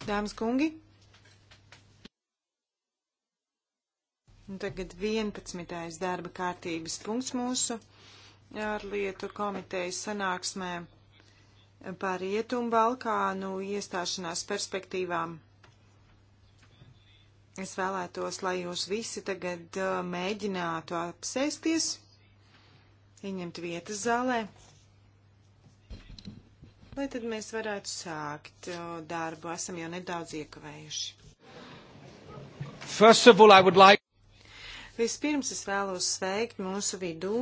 Dāmas kungi. Un tagad 11. darba kārtības punkts mūsu ārlietu komitejas sanāksmē par Rietumu Balkānu iestāšanās perspektīvām. Es vēlētos, lai jūs visi tagad uh, mēģinātu apsēsties, ieņemt vietas zālē lai tad mēs varētu sākt darbu. Esam jau nedaudz iekavējuši. All, like... Vispirms es vēlos sveikt mūsu vidū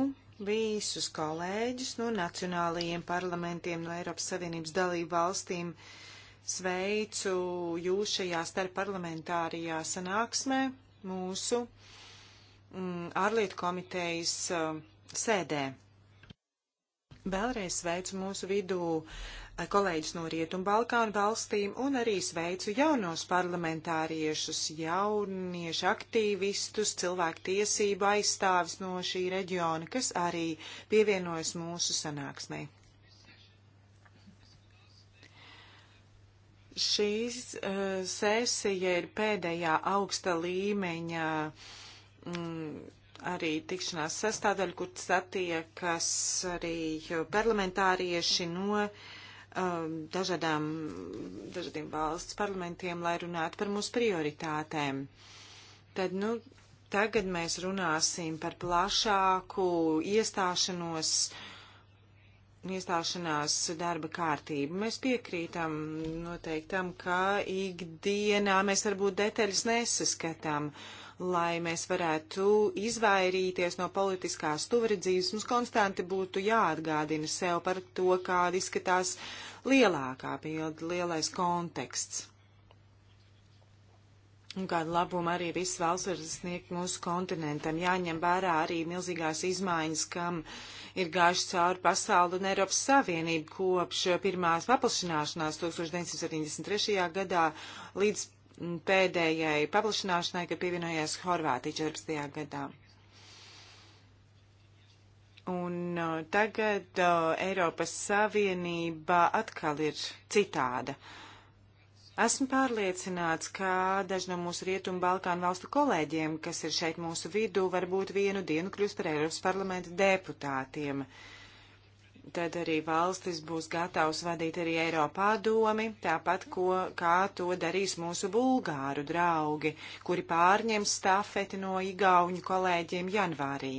visus kolēģus no nacionālajiem parlamentiem, no Eiropas Savienības dalību valstīm. Sveicu jūs šajā starpparlamentārajā sanāksmē mūsu mm, ārlietu komitejas uh, sēdē. Vēlreiz sveicu mūsu vidū kolēģis no Rietumbalkānu valstīm un arī sveicu jaunos parlamentāriešus, jauniešu aktīvistus, cilvēktiesību aizstāvis no šī reģiona, kas arī pievienojas mūsu sanāksmē. Šīs uh, sesija ir pēdējā augsta līmeņa mm, arī tikšanās sastāvdaļa, kur satiekas arī parlamentārieši no uh, Um, dažādām, dažādiem valsts parlamentiem, lai runātu par mūsu prioritātēm. Tad, nu, tagad mēs runāsim par plašāku iestāšanos, iestāšanās darba kārtību. Mēs piekrītam noteiktam, ka ikdienā mēs varbūt detaļas nesaskatām lai mēs varētu izvairīties no politiskās tuvredzības, mums konstanti būtu jāatgādina sev par to, kāda izskatās uh, lielākā bilde, lielais konteksts. Un kādu labumu arī viss valsts var sniegt mūsu kontinentam. Jāņem vērā arī milzīgās izmaiņas, kam ir gājuši cauri pasauli un Eiropas Savienību kopš pirmās paplašināšanās 1973. gadā līdz pēdējai paplašināšanai, kad pievienojās Horvātija 14. gadā. Un uh, tagad uh, Eiropas Savienība atkal ir citāda. Esmu pārliecināts, ka daži no mūsu Rietumu Balkānu valstu kolēģiem, kas ir šeit mūsu vidū, varbūt vienu dienu kļūs par Eiropas parlamenta deputātiem. Tad arī valstis būs gatavs vadīt arī Eiropā domi, tāpat ko, kā to darīs mūsu bulgāru draugi, kuri pārņems stafeti no igauņu kolēģiem janvārī.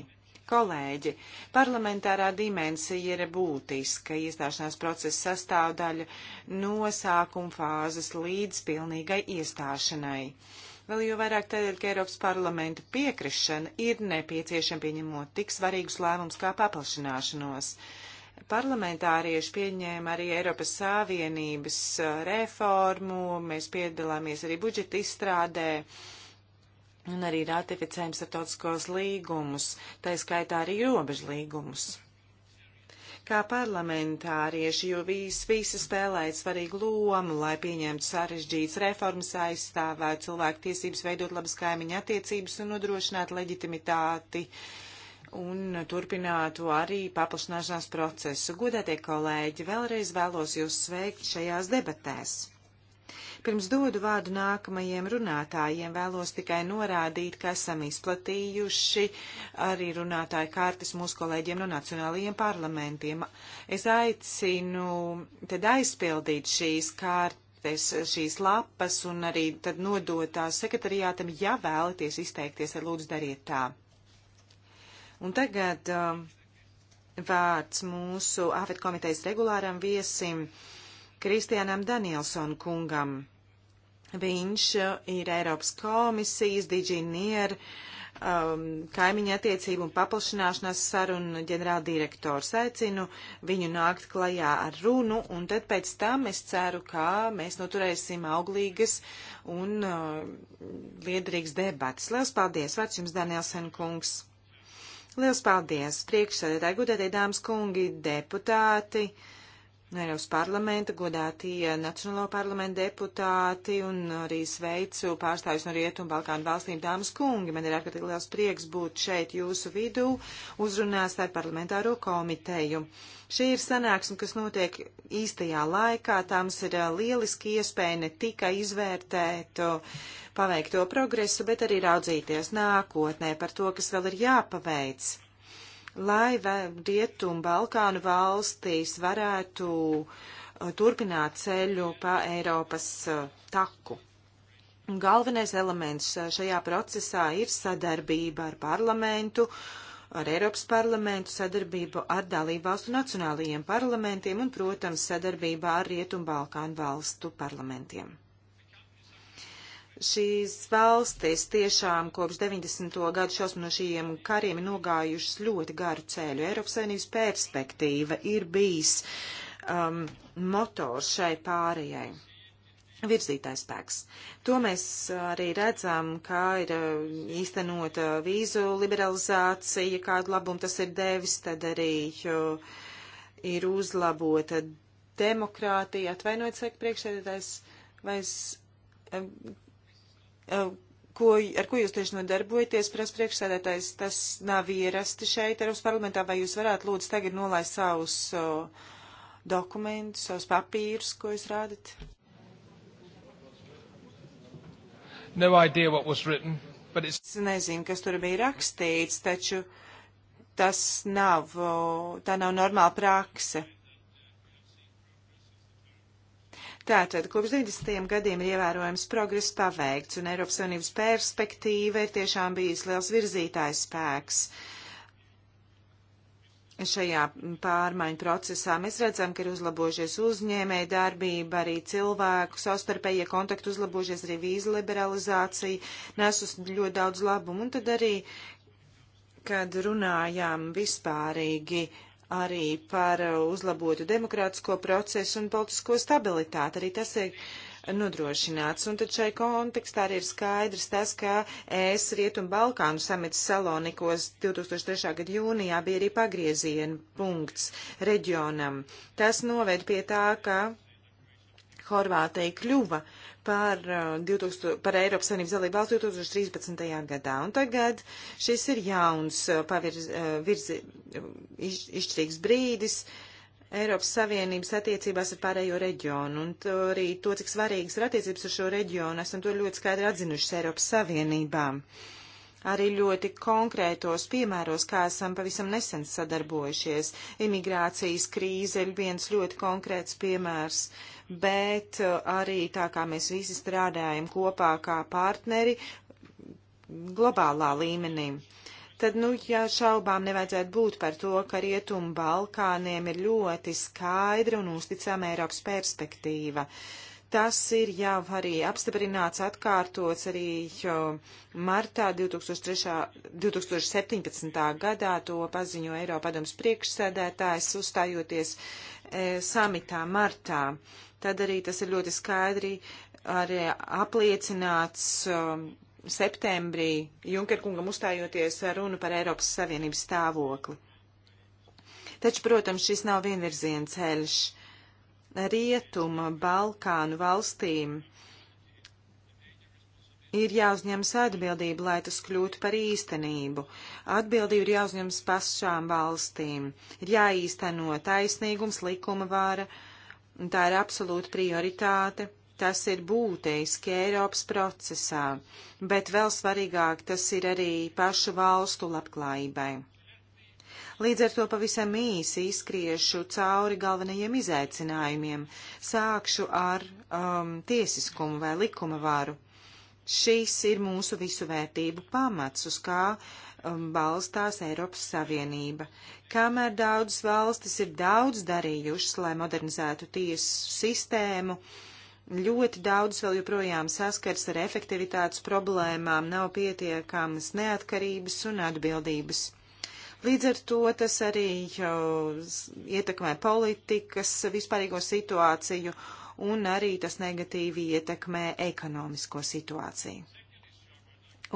Kolēģi, parlamentārā dimensija ir būtiska iestāšanās procesa sastāvdaļa nosākuma fāzes līdz pilnīgai iestāšanai. Vēl jo vairāk tādēļ, ka Eiropas parlamenta piekrišana ir nepieciešama pieņemot tik svarīgus lēmumus kā paplašināšanos. Parlamentārieši pieņēma arī Eiropas Savienības eh, reformu, mēs piedalāmies arī budžeta izstrādē. Uh, un arī ratificējam starptautiskos līgumus, tā skaitā arī robežu līgumus. Kā parlamentārieši, jo visi, visi spēlēja svarīgu lomu, lai pieņemtu sarežģītas reformas, aizstāvētu cilvēku tiesības, veidot labas kaimiņa attiecības un nodrošinātu leģitimitāti un turpinātu arī paplašanāšanās procesu. Godētie kolēģi, vēlreiz vēlos jūs sveikt šajās debatēs. Pirms dodu vārdu nākamajiem runātājiem, vēlos tikai norādīt, ka esam izplatījuši arī runātāju kārtas mūsu kolēģiem no nacionālajiem parlamentiem. Es aicinu tad aizpildīt šīs kārtas šīs lapas un arī tad nodot tās sekretariātam, ja vēlaties izteikties, tad lūdzu dariet tā. Un tagad um, vārds mūsu AFET komitejas regulāram viesim Kristianam Danielson kungam. Viņš uh, ir Eiropas komisijas diģinieru um, kaimiņa attiecību un paplašanāšanās sarunu ģenerāla direktors. Aicinu viņu nākt klajā ar runu, un tad pēc tam es ceru, ka mēs noturēsim auglīgas un uh, liederīgas debatas. Liels paldies! Vārds jums, Danielsen kungs! Liels paldies! Priekšsēdētāji, gudētie dāmas kungi, deputāti! Uh, Eiropas parlamenta, godātie Nacionālo parlamentu deputāti un arī sveicu pārstāvis no Rietumu Balkānu valstīm dāmas kungi. Man ir ārkārtīgi liels prieks būt šeit jūsu vidū uzrunās ar parlamentāro komiteju. Šī ir sanāksme, kas notiek īstajā laikā. Tā mums ir lieliski iespēja ne tikai izvērtēt paveikto progresu, bet arī raudzīties nākotnē par to, kas vēl ir jāpaveic lai Rietumu Balkānu valstīs varētu uh, turpināt ceļu pa Eiropas uh, taku. Galvenais elements uh, šajā procesā ir sadarbība ar parlamentu, ar Eiropas parlamentu, sadarbība ar dalībvalstu nacionālajiem parlamentiem un, protams, sadarbība ar Rietumbalkānu valstu parlamentiem. Šīs valstis tiešām kopš 90. gadu šausminošajiem kariem ir nogājušas ļoti garu ceļu. Eiropas Savienības perspektīva ir bijis um, motors šai pārējai. Virzītājs spēks. To mēs arī redzam, kā ir um, īstenota vīzu liberalizācija, kādu labumu tas ir devis, tad arī ir uzlabota demokrātija. Atvainojiet, saka priekšsēdētājs, vai es um, Eh, ko, ar ko jūs tieši nodarbojaties, prasa priekšsēdētājs, tas nav ierasti šeit Eiropas parlamentā, vai jūs varētu lūdzu tagad nolaist savus o, eh, dokumentus, savus papīrus, ko jūs rādat? No idea what was written, but it's... Es nezinu, kas tur bija rakstīts, taču tas nav, o, tā nav normāla prakse. Tātad kopš 90. gadiem ir ievērojams progress paveikts, un Eiropas Savienības perspektīva ir tiešām bijis liels virzītājs spēks. Šajā pārmaiņu procesā mēs redzam, ka ir uzlabojušies uzņēmēja darbība, arī cilvēku savstarpējie kontakti uzlabojušies, arī vīza liberalizācija nesus ļoti daudz labumu. Un tad arī, kad runājām vispārīgi uh, arī par uh, uzlabotu demokrātisko procesu un politisko stabilitāti. Arī tas ir nodrošināts. Un tad šai kontekstā arī ir skaidrs tas, ka ES Rietumu Balkānu samits Salonikos 2003. gada jūnijā bija arī pagrieziena punkts reģionam. Tas noved pie tā, ka Horvātija kļuva uh, par, 2000, uh, par Eiropas Savienības dalību valstu 2013. gadā. Un tagad šis ir jauns uh, pavirz, uh, virzi, iš, izšķirīgs brīdis Eiropas Savienības attiecībās ar pārējo reģionu. Un to arī to, cik svarīgas ir attiecības ar šo reģionu, esam to ļoti skaidri atzinušas Eiropas Savienībām arī ļoti konkrētos piemēros, kā esam pavisam nesen sadarbojušies. Imigrācijas krīze ir viens ļoti konkrēts piemērs bet uh, arī tā kā mēs visi strādājam kopā kā partneri globālā līmenī. Tad, nu, ja šaubām nevajadzētu būt par to, ka Rietumu Balkāniem ir ļoti skaidra un uzticama Eiropas perspektīva. Tas ir jau arī apstiprināts, atkārtots arī martā 2003, 2017. gadā to paziņo Eiropadoms priekšsēdētājs, uzstājoties e, samitā martā. E, tad arī tas ir ļoti skaidri arī apliecināts um, septembrī Junkerkungam uzstājoties runu par Eiropas Savienības stāvokli. Taču, protams, šis nav vienvirzien ceļš. Rietuma Balkānu valstīm ir jāuzņemas atbildība, lai tas kļūtu par īstenību. Atbildība ir jāuzņemas pašām valstīm. Ir jāīsteno taisnīgums, likuma vāra. Uh, un tā ir absolūta prioritāte. Tas ir būtiski Eiropas procesā, bet vēl svarīgāk tas ir arī pašu valstu labklājībai. Līdz ar to pavisam īsi izskriešu cauri galvenajiem izaicinājumiem. Sākšu ar um, tiesiskumu vai likuma varu. Šis ir mūsu visu vērtību pamats, uz kā uh, Um, balstās Eiropas Savienība. Kamēr daudzas valstis ir daudz darījušas, lai modernizētu tiesu sistēmu, ļoti daudz vēl joprojām saskars ar efektivitātes problēmām, nav pietiekamas neatkarības un atbildības. Līdz ar to tas arī ietekmē politikas vispārīgo situāciju un arī tas negatīvi ietekmē ekonomisko situāciju.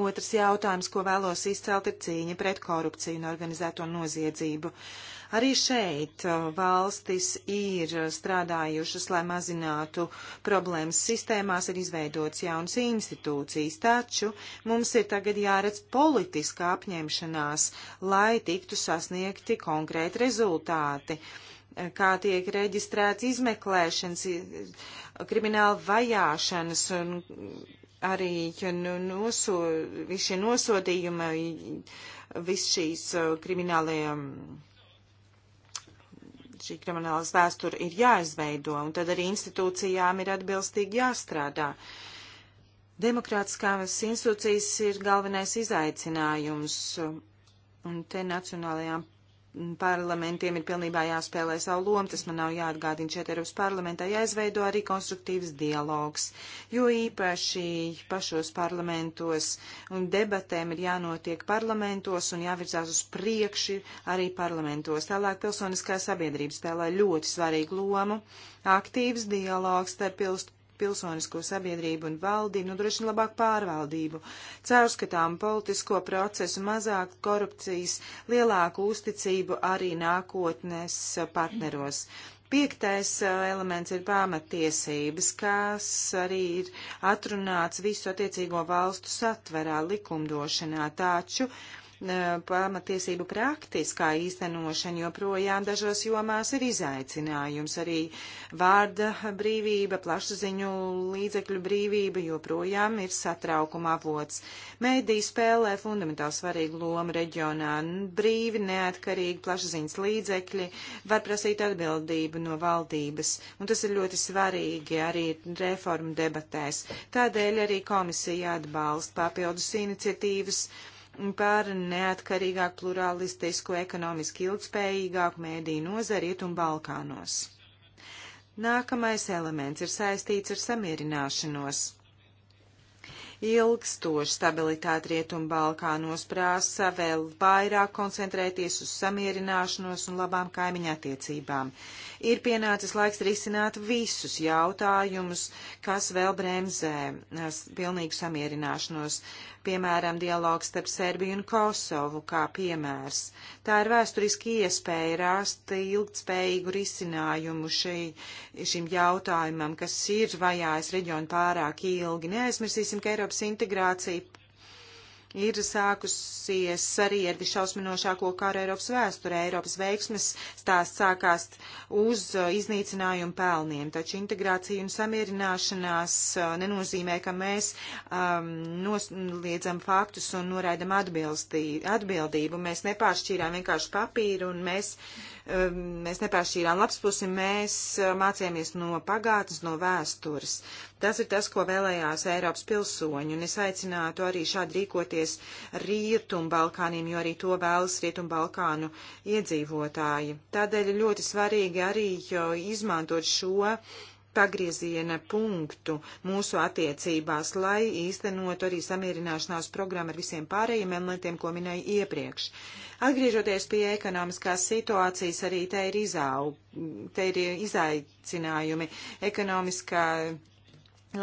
Otrs jautājums, ko vēlos izcelt, ir cīņa pret korupciju un organizēto noziedzību. Arī šeit uh, valstis ir strādājušas, lai mazinātu problēmas sistēmās, ir izveidots jaunas institūcijas, taču mums ir tagad jāredz politiskā apņemšanās, lai tiktu sasniegti konkrēti rezultāti uh, kā tiek reģistrēts izmeklēšanas, krimināla vajāšanas un arī nu, noso, visi šie nosodījumi, viss šīs uh, kriminālajie, um, šī kriminālas vēsture ir jāizveido, un tad arī institūcijām ir atbilstīgi jāstrādā. Demokrātiskās institūcijas ir galvenais izaicinājums, un te nacionālajām parlamentiem ir pilnībā jāspēlē savu lomu, tas man nav jāatgādina šeit Eiropas parlamentā, jāizveido arī konstruktīvs dialogs, jo īpaši pašos parlamentos un debatēm ir jānotiek parlamentos un jāvirzās uz priekši arī parlamentos. Tālāk pilsoniskā sabiedrība spēlē ļoti svarīgu lomu. Aktīvs dialogs starp pilst pilsonisko sabiedrību un valdību, nodrošina labāku pārvaldību, caurskatām politisko procesu, mazāk korupcijas, lielāku uzticību arī nākotnes partneros. Piektais eh, elements ir pamatiesības, kas arī ir atrunāts visu attiecīgo valstu satverā likumdošanā, taču uh, E, pamatiesību praktiskā īstenošana joprojām dažos jomās ir izaicinājums. Arī vārda brīvība, plašsaziņu līdzekļu brīvība joprojām ir satraukuma avots. Mēdī spēlē fundamentāli svarīgu lomu reģionā. Brīvi, neatkarīgi plašsaziņas līdzekļi var prasīt atbildību no valdības, un tas ir ļoti svarīgi arī reformu debatēs. Tādēļ arī komisija atbalsta papildus iniciatīvas par neatkarīgāku, pluralistisku, ekonomiski ilgspējīgāku mēdīju nozari Rietumbalkānos. Nākamais elements ir saistīts ar samierināšanos. Ilgstoša stabilitāte Rietumu Balkānos prasa vēl vairāk koncentrēties uz samierināšanos un labām kaimiņa attiecībām. Ir pienācis laiks risināt visus jautājumus, kas vēl bremzē pilnīgu samierināšanos, piemēram, dialogs starp Serbiju un Kosovu kā piemērs. Uh, Tā ir vēsturiski iespēja rast ilgtspējīgu risinājumu šī, šim jautājumam, kas ir vajājis reģionu pārāk ilgi. Neaizmirsīsim, ka Eiropas integrācija ir sākusies arī ar visšausminošāko kāru Eiropas vēsturē. Eiropas veiksmes stāsts sākās uz uh, iznīcinājumu pelniem, taču integrācija un samierināšanās uh, nenozīmē, ka mēs um, nosliedzam faktus un noraidam atbildību. Mēs nepāršķīrām vienkārši papīru un mēs mēs nepāršķīrām labs pusi, mēs eh, mācījāmies no pagātnes, no vēstures. Tas ir tas, ko vēlējās Eiropas pilsoņi, un es aicinātu arī šādi rīkoties Rietumbalkāniem, jo arī to vēlas Rietumbalkānu iedzīvotāji. Tādēļ ļoti svarīgi arī izmantot šo pagrieziena punktu mūsu attiecībās, lai īstenot arī samierināšanās programmu ar visiem pārējiem elementiem, ko minēju iepriekš. Atgriežoties pie ekonomiskās situācijas, arī te ir, izau, te ir izaicinājumi. Ekonomiskā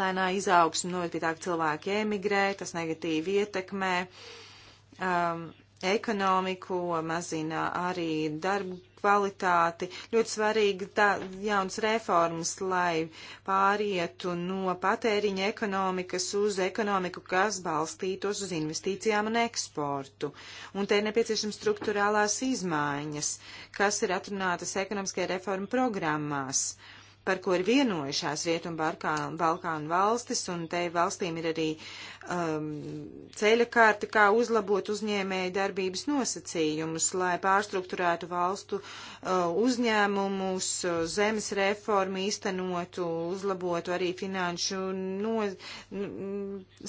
lēnā izaugsme noved pie tā, ka cilvēki emigrē, tas negatīvi ietekmē um, ekonomiku, mazina arī darbu kvalitāti. Ļoti svarīgi tā, jaunas reformas, lai pārietu no patēriņa ekonomikas uz ekonomiku, kas balstītos uz investīcijām un eksportu. Un te ir nepieciešams struktūrālās izmaiņas, kas ir atrunātas ekonomiskajā reforma programmās. Uh, par ko ir vienojušās Rietumbalkānu Balkānu valstis, un te valstīm ir arī um, ceļa kārta, kā uzlabot uzņēmēju darbības nosacījumus, lai pārstruktūrētu valstu uh, uzņēmumus, zemes reformu īstenotu, uzlabotu arī finanšu no,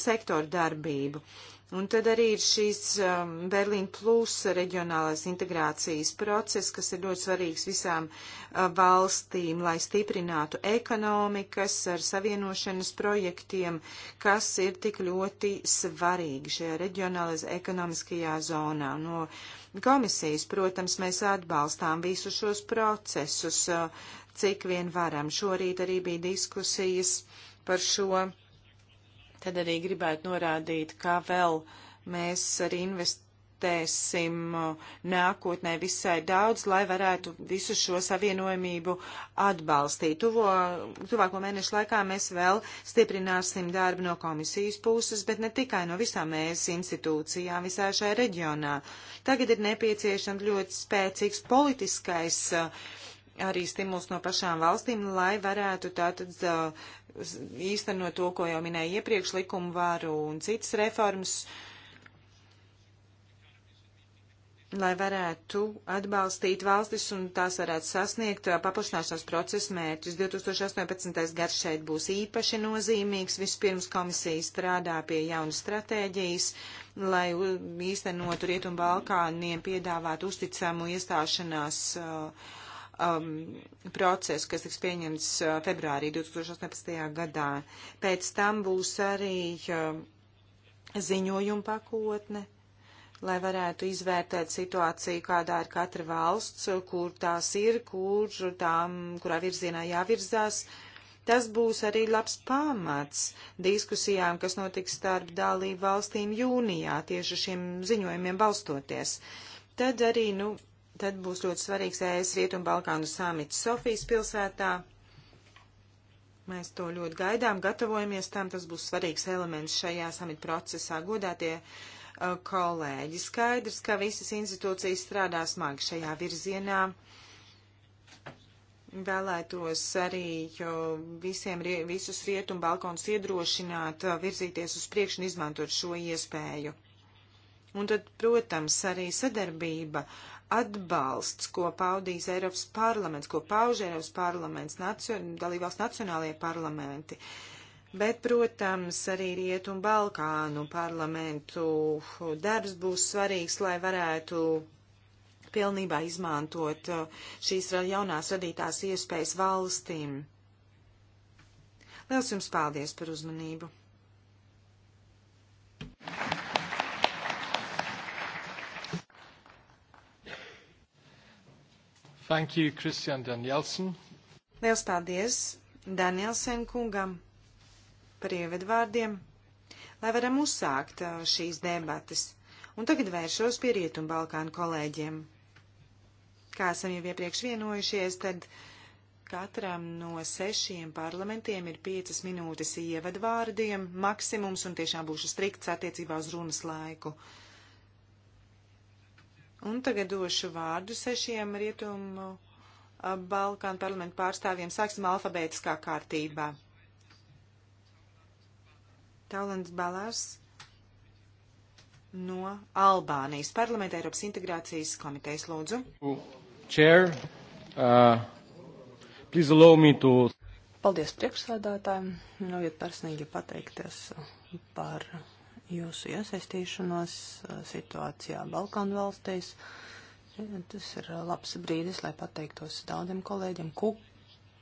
sektoru darbību. Uh, Un tad arī ir šīs um, Berlīna plus reģionālās integrācijas process, kas ir ļoti svarīgs visām uh, valstīm, lai stiprinātu ekonomikas ar savienošanas projektiem, kas ir tik ļoti svarīgi šajā reģionālās ekonomiskajā zonā. No komisijas, protams, mēs atbalstām visus šos procesus, uh, cik vien varam. Šorīt arī bija diskusijas par šo Tad arī gribētu norādīt, kā vēl mēs arī investēsim uh, nākotnē visai daudz, lai varētu visu šo savienojumību atbalstīt. Tuvo, tuvāko mēnešu laikā mēs vēl stiprināsim darbu no komisijas puses, bet ne tikai no visām mēs institūcijām visā šajā reģionā. Tagad ir nepieciešams ļoti spēcīgs politiskais uh, arī stimuls no pašām valstīm, lai varētu tātad uh, īstenot to, ko jau minēja iepriekš likumu varu un citas reformas, lai varētu atbalstīt valstis un tās varētu sasniegt uh, paplašināšanās procesa mērķus. 2018. gads šeit būs īpaši nozīmīgs. Vispirms komisija strādā pie jaunas stratēģijas, lai īstenotu Rietumbalkāniem piedāvāt uzticamu iestāšanās uh, um, procesu, kas tiks pieņemts uh, februārī 2018. gadā. Pēc tam būs arī uh, ziņojuma pakotne, lai varētu izvērtēt situāciju, kādā ir katra valsts, kur tās ir, kur tām, kurā virzienā jāvirzās. Tas būs arī labs pamats diskusijām, kas notiks starp dalību valstīm jūnijā, tieši šiem ziņojumiem balstoties. Tad arī, nu, tad būs ļoti svarīgs ES Rietumbalkānu samits Sofijas pilsētā. Mēs to ļoti gaidām, gatavojamies tam, tas būs svarīgs elements šajā samita procesā. Godātie uh, kolēģi, skaidrs, ka visas institūcijas strādā smagi šajā virzienā. Vēlētos arī visiem, visus rietumu balkonus iedrošināt, uh, virzīties uz priekšu un izmantot šo iespēju. Un tad, protams, arī sadarbība atbalsts, ko paudīs Eiropas parlaments, ko pauž Eiropas parlaments, nacion, dalībvalsts nacionālajie parlamenti. Bet, protams, arī Rietumu Balkānu parlamentu darbs būs svarīgs, lai varētu pilnībā izmantot uh, šīs jaunās radītās iespējas valstīm. Liels jums paldies par uzmanību! Thank you. Thank you, Christian Danielsen. Liels paldies Danielsen kungam par ievedvārdiem, lai varam uzsākt uh, šīs debatas. Un tagad vēršos pie Rietumbalkānu kolēģiem. Kā esam jau iepriekš vienojušies, tad katram no sešiem parlamentiem ir piecas minūtes ievadvārdiem maksimums, un tiešām būšu strikts attiecībā uz runas laiku. Uh, Un tagad došu vārdu sešiem rietumu Balkānu parlamentu pārstāvjiem. Sāksim alfabētiskā kārtībā. Taulants Balārs no Albānijas parlamenta Eiropas integrācijas komitejas lūdzu. Chair, uh, please allow me to. Paldies priekšsādātājiem. Nu, ja personīgi pateikties par jūsu iesaistīšanos situācijā Balkānu valstīs. Tas ir labs brīdis, lai pateiktos daudziem kolēģiem Kuk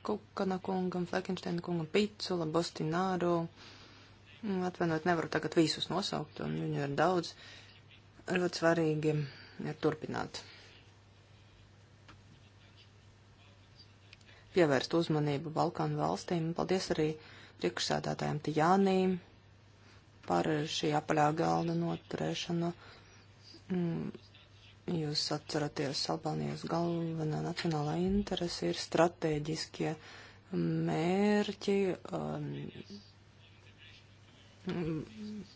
Kukana kungam, Flekinšteina kungam, Picula, Bostināru. Nu, atvainot, nevaru tagad visus nosaukt, un viņu ir daudz. Ļoti svarīgi ir turpināt. Pievērst uzmanību Balkānu valstīm. Paldies arī priekšsēdētājiem Tijānīm par šī apaļā galda noturēšanu. Mm, jūs atceraties, Albānijas galvenā nacionālā interese ir strateģiskie mērķi, um,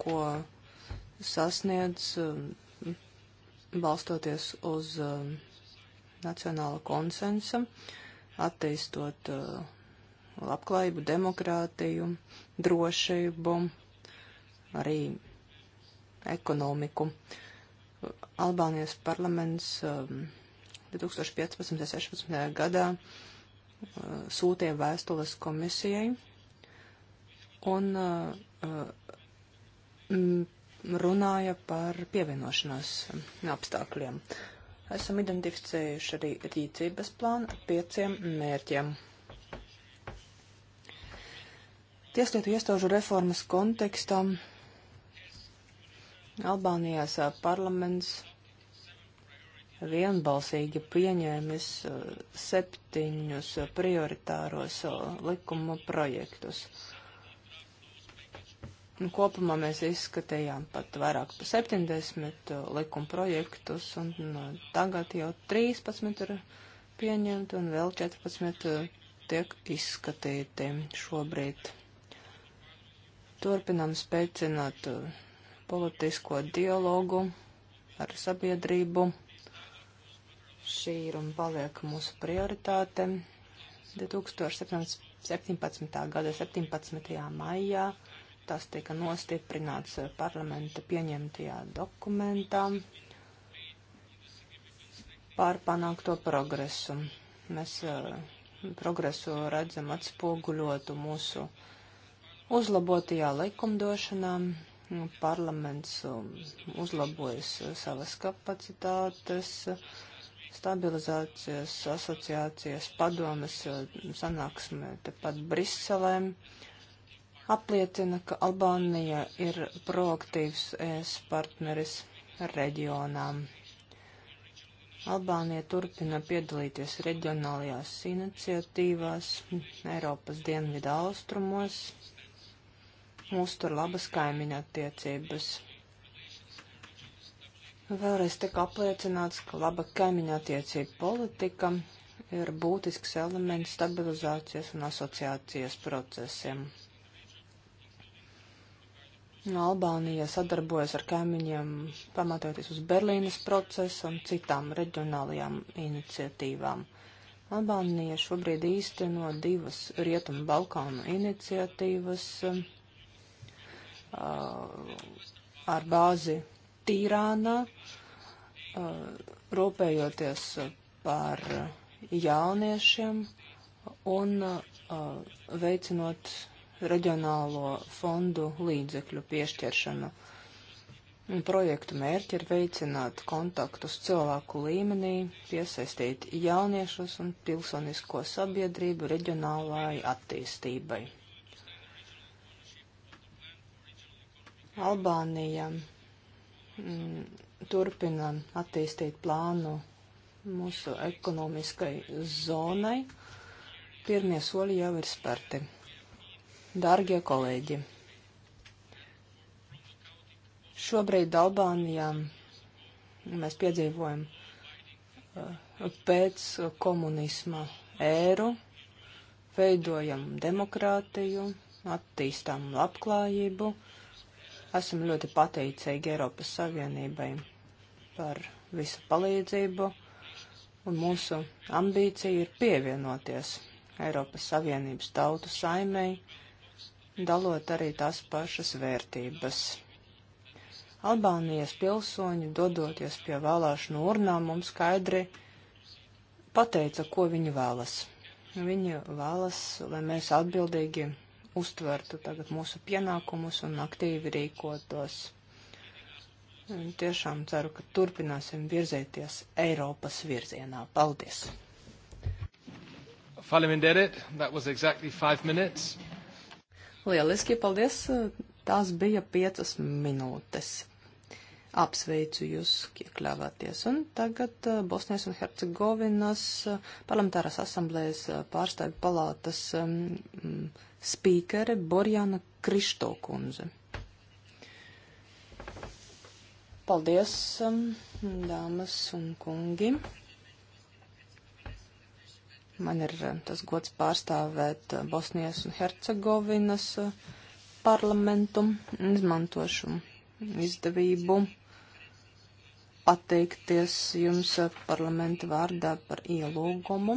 ko sasniedz um, balstoties uz um, nacionāla konsensa, attīstot uh, labklājību, demokrātiju, drošību arī ekonomiku. Albānijas parlaments 2015. un 2016. gadā uh, sūtīja vēstules komisijai un uh, uh, runāja par pievienošanās um, apstākļiem. Esam identificējuši arī rīcības plānu ar pieciem mērķiem. Tieslietu iestāžu reformas kontekstam Albānijās parlaments vienbalsīgi pieņēmis septiņus prioritāros likuma projektus. Nu, kopumā mēs izskatījām pat vairāk par 70 likuma projektus, un tagad jau 13 ir pieņemti, un vēl 14 tiek izskatīti šobrīd. Turpinām spēcināt uh, politisko dialogu ar sabiedrību. Šī ir un paliek mūsu prioritāte. 2017. gada 17. maijā tas tika nostiprināts parlamenta pieņemtajā dokumentā pār panākto progresu. Mēs uh, progresu redzam atspoguļotu mūsu uzlabotajā likumdošanā, Nu, parlaments um, uzlabojas uh, savas kapacitātes, stabilizācijas, asociācijas, padomas uh, sanāksme tepat Briselē apliecina, ka Albānija ir proaktīvs ES partneris reģionām. Albānija turpina piedalīties reģionālajās iniciatīvās Eiropas dienvidu austrumos, Mums tur labas kaimiņa attiecības. Vēlreiz tika apliecināts, ka laba kaimiņa attiecība politika ir būtisks elements stabilizācijas un asociācijas procesiem. Nu, Albānija sadarbojas ar kaimiņiem, pamatoties uz Berlīnas procesu un citām reģionālajām iniciatīvām. Albānija šobrīd īsteno divas Rietumu Balkānu iniciatīvas. Um, Uh, ar bāzi Tīrānā, uh, rūpējoties par jauniešiem un uh, veicinot reģionālo fondu līdzekļu piešķiršanu. Projektu mērķi ir veicināt kontaktus cilvēku līmenī, piesaistīt jauniešus un pilsonisko sabiedrību reģionālajai attīstībai. Albānija mm, turpina attīstīt plānu mūsu ekonomiskai zonai. Pirmie soļi jau ir sparti. Dārgie kolēģi, šobrīd Albānijā mēs piedzīvojam uh, pēc komunisma ēru, veidojam demokrātiju, attīstām labklājību Esam ļoti pateicīgi Eiropas Savienībai par visu palīdzību, un mūsu ambīcija ir pievienoties Eiropas Savienības tautu saimei, dalot arī tās pašas vērtības. Albānijas pilsoņi, dodoties pie vēlēšanu urnām, mums skaidri pateica, ko viņi vēlas. Viņi vēlas, lai mēs atbildīgi uztvertu tagad mūsu pienākumus un aktīvi rīkotos. Un tiešām ceru, ka turpināsim virzēties Eiropas virzienā. Paldies! Faliminderet, that was exactly five minutes. Lieliski, paldies! Tās bija piecas minūtes. Apsveicu jūs, iekļāvāties. Un tagad eh, Bosnijas un Hercegovinas eh, parlamentāras asamblējas eh, pārstāvi palātas um, spīkere Borjana Krištokundze. Paldies, um, dāmas un kungi. Man ir tas gods pārstāvēt Bosnijas un Hercegovinas parlamentu. Izmantošu izdevību pateikties jums parlamenta vārdā par ielūgumu.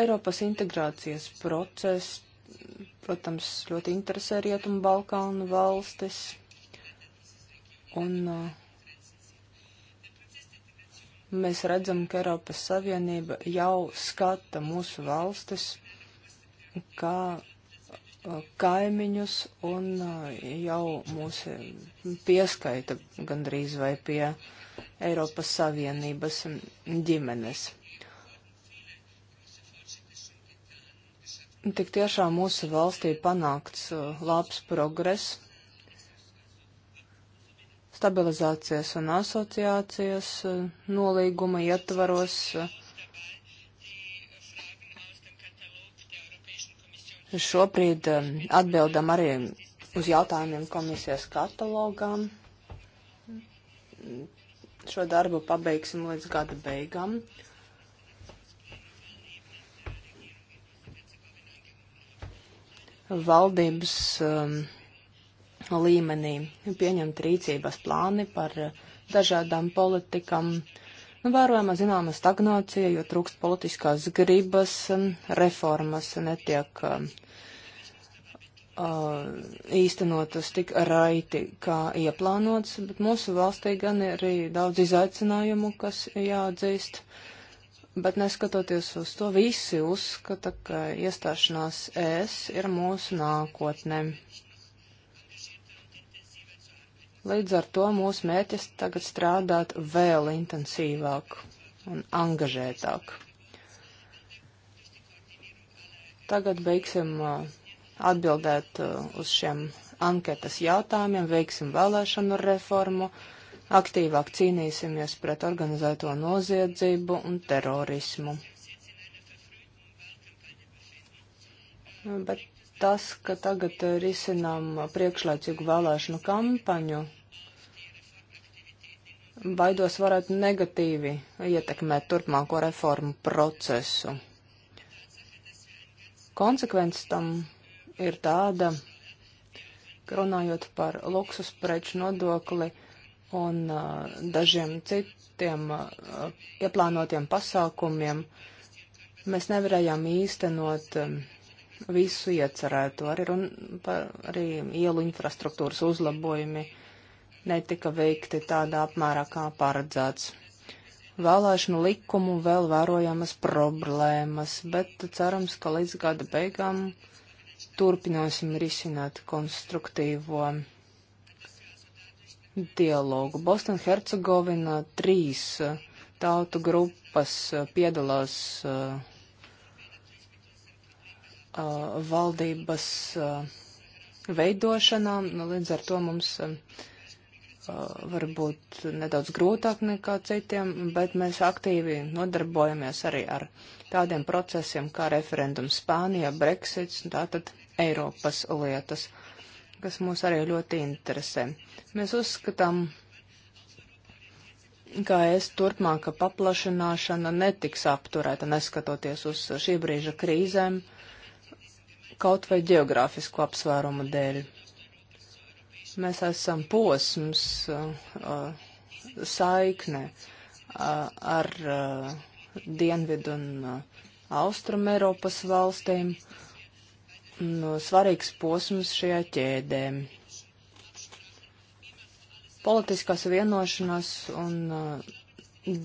Eiropas integrācijas process, protams, ļoti interesē Rietumu Balkānu valstis. Un uh, mēs redzam, ka Eiropas Savienība jau skata mūsu valstis kā Uh, kaimiņus un uh, jau mūs uh, pieskaita gandrīz vai pie Eiropas Savienības ģimenes. Tik tiešām mūsu valstī panākts labs progress stabilizācijas un asociācijas nolīguma ietvaros. Uh, Šobrīd um, atbildam arī uz jautājumiem komisijas katalogām. Šo darbu pabeigsim līdz gada beigām. Valdības um, līmenī pieņemt rīcības plāni par uh, dažādām politikām, uh, Vērojama zināma stagnācija, jo trūkst politiskās gribas, reformas netiek um, uh, īstenotas tik raiti, kā ieplānots, bet mūsu valstī gan ir arī daudz izaicinājumu, kas jāatdzīst. Bet neskatoties uz to, visi uzskata, ka iestāšanās ES ir mūsu nākotne. Līdz ar to mūsu mērķis tagad strādāt vēl intensīvāk un angažētāk. Tagad beigsim uh, atbildēt uh, uz šiem anketas jautājumiem, veiksim vēlēšanu reformu, aktīvāk cīnīsimies pret organizēto noziedzību un terorismu. Nu, bet tas, ka tagad risinām priekšlaicīgu vēlēšanu kampaņu, baidos varētu negatīvi ietekmēt turpmāko reformu procesu. Konsekvence tam ir tāda, ka runājot par luksus preču nodokli un uh, dažiem citiem uh, ieplānotiem pasākumiem, mēs nevarējām īstenot um, visu iecerēto, arī, run, par, arī ielu infrastruktūras uzlabojumi. Uh, netika veikti tādā apmērā, kā paredzēts. Vēlēšanu likumu vēl vērojamas problēmas, bet cerams, ka līdz gada beigām turpināsim risināt konstruktīvo dialogu. Boston-Hercegovina trīs tautu grupas piedalās uh, uh, valdības uh, veidošanā, nu, līdz ar to mums uh, varbūt nedaudz grūtāk nekā citiem, bet mēs aktīvi nodarbojamies arī ar tādiem procesiem kā referendums Spānijā, Brexits, tātad Eiropas lietas, kas mūs arī ļoti interesē. Mēs uzskatām, ka es turpmāka paplašināšana netiks apturēta, neskatoties uz šī brīža krīzēm, kaut vai geogrāfisko apsvērumu dēļ. Mēs esam posms, uh, uh, saikne uh, ar Dienvidu un Austrum Eiropas valstīm. Svarīgs posms šajā ķēdē. Politiskās vienošanās un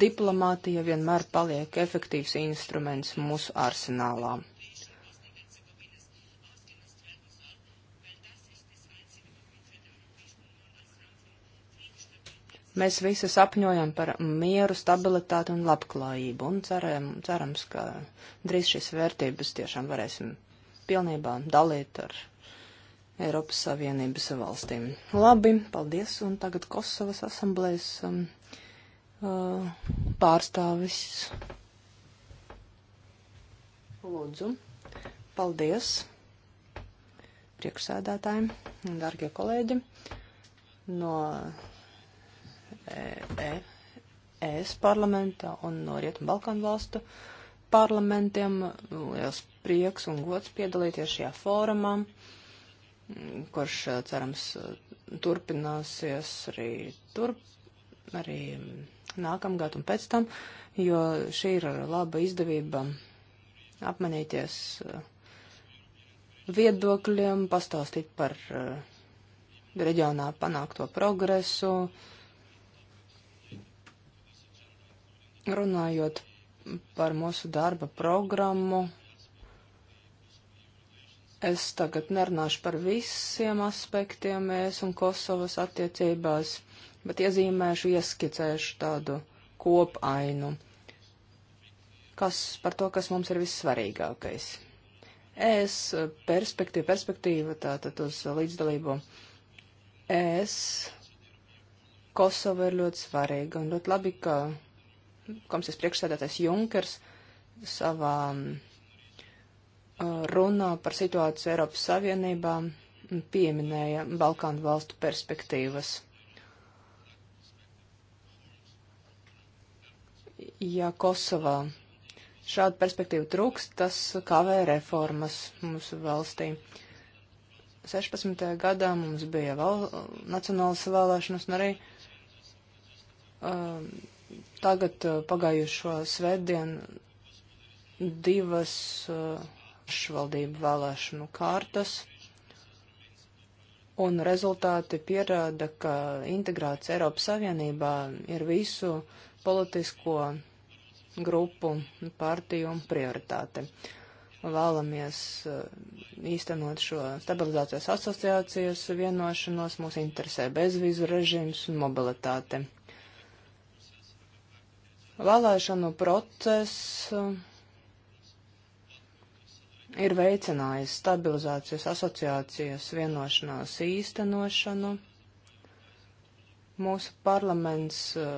diplomātija vienmēr paliek efektīvs instruments mūsu arsenālām. Mēs visi sapņojam par mieru, stabilitāti un labklājību un ceram, cerams, ka drīz šīs vērtības tiešām varēsim pilnībā dalīt ar Eiropas Savienības valstīm. Labi, paldies, un tagad Kosovas asamblējas um, uh, pārstāvis. Lūdzu, paldies priekšsēdētājiem, dārgie kolēģi, no ES e, e parlamentā un no Rietumu Balkānu valstu parlamentiem. Liels prieks un gods piedalīties šajā fórumā, kurš, cerams, turpināsies arī, turp, arī nākamgad un pēc tam, jo šī ir laba izdevība apmainīties viedokļiem, pastāstīt par reģionā panākto progresu, uh, Runājot par mūsu darba programmu, es tagad nerunāšu par visiem aspektiem mēs un Kosovas attiecībās, bet iezīmēšu, ieskicēšu tādu kopainu. Kas par to, kas mums ir vissvarīgākais? ES perspektīva, perspektīva tātad uz līdzdalību. ES Kosova ir ļoti svarīga un ļoti labi, ka komisijas priekšsēdētājs Junkers savā uh, runā par situāciju Eiropas Savienībā pieminēja Balkānu valstu perspektīvas. Ja Kosovā šāda perspektīva trūks, tas kavē reformas mūsu valstī. 16. gadā mums bija vēl nacionālas vēlēšanas un arī um, tagad uh, pagājušo svētdienu divas uh, pašvaldību vēlēšanu kārtas, un rezultāti pierāda, ka integrācija Eiropas Savienībā ir visu politisko grupu partiju un prioritāte. Vēlamies uh, īstenot šo stabilizācijas asociācijas vienošanos, mūs interesē bezvīzu režīms un mobilitāte. Vēlēšanu process uh, ir veicinājis stabilizācijas asociācijas vienošanās īstenošanu. Mūsu parlaments uh,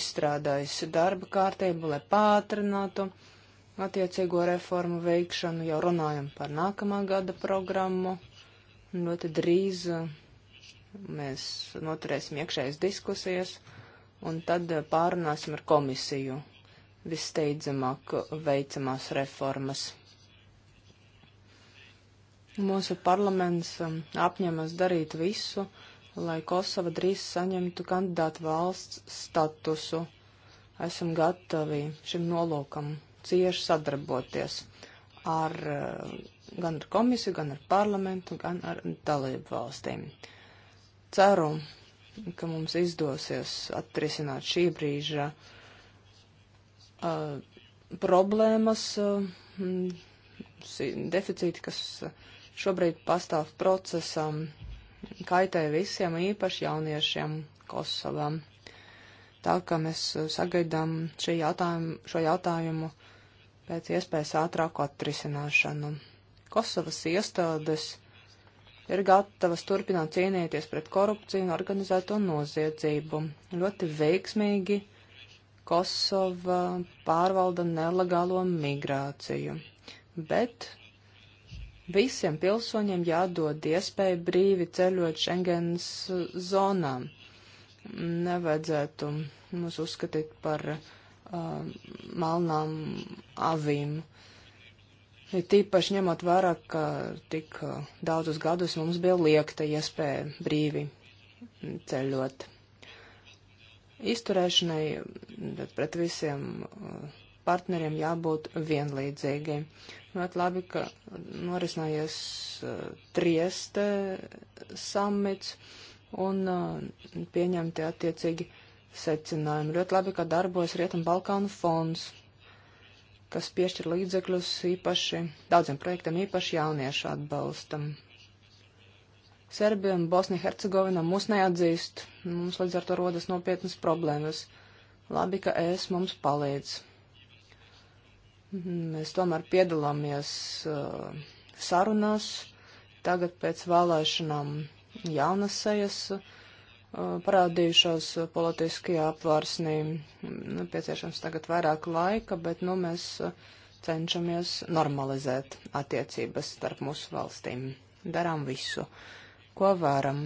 izstrādājis darba kārtību, lai pātrinātu attiecīgo reformu veikšanu, jau runājam par nākamā gada programmu. Ļoti drīz uh, mēs noturēsim iekšējas diskusijas un tad eh, pārunāsim ar komisiju visteidzamāk veicamās reformas. Mūsu parlaments eh, apņemas darīt visu, lai Kosova drīz saņemtu kandidātu valsts statusu. Esam gatavi šim nolūkam cieši sadarboties ar eh, gan ar komisiju, gan ar parlamentu, gan ar dalību valstīm. Ceru, ka mums izdosies atrisināt šī brīža uh, problēmas, uh, deficīti, kas šobrīd pastāv procesam, kaitē visiem, īpaši jauniešiem Kosovam. Tā kā mēs sagaidām jautājumu, šo jautājumu pēc iespējas ātrāku atrisināšanu. Kosovas iestādes ir gatavas turpināt cīnīties pret korupciju un organizēto noziedzību. Ļoti veiksmīgi Kosova pārvalda nelegālo migrāciju. Bet visiem pilsoņiem jādod iespēja brīvi ceļot Schengens zonā. Nevajadzētu mūs uzskatīt par uh, malnām avīm. Uh, Ir tīpaši ņemot vērā, ka tik uh, daudzus gadus mums bija liekta iespēja brīvi ceļot. Izturēšanai mm, pret visiem uh, partneriem jābūt vienlīdzīgi. Ļoti labi, ka norisinājies uh, Trieste samits un pieņemti attiecīgi secinājumi. Ļoti labi, ka darbojas Rietam Balkānu fonds kas piešķir līdzekļus īpaši daudziem projektiem, īpaši jauniešu atbalstam. Serbija un Bosnija-Hercegovina mūs neatzīst, mums līdz ar to rodas nopietnas problēmas. Labi, ka es mums palīdz. Mēs tomēr piedalāmies uh, sarunās, tagad pēc vēlēšanām jaunas sejas. Uh, parādījušos politiskajā apvārsnī. Nepieciešams tagad vairāk laika, bet nu, mēs uh, cenšamies normalizēt attiecības starp mūsu valstīm. Darām visu, ko varam.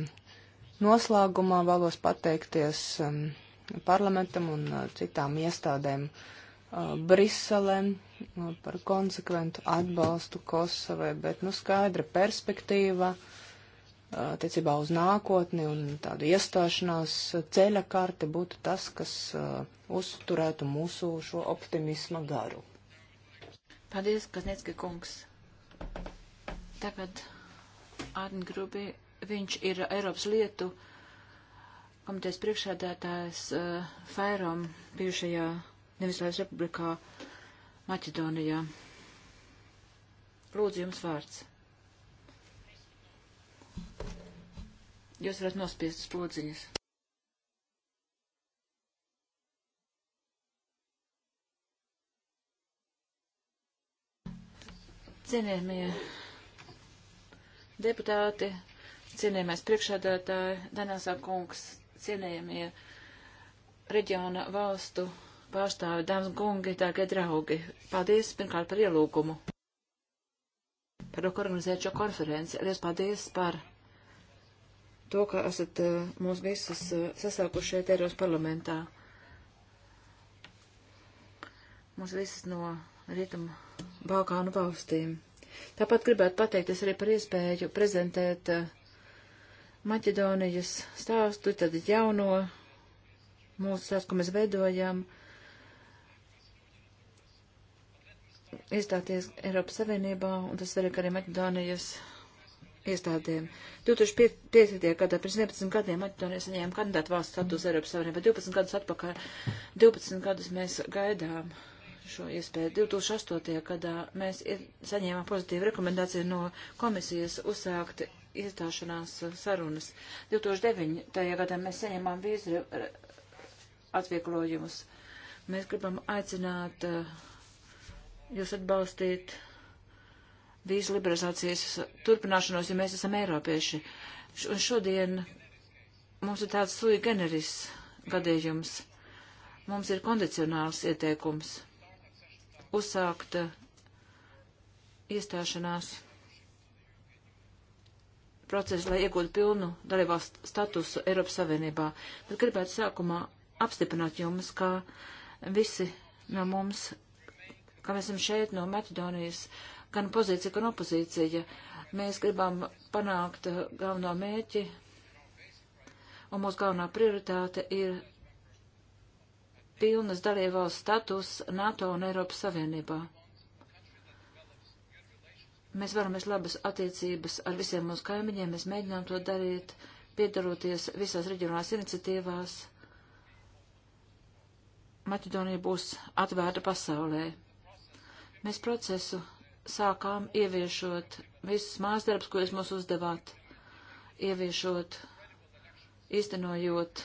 Noslēgumā vēlos pateikties um, parlamentam un uh, citām iestādēm uh, Briselē uh, par konsekventu atbalstu Kosovai, bet nu skaidra perspektīva. Uh, attiecībā uz nākotni un tādu iestāšanās ceļa karte būtu tas, kas uh, uzturētu mūsu šo optimisma garu. Paldies, Kazniecki kungs. Tagad Arni Grubi, viņš ir Eiropas lietu komitejas priekšsēdētājs uh, Fairom bijušajā Nevislājas republikā Maķedonijā. Lūdzu, jums vārds. Jūs varat nospiest uz podziņas. Cienījamie deputāti, cienījamais priekšādātāji, Danāsā kungs, cienījamie reģiona valstu pārstāvi, dāmas kungi, dārgie draugi. Paldies pirmkārt par ielūgumu, par organizēt šo konferenci. Liels paldies par to, ka esat eh, mūs visus eh, sasaukuši šeit Eiros parlamentā. Mūs visus no Rietumu Balkānu valstīm. Tāpat gribētu pateikties arī par iespēju prezentēt eh, Maķedonijas stāstu, tad jauno mūsu stāstu, ko mēs veidojam, iestāties Eiropas Savienībā, un tas svarīgi arī Maķedonijas iestādēm. 2005. gadā, pirms 11 gadiem, Maķedonija saņēma kandidātu valsts status Eiropas Savienībā. 12 gadus atpakaļ, 12 gadus mēs gaidām šo iespēju. 2008. gadā mēs ir, saņēmām pozitīvu rekomendāciju no komisijas uzsākt iestāšanās sarunas. 2009. gadā mēs saņēmām vīzu atvieglojumus. Mēs gribam aicināt uh, jūs atbalstīt vīzu liberalizācijas turpināšanos, jo mēs esam eiropieši. Un šodien mums ir tāds sui generis gadījums. Mums ir kondicionāls ieteikums uzsākt uh, iestāšanās procesu, lai iegūtu pilnu dalībās statusu Eiropas Savienībā. Tad gribētu sākumā apstiprināt jums, ka visi no mums, ka mēs esam šeit no Maķedonijas, uh, gan pozīcija, gan opozīcija. Mēs gribam panākt galveno mērķi, un mūsu galvenā prioritāte ir pilnas dalībvalsts status NATO un Eiropas Savienībā. Mēs varamies labas attiecības ar visiem mūsu kaimiņiem, mēs mēģinām to darīt, piedaloties visās reģionālās iniciatīvās. Maķedonija būs atvērta pasaulē. Mēs procesu sākām ieviešot visus mājasdarbus, ko jūs mums uzdevāt, ieviešot, īstenojot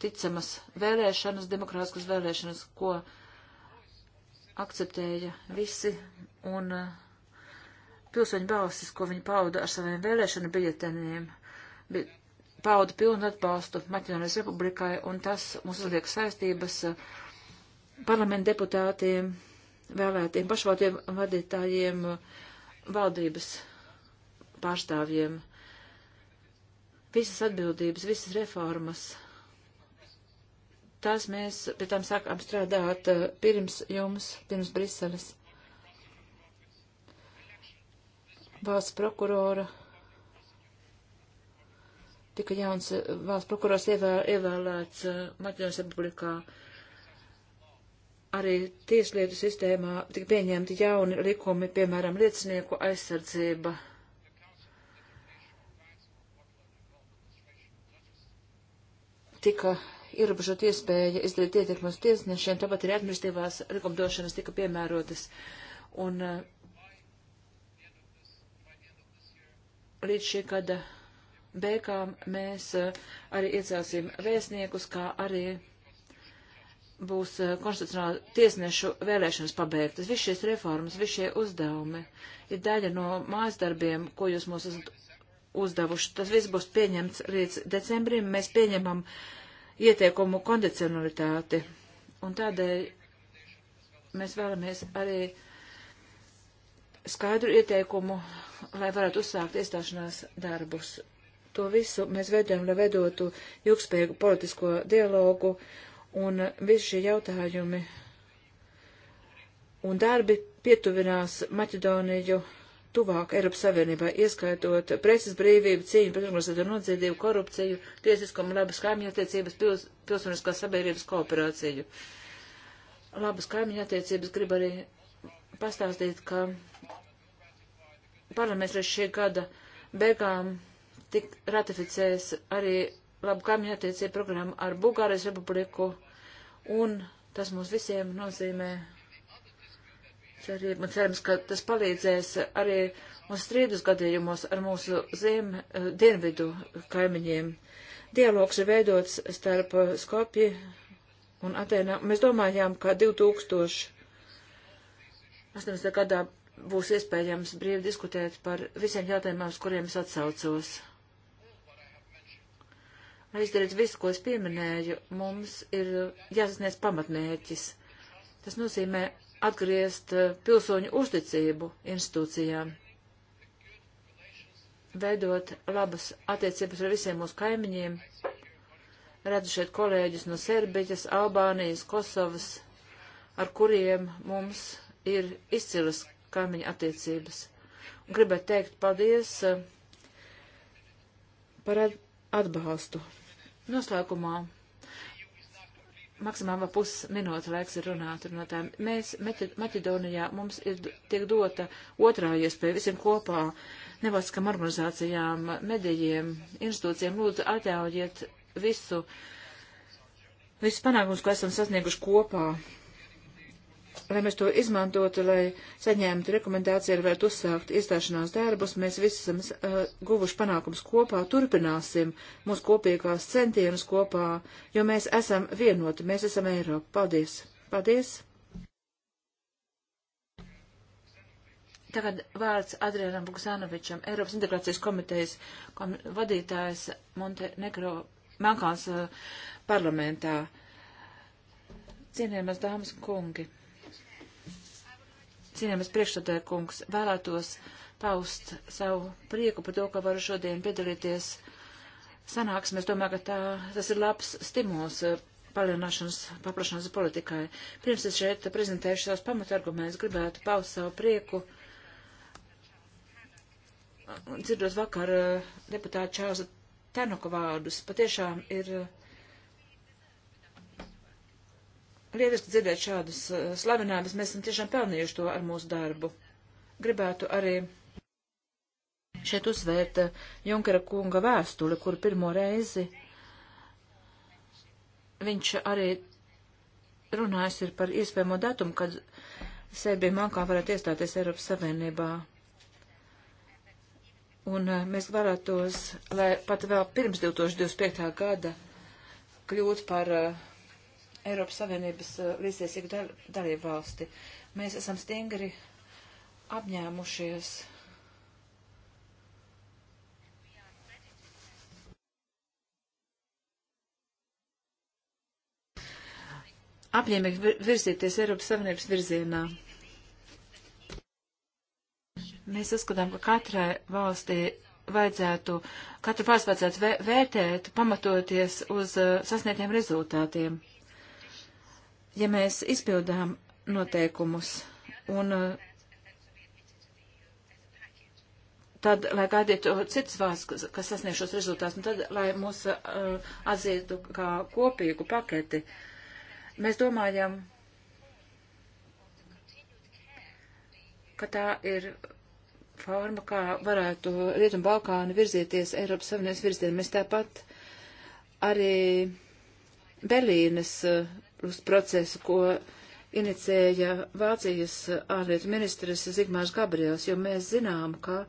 ticamas vēlēšanas, demokrātiskas vēlēšanas, ko akceptēja visi un uh, pilsoņu balsis, ko viņi pauda ar saviem vēlēšanu biļeteniem, pauda pilnu atbalstu Maķinonijas republikai, un tas mums uzliek saistības uh, parlamentu deputātiem vēlētiem pašvaldību vadītājiem, valdības pārstāvjiem. Visas atbildības, visas reformas, tās mēs pie tām sākām strādāt eh, pirms jums, pirms Briseles. Valsts prokurora tika jauns eh, valsts prokurors ievēlēts eh, Maķinas republikā arī tieslietu sistēmā tika pieņemti jauni likumi, piemēram, liecinieku aizsardzība. Tika ierobežot iespēja izdarīt ietekmes tiesnešiem, tāpat arī administratīvās likumdošanas tika piemērotas. Un eh, līdz šī gada beigām mēs eh, arī iecelsim vēstniekus, kā arī būs eh, konstitucionāla tiesnešu vēlēšanas pabeigtas. Viss šīs reformas, viss šie uzdevumi ir daļa no mājas darbiem, ko jūs mums esat uzdevuši. Tas viss būs pieņemts līdz decembrim. Mēs pieņemam ieteikumu kondicionalitāti. Un tādēļ mēs vēlamies arī skaidru ieteikumu, lai varētu uzsākt iestāšanās darbus. To visu mēs veidojam, lai veidotu ilgspējīgu politisko dialogu un eh, visi šie jautājumi un darbi pietuvinās Maķedoniju tuvāk Eiropas Savienībai, ieskaitot preses brīvību, cīņu pret organizēto nodziedību, korupciju, tiesiskumu, labas kaimiņattiecības, pils, pilsoniskās sabiedrības kooperāciju. Labas kaimiņattiecības grib arī pastāstīt, ka parlaments līdz šī gada beigām tik ratificēs arī labu kaimiņu attiecību programmu ar Bulgārijas republiku, un tas mums visiem nozīmē cerību. Cerams, ka tas palīdzēs arī mūsu strīdus gadījumos ar mūsu ziem, eh, dienvidu kaimiņiem. Dialogs ir veidots starp Skopju un Atēnā. Mēs domājām, ka 2018. gadā būs iespējams brīvi diskutēt par visiem jautājumiem, uz kuriem es atsaucos lai izdarītu visu, ko es pieminēju, mums ir jāsasniedz pamatmērķis. Tas nozīmē atgriezt pilsoņu uzticību institūcijām, veidot labas attiecības ar visiem mūsu kaimiņiem. Redzu šeit kolēģus no Serbijas, Albānijas, Kosovas, ar kuriem mums ir izcilas kaimiņa attiecības. Un gribētu teikt paldies eh, par atbalstu. Noslēgumā maksimāli pusminūte laiks ir runāt runātājiem. Mēs Maķedonijā mums ir tiek dota otrā iespēja visiem kopā nevalstiskām organizācijām, medijiem, institūcijiem. Lūdzu, atļaujiet visu, visus panākumus, ko esam sasnieguši kopā lai mēs to izmantotu, lai saņemtu rekomendāciju, lai varētu uzsākt iestāšanās darbus. Mēs visi esam uh, guvuši panākums kopā, turpināsim mūsu kopīgās centienus kopā, jo mēs esam vienoti, mēs esam Eiropa. Paldies! Paldies! Tagad vārds Adrianam Buksanovičam, Eiropas integrācijas komitejas kom vadītājs Montenegro Melkāns uh, parlamentā. Cienījamas dāmas un kungi! Cienījamies priekšstādē, kungs, vēlētos paust savu prieku par to, ka varu šodien piedalīties sanāksmēs. Domāju, ka tā, tas ir labs stimuls eh, palielināšanas, paplašanās politikai. Pirms es šeit prezentēšu savus pamatargumentus, gribētu paust savu prieku. Dzirdot vakar eh, deputāta Čārza Tenoka vārdus, patiešām ir uh, lieliski dzirdēt šādas eh, slavenības. Mēs esam tiešām pelnījuši to ar mūsu darbu. Gribētu arī šeit uzsvērt eh, Junkera kunga vēstuli, kur pirmo reizi viņš arī runājis ir par iespējamo datumu, kad Serbija mankā varētu iestāties Eiropas Savienībā. Un eh, mēs varētos, lai pat vēl pirms 2025. gada kļūt par uh, Eiropas Savienības eh, līdziesīgu dal dalību valsti. Mēs esam stingri apņēmušies apņēmīgi virzīties Eiropas Savienības virzienā. Mēs uzskatām, ka katrai valstī vajadzētu, katru valsts vajadzētu vērtēt, pamatoties uz uh, sasniegtiem rezultātiem ja mēs izpildām noteikumus un eh, tad, lai gaidītu citas valsts, kas, kas sasniegš šos rezultātus, un tad, lai mūs uh, atzītu kā kopīgu paketi, mēs domājam, ka tā ir forma, kā varētu Rietumu Balkānu virzīties Eiropas Savienības virzienā. Mēs tāpat arī Berlīnes uh, uz procesu, ko inicēja Vācijas ārlietu ministrs Zigmārs Gabriels, jo mēs zinām, ka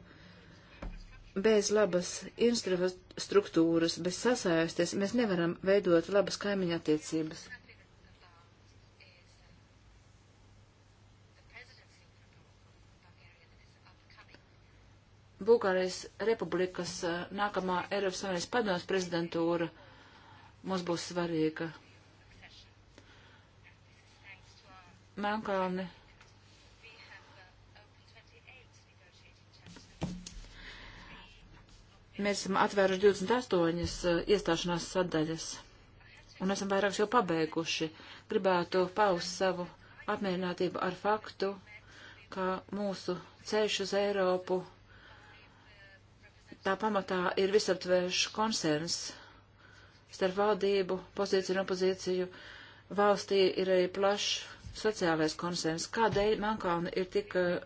bez labas infrastruktūras, bez sasaistes mēs nevaram veidot labas kaimiņa attiecības. Bulgārijas republikas nākamā Eiropas Savienības padomas prezidentūra mums būs svarīga. Melnkalne. Mēs esam atvēruši 28 eh, iestāšanās sadaļas, un esam vairākas jau pabeiguši. Gribētu paust savu apmierinātību ar faktu, ka mūsu ceļš uz Eiropu tā pamatā ir visaptvēršs konsens starp valdību, pozīciju un opozīciju. Valstī ir arī plašs sociālais konsens, kādēļ Mankauna ir tik eh,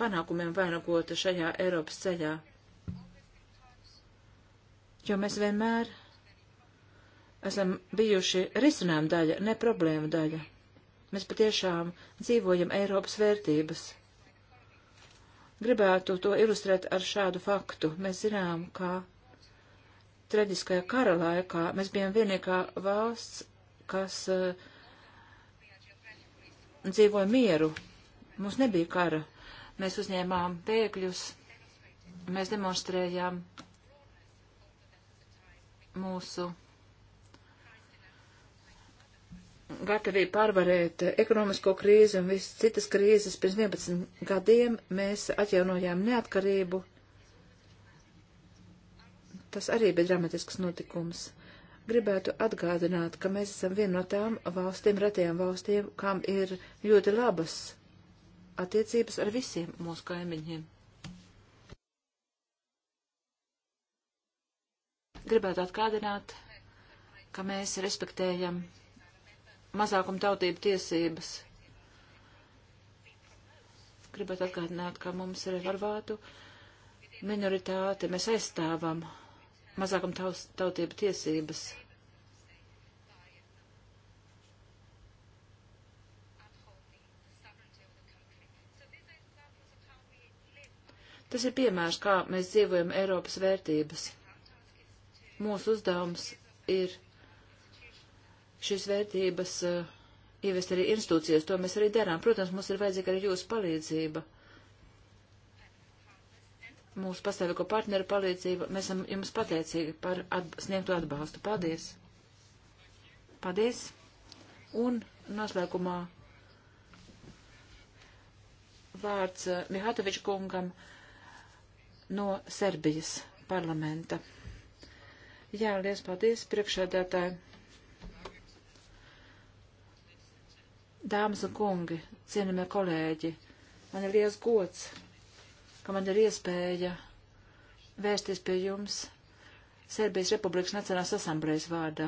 panākumiem vainagota šajā Eiropas ceļā. Jo mēs vienmēr esam bijuši risinājuma daļa, ne problēma daļa. Mēs patiešām dzīvojam Eiropas vērtības. Gribētu to ilustrēt ar šādu faktu. Mēs zinām, ka traģiskajā kara laikā mēs bijām vienīgā valsts, kas uh, dzīvoja mieru. Mums nebija kara. Mēs uzņēmām bēgļus, mēs demonstrējām mūsu gatavību pārvarēt ekonomisko krīzi un visas citas krīzes. Pirms 11 gadiem mēs atjaunojām neatkarību. Tas arī bija dramatisks notikums gribētu atgādināt, ka mēs esam viena no tām valstīm, retajām valstīm, kam ir ļoti labas attiecības ar visiem mūsu kaimiņiem. Gribētu atgādināt, ka mēs respektējam mazākumtautību tiesības. Gribētu atgādināt, ka mums ir ar vārvātu minoritāti, mēs aizstāvam mazākam tautību tiesības. Tas ir piemērs, kā mēs dzīvojam Eiropas vērtības. Mūsu uzdevums ir šīs vērtības uh, ievest arī institūcijas, to mēs arī darām. Protams, mums ir vajadzīga arī jūsu palīdzība mūsu pastāvīgo partneru palīdzību. Mēs esam jums pateicīgi par atb sniegto atbalstu. Paldies! Paldies! Un noslēgumā vārds eh, Mihatoviča kungam no Serbijas parlamenta. Jā, liels paldies, priekšādātāji. Dāmas un kungi, cienījamie kolēģi, man ir liels gods ka man ir iespēja vērsties pie jums Serbijas Republikas Nacionālās asamblejas vārdā.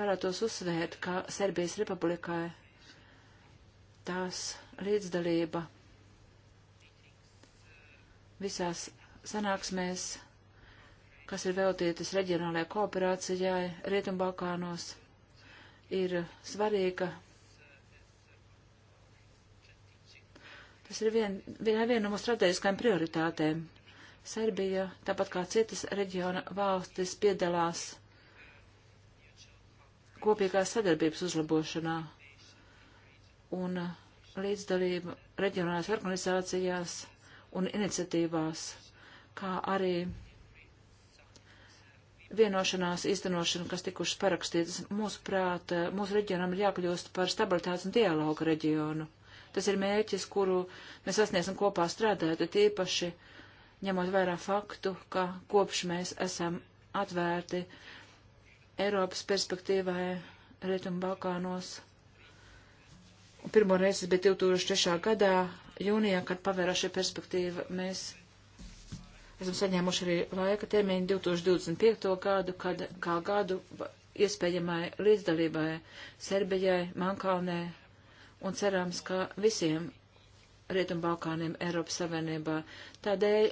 Vēlētos uzsvērt, ka Serbijas Republikai tās līdzdalība visās sanāksmēs, kas ir veltītas reģionālajai kooperācijai Rietumbalkānos, ir svarīga Tas ir vien, vien, viena no mūsu strateģiskajām prioritātēm. Serbija, tāpat kā citas reģiona valstis, piedalās kopīgās sadarbības uzlabošanā un līdzdalību reģionālās organizācijās un iniciatīvās, kā arī vienošanās īstenošana, kas tikušas parakstītas. Mūsuprāt, mūsu reģionam ir jākļūst par stabilitātes un dialogu reģionu. Tas ir mērķis, kuru mēs sasniedzam kopā strādājot, tīpaši ņemot vērā faktu, ka kopš mēs esam atvērti Eiropas perspektīvai Rietumu Balkānos. Pirmo reizi tas bija 2003. gadā, jūnijā, kad pavērā šī perspektīva. Mēs esam saņēmuši arī laika termiņu 2025. gadu, kad kā gadu iespējamai līdzdalībai Serbijai, Mankalnē, un cerams, ka visiem Rietumbalkāniem Eiropas Savienībā. Tādēļ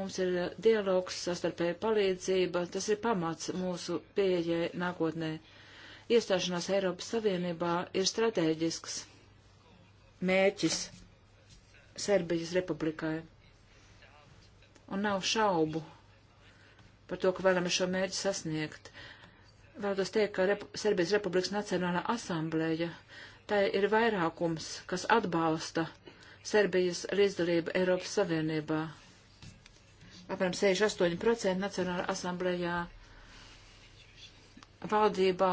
mums ir dialogs, sastarpēja palīdzība, tas ir pamats mūsu pieejai nākotnē. Iestāšanās Eiropas Savienībā ir strateģisks mērķis Serbijas republikai. Un nav šaubu par to, ka vēlamies šo mērķi sasniegt. Vēlos teikt, ka Rep Serbijas republikas Nacionālā asamblēja tā ir vairākums, kas atbalsta Serbijas līdzdalību Eiropas Savienībā. Apmēram 68% Nacionālā asamblējā valdībā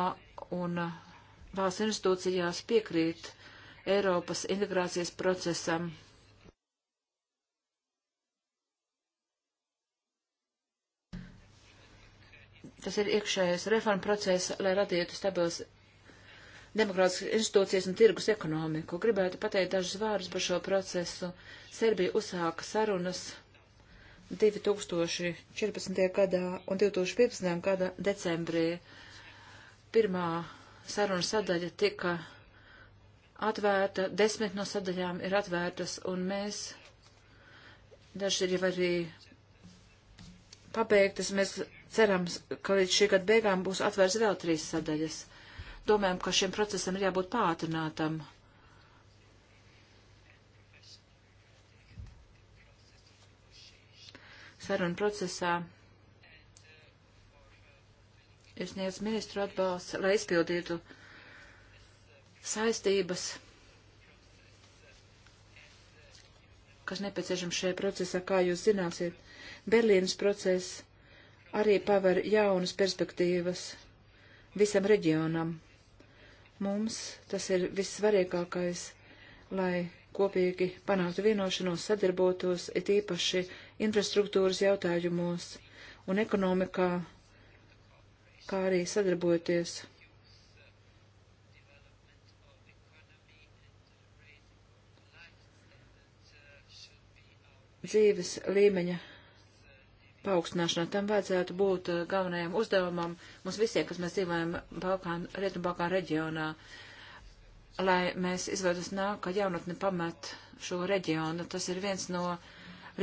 un uh, valsts institūcijās piekrīt Eiropas integrācijas procesam. Tas ir iekšējais reforma process, lai radītu stabils demokrātiskas institūcijas un tirgus ekonomiku. Gribētu pateikt dažus vārdus par šo procesu. Serbija uzsāka sarunas 2014. gadā un 2015. gada decembrī. Pirmā saruna sadaļa tika atvērta, desmit no sadaļām ir atvērtas, un mēs daži ir jau arī pabeigtas. Mēs cerams, ka līdz šī gada beigām būs atvērts vēl trīs sadaļas domājam, ka šim procesam ir jābūt pātrinātam. Saruna procesā ir sniedz ministru atbalsts, lai izpildītu saistības, kas nepieciešams šajā procesā, kā jūs zināsiet. Berlīnas process arī paver jaunas perspektīvas visam reģionam. Mums tas ir vissvarīgākais, lai kopīgi panāktu vienošanos, sadarbotos, it īpaši infrastruktūras jautājumos un ekonomikā, kā arī sadarbojoties. dzīves līmeņa paaugstināšanā. Tam vajadzētu būt uh, galvenajam uzdevumam mums visiem, kas mēs dzīvojam Balkānu, Rietu Balkānu reģionā, lai mēs izveidosnāk, ka jaunatni pamet šo reģionu. Tas ir viens no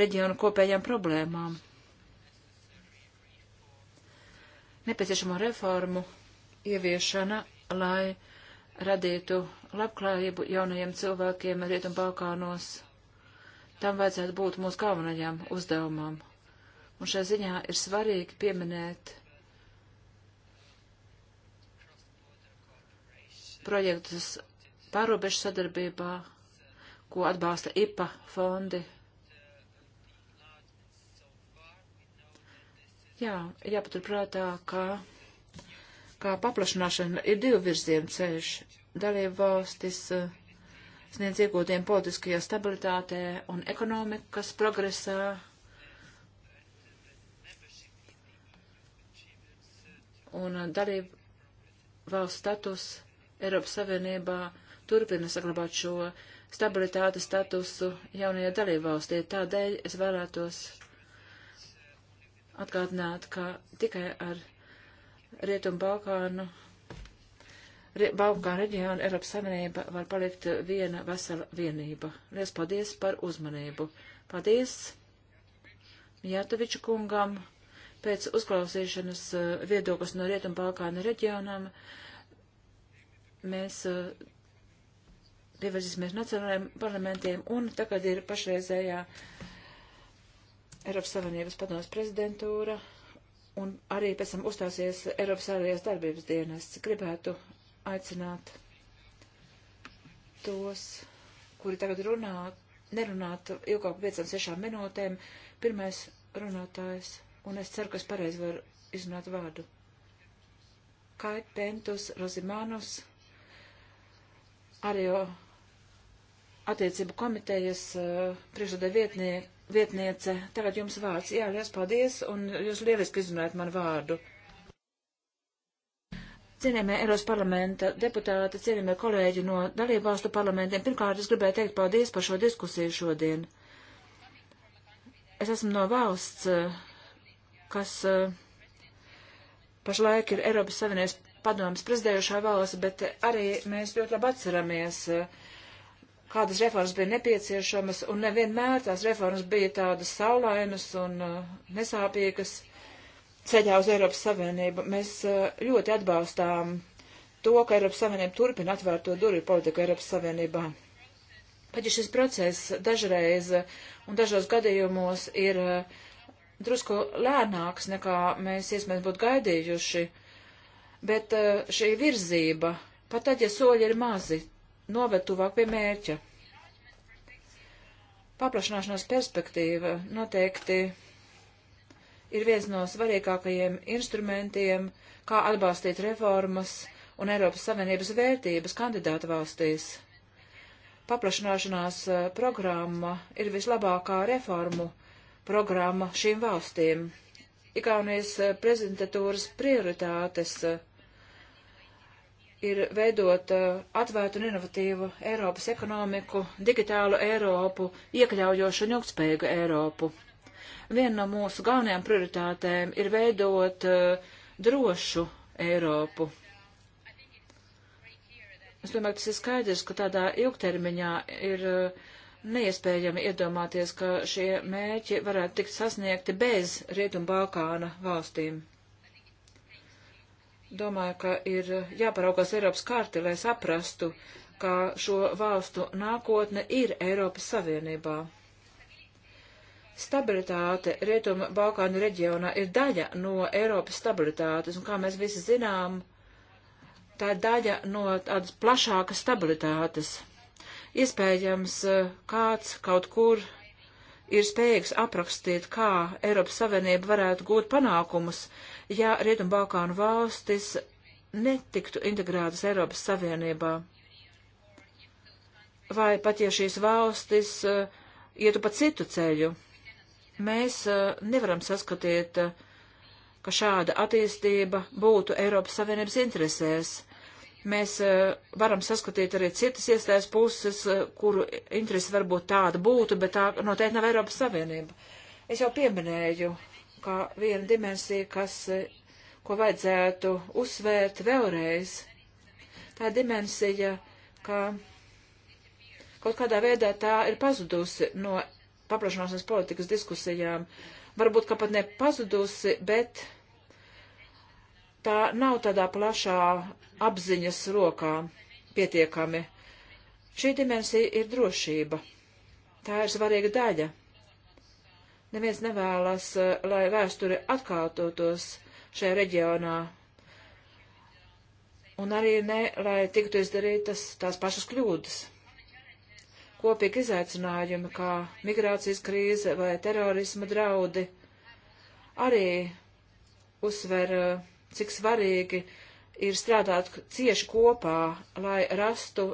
reģionu kopējām problēmām. Nepieciešamo reformu ieviešana, lai radītu labklājību jaunajiem cilvēkiem Rietu Balkānos. Tam vajadzētu būt mūsu galvenajām uzdevumam. Un šai ziņā ir svarīgi pieminēt projektus pārobežu sadarbībā, ko atbalsta IPA fondi. Jā, jāpaturprātā, ka kā paplašināšana ir divu virzienu ceļš. Dalību valstis eh, sniedz iegūtiem politiskajā stabilitātē un ekonomikas progresā un dalību valsts status Eiropas Savienībā turpina saglabāt šo stabilitātes statusu jaunajā dalībvalstī. Tādēļ es vēlētos atgādināt, ka tikai ar Rietumu Balkānu, Rie, Balkānu reģionu Eiropas Savienība var palikt viena vesela vienība. Lies paldies par uzmanību. Paldies Mijatoviču kungam pēc uzklausīšanas eh, viedoklis no Rietumbalkāna reģionam mēs eh, pievērsīsimies nacionālajiem parlamentiem un tagad ir pašreizējā Eiropas Savienības padomas prezidentūra un arī pēc tam uzstāsies Eiropas ārējās darbības dienas. Gribētu aicināt tos, kuri tagad runā, nerunāt ilgāk 5-6 minūtēm. Pirmais runātājs un es ceru, ka es pareizi varu izrunāt vārdu. Kait Pentus Rozimanus, arī attiecību komitejas uh, e, priekšredē vietnie, vietniece. Tagad jums vārds. Jā, liels paldies, un jūs lieliski izrunājat man vārdu. Cienījamie Eiros parlamenta deputāti, cienījamie kolēģi no dalībvalstu parlamentiem, pirmkārt es gribēju teikt paldies par šo diskusiju šodien. Es esmu no valsts, uh, kas eh, pašlaik ir Eiropas Savienības padomas prezidējušā valsts, bet arī mēs ļoti labi atceramies, eh, kādas reformas bija nepieciešamas, un nevienmēr tās reformas bija tādas saulainas un eh, nesāpīgas ceļā uz Eiropas Savienību. Mēs ļoti atbalstām to, ka Eiropas Savienība turpina atvērto durvju politiku Eiropas Savienībā. Pat ja šis process dažreiz un dažos gadījumos ir uh, drusku lēnāks, nekā mēs iespējams būtu gaidījuši, bet eh, šī virzība, pat tad, ja soļi ir mazi, noved tuvāk pie mērķa. Paplašanāšanās perspektīva noteikti ir viens no svarīgākajiem instrumentiem, kā atbalstīt reformas un Eiropas Savienības vērtības kandidāta valstīs. Paplašanāšanās eh, programma ir vislabākā reformu programma šīm valstīm. Igaunijas eh, prezentatūras prioritātes eh, ir veidot eh, atvērtu un inovatīvu Eiropas ekonomiku, digitālu Eiropu, iekļaujošu un ilgspējīgu Eiropu. Viena no mūsu galvenajām prioritātēm ir veidot drošu Eiropu. Es domāju, ka tas ir skaidrs, ka tādā ilgtermiņā ir uh, neiespējami iedomāties, ka šie mērķi varētu tikt sasniegti bez Rietumbalkāna valstīm. Domāju, ka ir jāparaugās Eiropas karti, lai saprastu, ka šo valstu nākotne ir Eiropas Savienībā. Stabilitāte Rietuma Balkānu reģionā ir daļa no Eiropas stabilitātes, un kā mēs visi zinām, tā ir daļa no tādas plašākas stabilitātes Iespējams, eh, kāds kaut kur ir spējīgs aprakstīt, kā Eiropas Savienība varētu gūt panākumus, ja Rietumbalkānu valstis netiktu integrētas Eiropas Savienībā. Vai pat ja šīs valstis uh, ietu pa citu ceļu, mēs uh, nevaram saskatīt, uh, ka šāda attīstība būtu Eiropas Savienības interesēs. Mēs e, varam saskatīt arī citas iestājas puses, e, kuru interesi varbūt tāda būtu, bet tā noteikti nav Eiropas Savienība. Es jau pieminēju, kā viena dimensija, kas, e, ko vajadzētu uzsvērt vēlreiz. Tā dimensija, ka kaut kādā veidā tā ir pazudusi no paplašināšanas politikas diskusijām. Varbūt, ka pat ne pazudusi, bet tā nav tādā plašā apziņas rokā pietiekami. Šī dimensija ir drošība. Tā ir svarīga daļa. Neviens nevēlas, eh, lai vēsture atkārtotos šajā reģionā, un arī ne, lai tiktu izdarītas tās pašas kļūdas. Kopīgi izaicinājumi, kā migrācijas krīze vai terorisma draudi, arī uzsver uh, cik svarīgi ir strādāt cieši kopā, lai rastu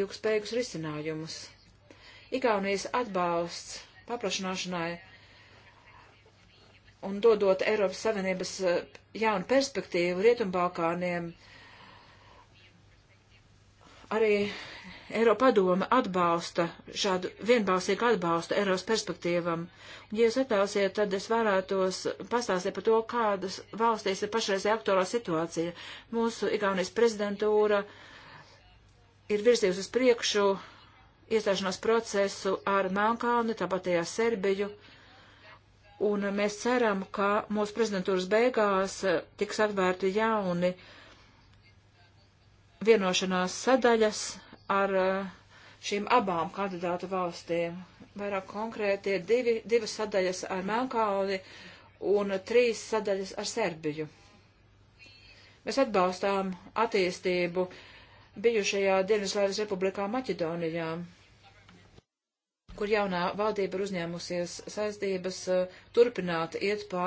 ilgspējīgus risinājumus. Igaunijas atbalsts paplašanāšanai un dodot Eiropas Savienības eh, jaunu perspektīvu Rietumbalkāniem, uh, arī Eiropadome atbalsta šādu vienbalsīgu atbalstu Eiropas perspektīvam. Un, ja jūs atļausiet, tad es vēlētos pastāstīt par to, kādas valstīs ir pašreizē aktuālā situācija. Mūsu Igaunijas prezidentūra ir virzījusi uz priekšu iestāšanās procesu ar Melnkalni, tāpat arī ar Serbiju. Un mēs ceram, ka mūsu prezidentūras beigās tiks atvērti jauni uh, vienošanās sadaļas ar eh, šīm abām kandidātu valstīm. Vairāk konkrēti ir divi, divas sadaļas ar Melnkalni un trīs sadaļas ar Serbiju. Mēs atbalstām attīstību bijušajā Dienvidslāvijas republikā Maķedonijā, kur jaunā valdība ir uzņēmusies saistības eh, turpināt iet pa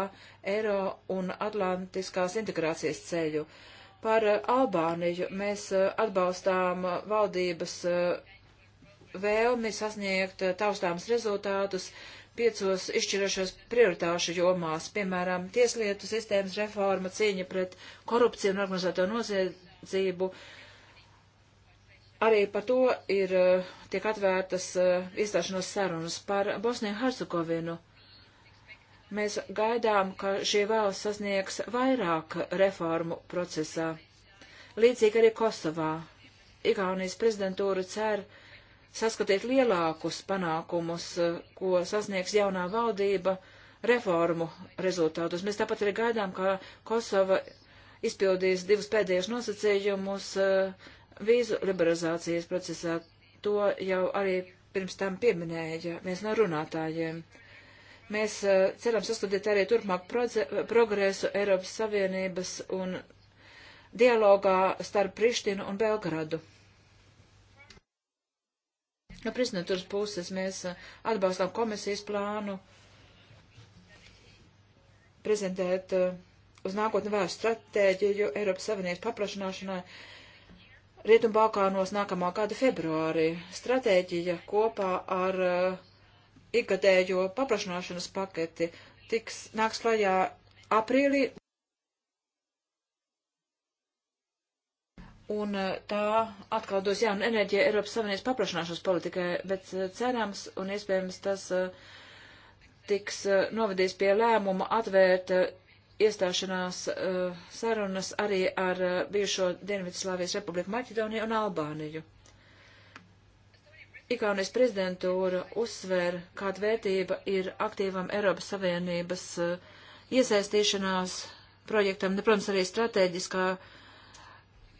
Eiro un Atlantiskās integrācijas ceļu. Uh, Par eh, Albāniju mēs eh, atbalstām eh, valdības vēlmi sasniegt taustāms rezultātus piecos izšķirošos prioritāšu jomās, piemēram, tieslietu sistēmas reforma, cīņa pret korupciju un organizēto noziedzību. Arī par to ir tiek atvērtas iestāšanos sarunas par Bosniju Hercegovinu. Mēs gaidām, ka šī valsts sasniegs vairāk reformu procesā. Līdzīgi arī Kosovā. Igaunijas prezidentūra cer saskatīt lielākus panākumus, ko sasniegs jaunā valdība reformu rezultātus. Mēs tāpat arī gaidām, ka Kosova izpildīs divus pēdējos nosacījumus eh, vīzu liberalizācijas procesā. To jau arī pirms tam pieminēja viens no runātājiem. Mēs eh, ceram sastudēt arī turpmāk progresu Eiropas Savienības un dialogā starp Prištinu un Belgradu. No prezidentūras puses mēs eh, atbalstām komisijas plānu prezentēt eh, uz nākotni vērstu stratēģiju Eiropas Savienības paplašanāšanai Rietumbalkānos nākamā gada februārī. Stratēģija kopā ar uh, ikgadējo paplašināšanas paketi tiks nāks klajā aprīlī. Un eh, tā atkal dos jaunu enerģiju Eiropas Savienības paplašināšanas politikai, bet eh, cerams un iespējams tas eh, tiks novadīs pie lēmuma atvērt iestāšanās sarunas arī ar bijušo Dienvidslāvijas Republiku Maķedoniju un Albāniju. Igaunijas prezidentūra uzsver, kāda vērtība ir aktīvam Eiropas Savienības uh, iesaistīšanās projektam, ne, nu, protams, arī strateģiskā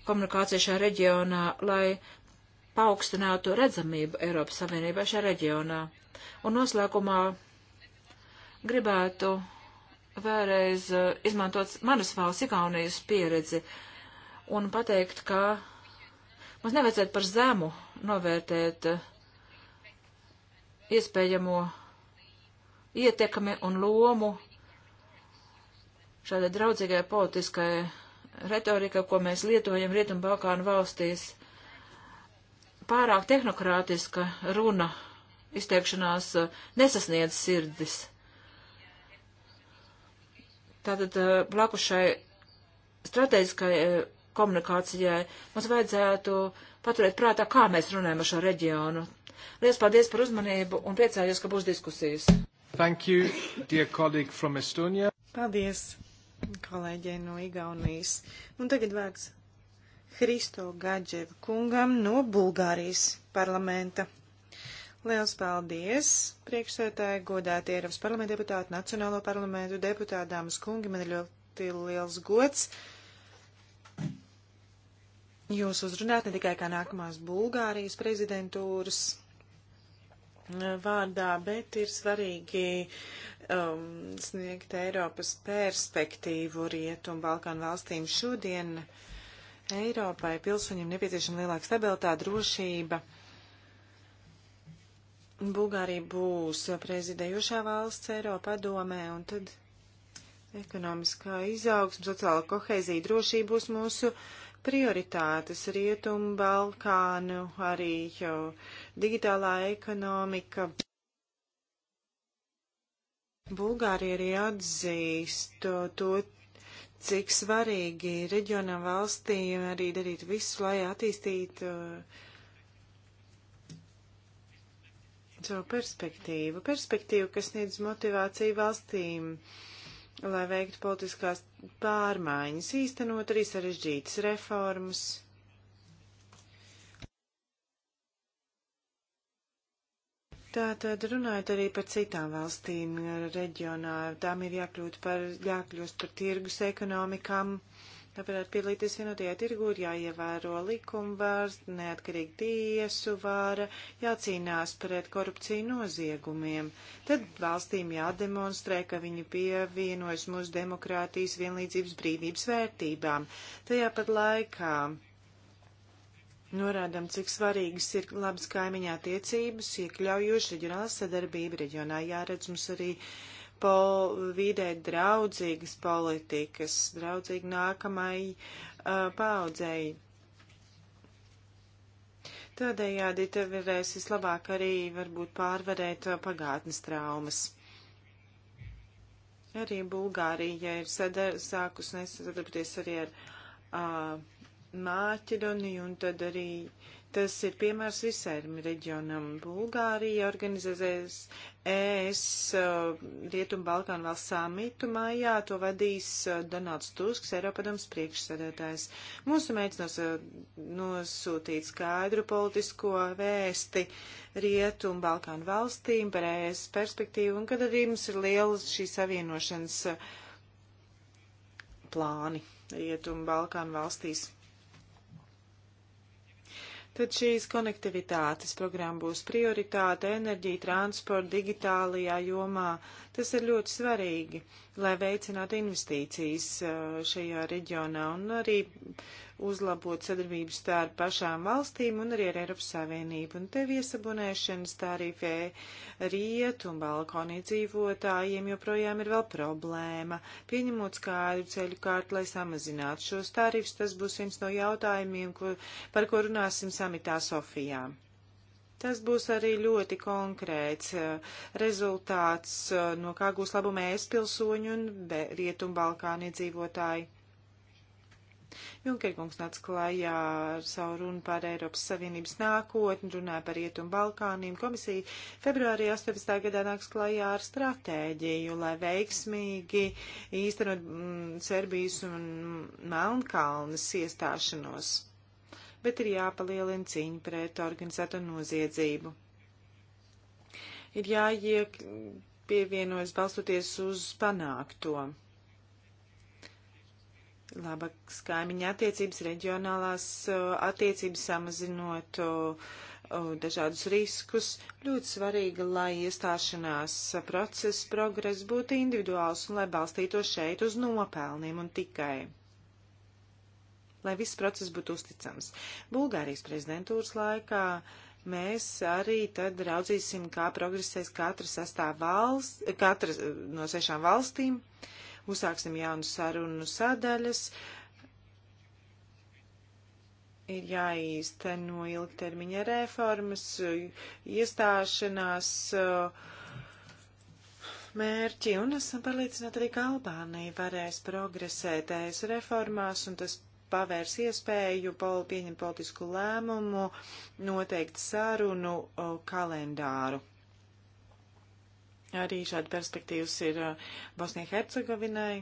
komunikācija šajā reģionā, lai paaugstinātu redzamību Eiropas Savienībā šajā reģionā. Un noslēgumā gribētu vēlreiz uh, izmantot manas valsts Igaunijas pieredzi un pateikt, ka mums nevajadzētu par zemu novērtēt uh, iespējamo ietekmi un lomu šādai draudzīgai politiskai retorikai, ko mēs lietojam Rietumbalkānu valstīs. Pārāk tehnokrātiska runa izteikšanās eh, nesasniedz sirdis. Tātad eh, blakus šai strateģiskai eh, komunikācijai mums vajadzētu paturēt prātā, kā mēs runājam ar šo reģionu. Lielas paldies par uzmanību un priecājos, ka būs diskusijas. Thank you, dear colleague from Estonia. Paldies, kolēģei no Igaunijas. Un tagad vārds Hristo Gadževa kungam no Bulgārijas parlamenta. Liels paldies, priekšsētāji, godāti Eiropas parlamenta deputāti, Nacionālo parlamentu deputāti, dāmas kungi, man ir ļoti liels gods jūs uzrunāt ne tikai kā nākamās Bulgārijas prezidentūras vārdā, bet ir svarīgi um, sniegt Eiropas perspektīvu Rietumu Balkānu valstīm. Šodien Eiropai pilsoņiem nepieciešama lielāka stabilitāte, drošība. Bulgārija būs prezidējušā valsts Eiropa padomē, un tad ekonomiskā izaugsme, sociāla kohēzija, drošība būs mūsu uh, prioritātes Rietumu Balkānu, arī jau digitālā ekonomika. Bulgārija arī atzīst to, cik svarīgi reģionam valstīm arī darīt visu, lai attīstītu uh, savu perspektīvu. Perspektīvu, kas sniedz motivāciju valstīm. Uh, lai veiktu politiskās pārmaiņas, īstenot arī sarežģītas reformas. Tātad runājot arī par citām valstīm reģionā, tām ir jākļūt par, jākļūst par tirgus ekonomikām. Lai varētu piedalīties vienotajā tirgū, ir jāievēro likumvārs, neatkarīgi tiesu vāra, jācīnās pret korupciju noziegumiem. Tad valstīm jādemonstrē, ka viņi pievienojas mūsu demokrātijas vienlīdzības brīvības vērtībām. Tajā pat laikā norādam, cik svarīgas ir labas kaimiņā tiecības, iekļaujoši reģionāla sadarbība. Reģionā jāredz mums arī uh, pol, vidē draudzīgas politikas, draudzīgi nākamai uh, paudzei. Tādējādi tev varēs vislabāk arī varbūt pārvarēt uh, pagātnes traumas. Arī Bulgārija ir sadar, sākus nesadarboties arī ar uh, Māķedoniju un tad arī Tas ir piemērs visiem reģionam. Bulgārija organizēs ES uh, Rietumu Balkānu valsts samitu mājā. To vadīs uh, Donalds Tusks, Eiropadoms priekšsēdētājs. Mūsu mērķis nos, uh, nosūtīt skaidru politisko vēsti Rietumu Balkānu valstīm par ES perspektīvu, un kad arī mums ir liels šī savienošanas plāni Rietumu Balkānu valstīs. Tad šīs konektivitātes programma būs prioritāte enerģija, transporta, digitālajā jomā. Tas ir ļoti svarīgi, lai veicinātu investīcijas eh, šajā reģionā un arī uzlabot sadarbību starp pašām valstīm un arī ar Eiropas Savienību. Un te viesabunēšanas tarifē riet un balkonī dzīvotājiem joprojām ir vēl problēma. Pieņemot skaidru ceļu kārtu, lai samazinātu šos tarifus, tas būs viens no jautājumiem, ko, par ko runāsim samitā Sofijā. Tas būs arī ļoti konkrēts eh, rezultāts, eh, no kā gūs labumu ēst pilsoņu un Rietumbalkāni dzīvotāji. Junkerkungs nāca klājā ar savu runu par Eiropas Savienības nākotni, runāja par Rietumu Balkāniem. Komisija februārī 18. gadā nāks klājā ar stratēģiju, lai veiksmīgi īstenot mm, Serbijas un Melnkalnes iestāšanos bet ir jāpalielina cīņa pret organizēto noziedzību. Ir jāiek pievienojas balstoties uz panākto labākas kaimiņa attiecības, reģionālās uh, attiecības, samazinot uh, uh, dažādus riskus. Ļoti svarīgi, lai iestāšanās process progress būtu individuāls un lai balstītos šeit uz nopelniem un tikai lai viss process būtu uzticams. Bulgārijas prezidentūras laikā mēs arī tad raudzīsim, kā progresēs katra sastāv valsts, katra no sešām valstīm. Uh, uzsāksim jaunu sarunu sadaļas. Ir jāīsteno ilgtermiņa reformas, iestāšanās uh, mērķi, un esam pārliecināti arī, ka Albānija varēs progresēt ES reformās, un tas pavērs iespēju pol, pieņemt politisku lēmumu, noteikt sarunu uh, kalendāru. Arī šāda perspektīvas ir Bosnijai Hercegovinai.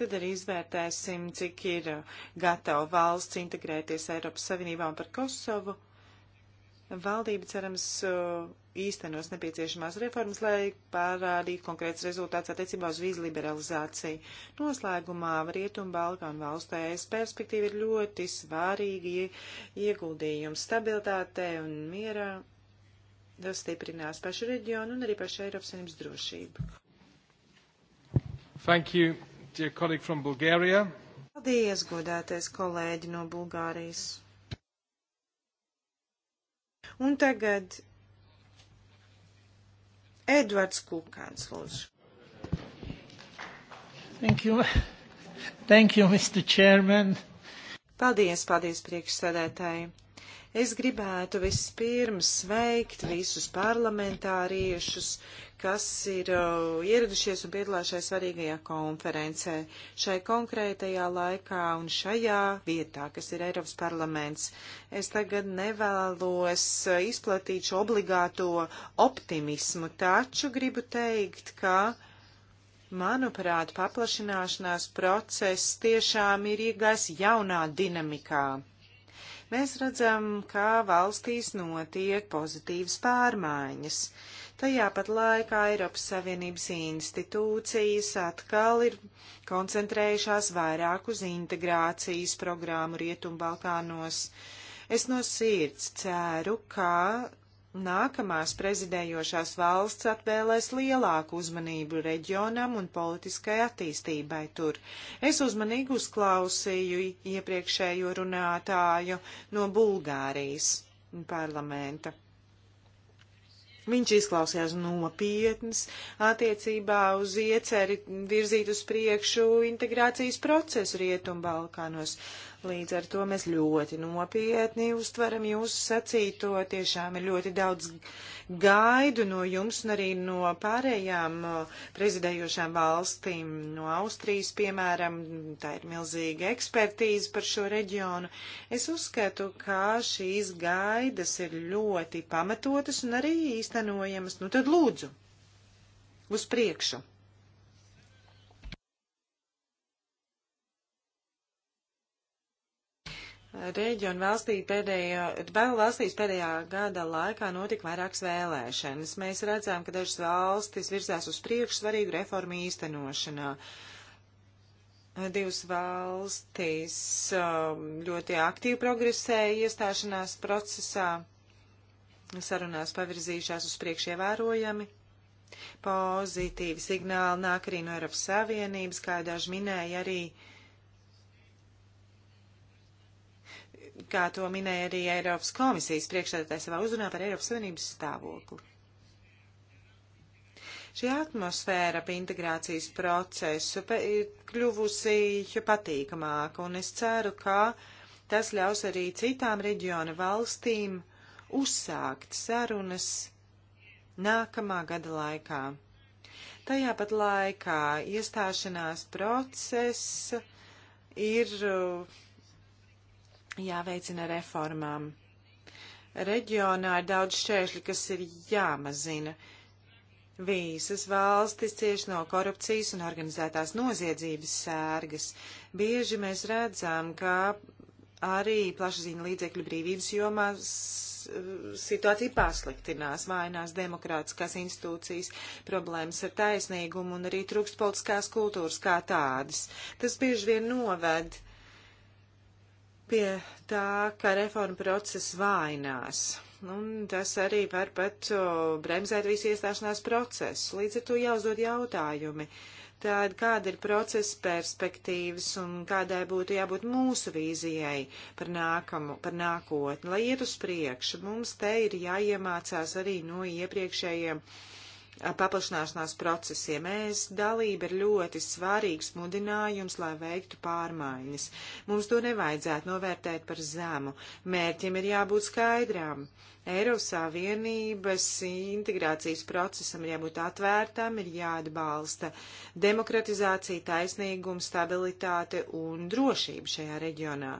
Tad arī izvērtēsim, cik ir gatava valsts integrēties Eiropas Savienībā un par Kosovu. Valdība cerams īstenos nepieciešamās reformas, lai pārādītu konkrēts rezultāts attiecībā uz vīzu liberalizāciju. Noslēgumā Rietumu Balkānu valstu ES perspektīva ir ļoti svarīgi ieguldījums stabilitātē un mierā Tas stiprinās pašu reģionu un arī pašu Eiropas Savienības drošību. Thank you, dear colleague from Bulgaria. Paldies, godātais kolēģi no Bulgārijas. Un tagad Edvards Kukāns, lūdzu. Thank you. Thank you, Mr. Chairman. Paldies, paldies priekšsēdētāji. Es gribētu vispirms sveikt visus parlamentāriešus, kas ir uh, ieradušies un piedalās šajā svarīgajā konferencē, šai konkrētajā laikā un šajā vietā, kas ir Eiropas parlaments. Es tagad nevēlos uh, izplatīt šo obligāto optimismu, taču gribu teikt, ka. Manuprāt, paplašināšanās process tiešām ir iegājis jaunā dinamikā Mēs redzam, kā valstīs notiek pozitīvas pārmaiņas. Tajā pat laikā Eiropas Savienības institūcijas atkal ir koncentrējušās vairāk uz integrācijas programmu Rietumbalkānos. Es no sirds ceru, ka Nākamās prezidējošās valsts atvēlēs lielāku uzmanību reģionam un politiskai attīstībai tur. Es uzmanīgi uzklausīju iepriekšējo runātāju no Bulgārijas parlamenta. Viņš izklausījās nopietns attiecībā uz ieceri virzīt uz priekšu integrācijas procesu Rietumbalkānos. Balkānos Līdz ar to mēs ļoti nopietni uztveram jūsu sacīto. Tiešām ir ļoti daudz gaidu no jums un arī no pārējām prezidējošām valstīm. No Austrijas, piemēram, tā ir milzīga ekspertīze par šo reģionu. Es uzskatu, ka šīs gaidas ir ļoti pamatotas un arī īstenojamas. Nu tad lūdzu, uz priekšu! Reģionu valstī pēdējā, valstīs pēdējā gada laikā notika vairākas vēlēšanas. Mēs redzam, ka dažas valstis virzās uz priekšu svarīgu reformu īstenošanā. Divas valstis um, ļoti aktīvi progresēja iestāšanās procesā, sarunās pavirzījušās uz priekšu ievērojami. Pozitīvi signāli nāk arī no Eiropas Savienības, kā daži minēja arī uh, kā to minēja arī Eiropas komisijas priekšsēdētāja savā uzrunā par Eiropas Savienības stāvokli. Šī atmosfēra pa integrācijas procesu ir kļuvusi patīkamāka, un es ceru, ka tas ļaus arī citām reģiona valstīm uzsākt sarunas nākamā gada laikā. Tajā pat laikā iestāšanās process ir uh, jāveicina reformām. Reģionā ir daudz šķēršļi, kas ir jāmazina. Visas valstis cieši no korupcijas un organizētās noziedzības sērgas. Bieži mēs redzam, ka arī plašsaziņa līdzekļu brīvības jomā situācija pasliktinās, vainās demokrātiskās institūcijas, problēmas ar taisnīgumu un arī trūkst politiskās kultūras kā tādas. Tas bieži vien noved uh, pie tā, ka reforma process vainās. Un tas arī var pat bremzēt visu iestāšanās procesu. Līdz ar to jāuzdod jautājumi. Tāda, kāda ir procesa perspektīvas un kādai būtu jābūt mūsu vīzijai par, nākamu, par nākotni, lai iet uz priekšu. Mums te ir jāiemācās arī no iepriekšējiem uh, paplašināšanās procesiem. Es dalība ir ļoti svarīgs mudinājums, lai veiktu pārmaiņas. Mums to nevajadzētu novērtēt par zemu. Mērķiem ir jābūt skaidrām. Eiropas Savienības integrācijas procesam ir jābūt atvērtam, ir jāatbalsta demokratizācija, taisnīgums, stabilitāte un drošība šajā reģionā.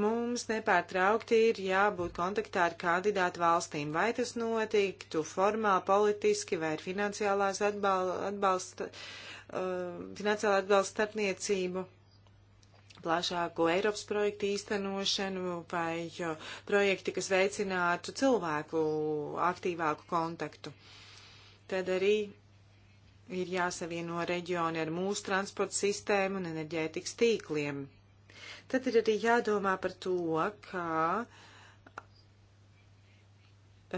Mums nepārtraukti ir jābūt kontaktā ar kandidātu valstīm, vai tas notiktu formāli, politiski, vai ar finansiālās atbal, atbalsta, uh, finansiālā atbalsta starpniecību, plašāko Eiropas projektu īstenošanu, vai projekti, kas veicinātu cilvēku aktīvāku kontaktu. Tad arī ir jāsavieno reģioni ar mūsu transporta sistēmu un enerģētikas tīkliem Tad ir arī jādomā par to, kā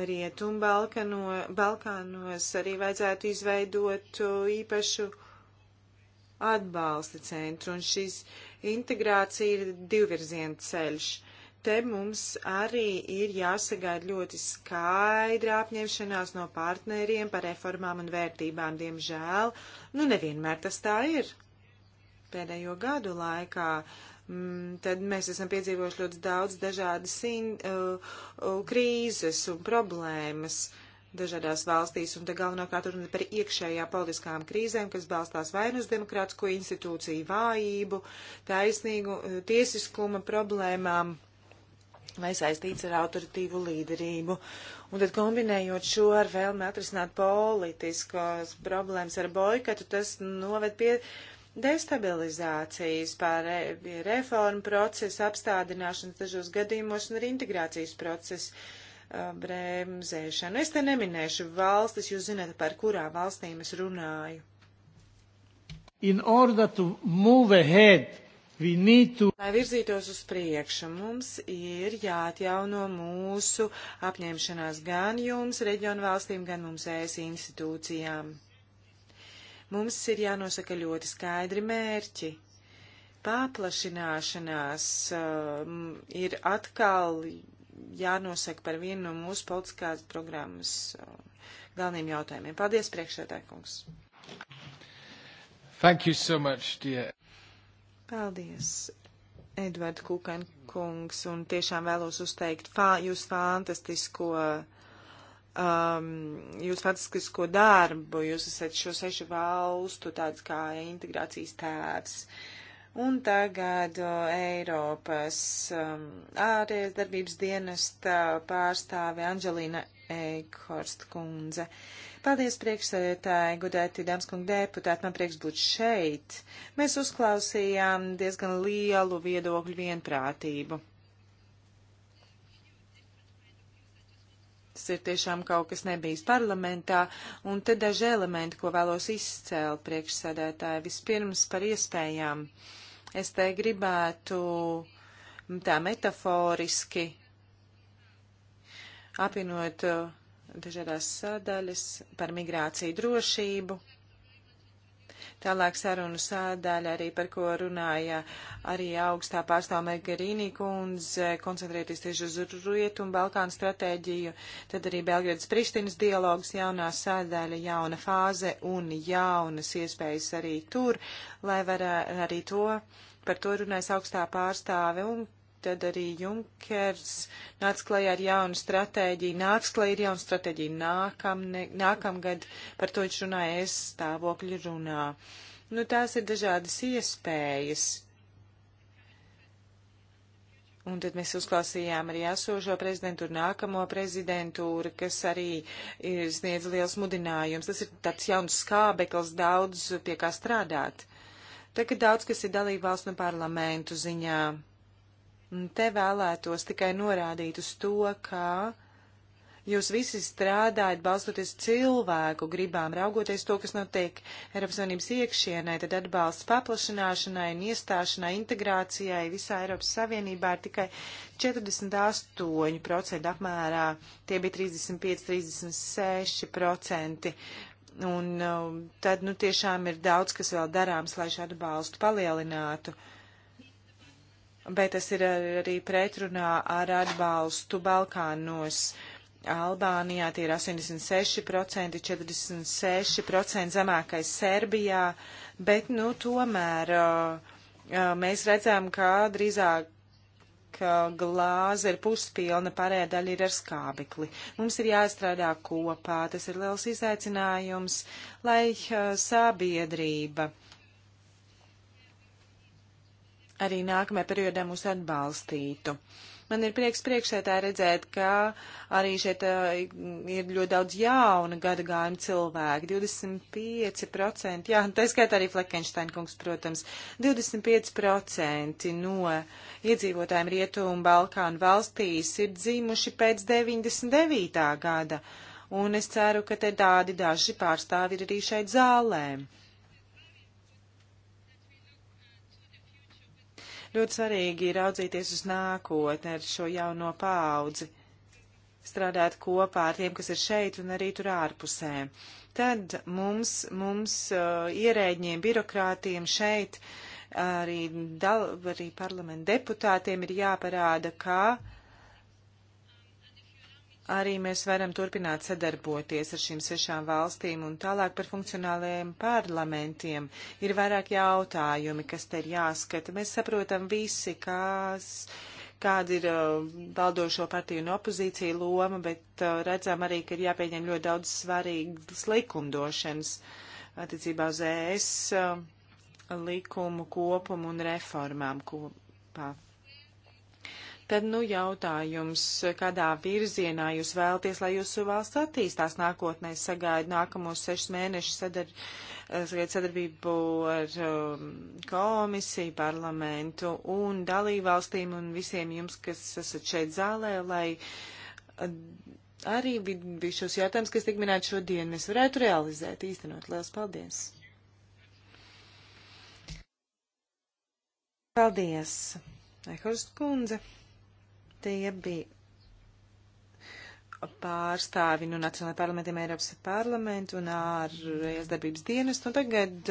Rietumbalkano, Balkānos arī vajadzētu izveidot īpašu atbalsta centru, un šis integrācija ir divvirziena ceļš. Te mums arī ir jāsagaida ļoti skaidra apņemšanās no partneriem par reformām un vērtībām, diemžēl. Nu, nevienmēr tas tā ir. Pēdējo gadu laikā uh, Mm, tad mēs esam piedzīvojuši ļoti daudz dažādas in, uh, uh, krīzes un problēmas dažādās valstīs, un te galvenokārt runa par iekšējā politiskām krīzēm, kas balstās vainu uz demokrātisko institūciju vājību, taisnīgu uh, tiesiskuma problēmām vai saistīts ar autoritīvu līderību. Un tad kombinējot šo ar vēlmi atrisināt politiskās problēmas ar boikatu, tas noved pie uh, destabilizācijas, pār reformu procesu, apstādināšanas dažos gadījumos un arī integrācijas procesu uh, bremzēšanu. Es te neminēšu valstis, jūs zināt, par kurām valstīm es runāju. In order to move ahead, we need to. Lai virzītos uz priekšu, mums ir jāatjauno mūsu apņemšanās gan jums, reģionu valstīm, gan mums ēs institūcijām Mums ir jānosaka ļoti skaidri mērķi. Pāplašināšanās uh, um, ir atkal jānosaka par vienu no mūsu politiskās programmas uh, um, galveniem jautājumiem. Paldies, priekšsēdētājkungs! Thank you so much, dear. Paldies, Edvard Kukan kungs, un tiešām vēlos uzteikt fā, jūs fantastisko uh, um, jūsu fantastisko darbu. Jūs esat šo sešu valstu tāds kā integrācijas tēvs. Un tagad uh, Eiropas um, ārējas darbības dienesta pārstāve Anģelīna Eikhorst kundze. Paldies priekšsēdētāji, gudēti dāmas kungi deputāti, man prieks būt šeit. Mēs uzklausījām diezgan lielu viedokļu vienprātību Tas ir tiešām kaut kas nebijis parlamentā, un te daži elementi, ko vēlos izcēlt priekšsēdētāji. Vispirms par iespējām. Es te gribētu tā metaforiski apvienot uh, dažādās sadaļas par migrāciju drošību, Tālāk sarunu sādaļa arī par ko runāja arī augstā pārstāv Megarīnī kundze, koncentrēties tieši uz Rietumu Balkānu stratēģiju, tad arī Belgradas Prištinas dialogs, jaunā sādaļa, jauna fāze un jaunas iespējas arī tur, lai var arī to, par to runājas augstā pārstāve un tad arī Junkers nāca klajā ar jaunu stratēģiju, nāks klajā ar jaunu stratēģiju nākam, ne, nākamgad, par to viņš runāja, es stāvokļu runā. Nu, tās ir dažādas iespējas. Un tad mēs uzklausījām arī esošo prezidentūru, nākamo prezidentūru, kas arī ir sniedz liels mudinājums. Tas ir tāds jauns skābeklis daudz pie kā strādāt. Tagad daudz, kas ir dalībvalsts un parlamentu ziņā. Te vēlētos tikai norādīt uz to, ka jūs visi strādājat balstoties cilvēku gribām, raugoties to, kas notiek Eiropas Savienības iekšienē, tad atbalsts paplašanāšanai un iestāšanai, integrācijai visā Eiropas Savienībā ir tikai 48% apmērā, tie bija 35-36%. Un um, tad, nu, tiešām ir daudz, kas vēl darāms, lai šo atbalstu palielinātu. Uh, bet tas ir arī pretrunā ar atbalstu Balkānos. Albānijā tie ir 86%, 46% zemākais Serbijā, bet, nu, tomēr mēs redzam, ka drīzāk glāze ir puspilna, pārējā daļa ir ar skābekli. Mums ir jāstrādā kopā, tas ir liels izaicinājums, lai sabiedrība uh, arī nākamajā periodā mūs atbalstītu. Man ir prieks priekšētā redzēt, ka arī šeit uh, ir ļoti daudz jauna gadagājuma cilvēku. 25%, jā, tā skaitā arī Fleckensteina kungs, protams, 25% no iedzīvotājiem Rietumu Balkānu valstīs ir dzimuši pēc 99. gada. Un es ceru, ka te tādi daži pārstāvi ir arī šeit zālēm. Ļoti svarīgi ir raudzīties uz nākotni ar šo jauno paudzi, strādāt kopā ar tiem, kas ir šeit un arī tur ārpusē. Tad mums, mums uh, ierēģiem, birokrātiem šeit, arī, dal, arī parlamentu deputātiem ir jāparāda, kā ka arī mēs varam turpināt sadarboties ar šīm sešām valstīm un tālāk par funkcionālajiem parlamentiem. Ir vairāk jautājumi, kas te ir jāskata. Mēs saprotam visi, kas, kāda ir uh, valdošo partiju un opozīciju loma, bet uh, redzam arī, ka ir jāpieņem ļoti daudz svarīgas likumdošanas attiecībā uz ES uh, likumu kopumu un reformām kopā. Tad, nu, jautājums, kādā virzienā jūs vēlties, lai jūsu valsts attīstās nākotnē, sagaidu nākamos sešus mēnešus sadar, eh, sadarbību ar um, komisiju, parlamentu un dalībvalstīm un visiem jums, kas esat šeit zālē, lai eh, arī bija šos jautājumus, kas tik minēt šodien, mēs varētu realizēt, īstenot. Lielas paldies! Paldies, Ehorst kundze! tie bija pārstāvi no nu, Nacionālajiem parlamentiem, Eiropas parlamentu un ārējas darbības dienestu. Un tagad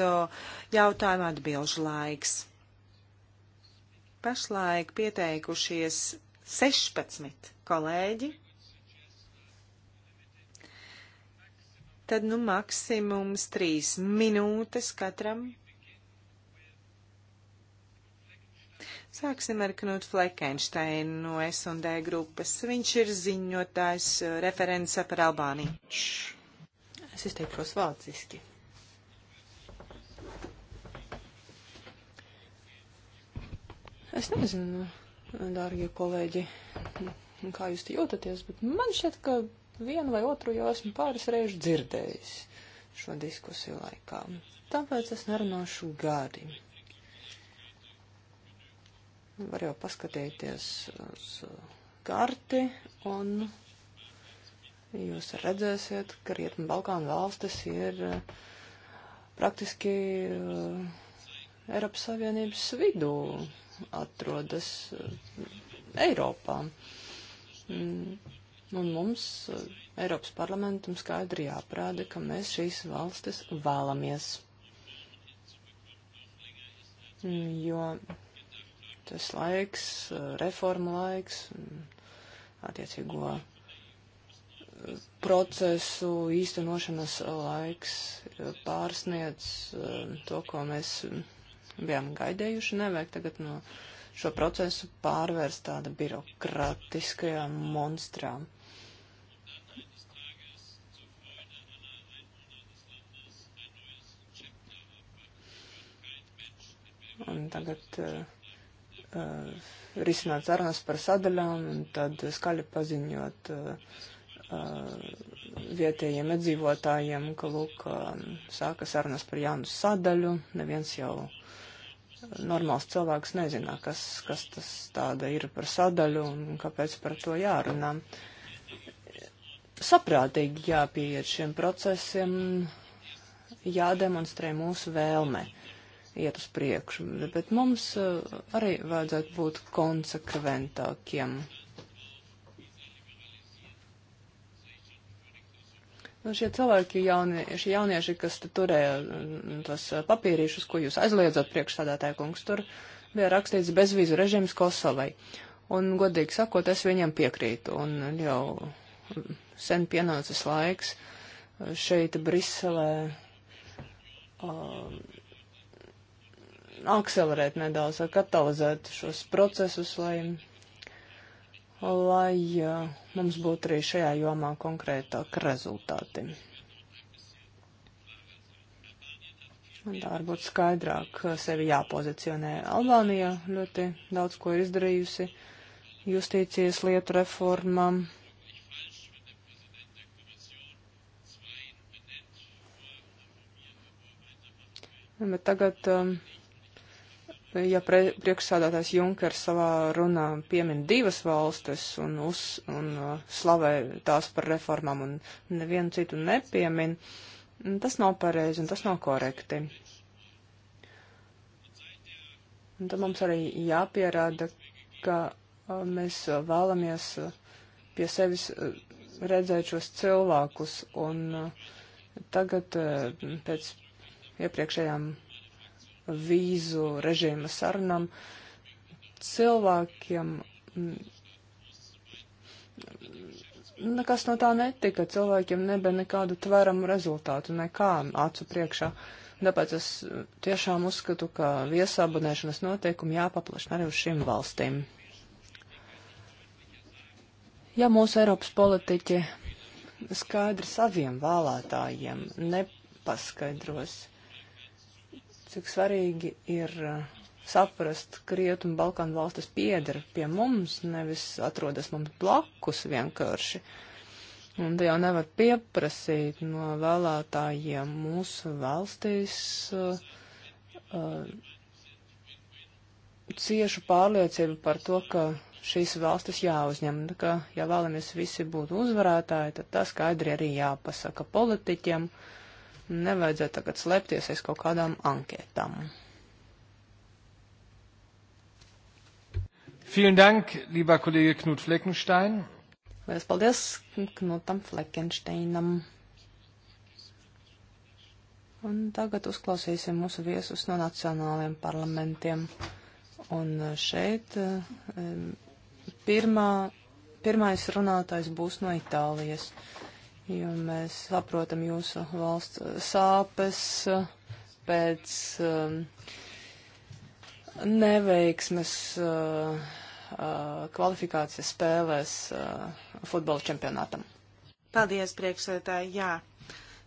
jautājuma atbilžu laiks. Pašlaik pieteikušies 16 kolēģi. Tad nu maksimums trīs minūtes katram Sāksim ar Knut Fleckensteinu no S&D grupas. Viņš ir ziņotājs eh, referents par Albāniju. Es izteikšos vāciski. Es nezinu, dārgie kolēģi, kā jūs te jūtaties, bet man šķiet, ka vienu vai otru jau esmu pāris reižu dzirdējis šo diskusiju laikā. Tāpēc es nerunāšu gari. Var jau paskatīties uz karti un jūs redzēsiet, ka Rietumu Balkānu valstis ir eh, praktiski eh, Eiropas Savienības vidū atrodas eh, Eiropā. Mm, un mums, Eiropas parlamentam, skaidri jāprāda, ka mēs šīs valstis vēlamies. Mm, jo tas laiks, eh, reformu laiks, mm, attiecīgo eh, procesu īstenošanas laiks eh, pārsniedz to, ko mēs bijām gaidējuši. Nevajag tagad no šo procesu pārvērst tāda birokratiskajā monstrā. Un tagad uh, uh, risināt sarunas par sadaļām un tad skaļi paziņot uh, uh, vietējiem iedzīvotājiem, ka, lūk, um, sāka sarunas par jaunu sadaļu. Neviens jau normāls cilvēks nezina, kas, kas tas tāda ir par sadaļu un kāpēc par to jārunā. Saprātīgi jāpieiet šiem procesiem, jādemonstrē mūsu vēlme. Uh, iet uz priekšu, bet mums eh, arī vajadzētu būt konsekventākiem. Nu, šie cilvēki, jaunieši, jaunieši, kas turēja mm, tos eh, papīrīšus, ko jūs aizliedzat priekšstādātāju kungs, tur bija rakstīts bezvīzu režīms Kosovai. Un, godīgi sakot, es viņam piekrītu. Un jau sen pienācis laiks šeit Briselē. Uh, um, akcelerēt nedaudz, lai katalizētu šos procesus, lai, lai uh, mums būtu arī šajā jomā konkrētāk rezultāti. Un tā varbūt skaidrāk sevi jāpozicionē. Albānija ļoti daudz ko ir izdarījusi justīcijas lietu reformām. Bet tagad um, ja pre, priekšsādātājs Junkers savā runā piemin divas valstis un, uz, un uh, slavē tās par reformām un nevienu citu nepiemin, tas nav pareizi un tas nav korekti. Un tad mums arī jāpierāda, ka uh, mēs uh, vēlamies uh, pie sevis uh, redzēt šos cilvēkus un uh, tagad uh, pēc iepriekšējām vīzu režīma sarunam, cilvēkiem mm, nekas no tā netika, cilvēkiem nebija nekādu tveramu rezultātu, nekā acu priekšā. Tāpēc es tiešām uzskatu, ka viesabonēšanas noteikumi jāpaplašina arī uz šīm valstīm. Ja mūsu Eiropas politiķi skaidri saviem vēlētājiem nepaskaidros, cik svarīgi ir eh, saprast, ka Rietumu Balkānu valstis pieder pie mums, nevis atrodas mums blakus vienkārši. Un te jau nevar pieprasīt no vēlētājiem mūsu valstīs uh, uh, ciešu pārliecību par to, ka šīs valstis jāuzņem. Tā kā, ja vēlamies visi būt uzvarētāji, tad tas skaidri arī jāpasaka politiķiem. Uh, Nevajadzētu tagad slēpties aiz kaut kādām anketām. Vielen Dank, lieber Kollege Knut Fleckenstein. Lielas paldies Knutam Fleckensteinam. Un tagad uzklausīsim mūsu viesus no nacionālajiem parlamentiem. Un šeit eh, pirmā, pirmais runātājs būs no Itālijas jo mēs saprotam jūsu valsts eh, sāpes eh, pēc um, neveiksmes uh, uh, kvalifikācijas spēlēs uh, futbola čempionātam. Paldies, priekšsētāji, jā.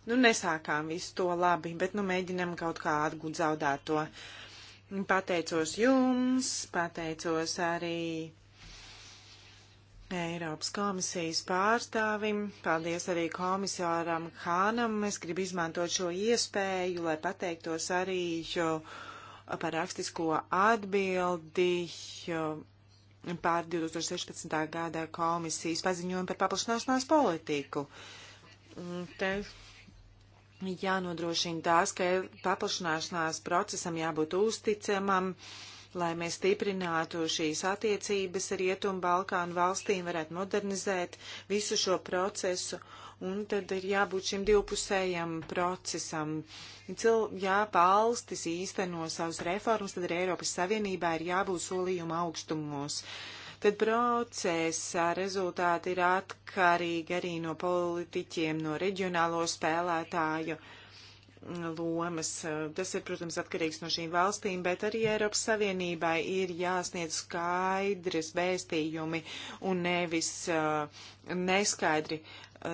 Nu, nesākām visu to labi, bet, nu, mēģinam kaut kā atgūt zaudēto. Pateicos jums, pateicos arī Eiropas komisijas pārstāvim. Paldies arī komisāram Hānam. Es gribu izmantot šo iespēju, lai pateiktos arī par rakstisko atbildi pār 2016. gadā komisijas paziņojumu par paplašanāšanās politiku. Te jānodrošina tās, ka paplašanāšanās procesam jābūt uzticamam. Uh, lai mēs stiprinātu šīs attiecības ar Rietumu Balkānu valstīm, varētu modernizēt visu šo procesu. Un tad ir jābūt šim divpusējam procesam. Cil, jā, valstis īsteno savus reformas, tad arī Eiropas Savienībā ir jābūt solījuma augstumos tad procesa rezultāti ir atkarīgi arī no politiķiem, no reģionālo spēlētāju. Uh, lomas. Tas ir, protams, atkarīgs no šīm valstīm, bet arī Eiropas Savienībai ir jāsniedz skaidrs vēstījumi un nevis uh, neskaidri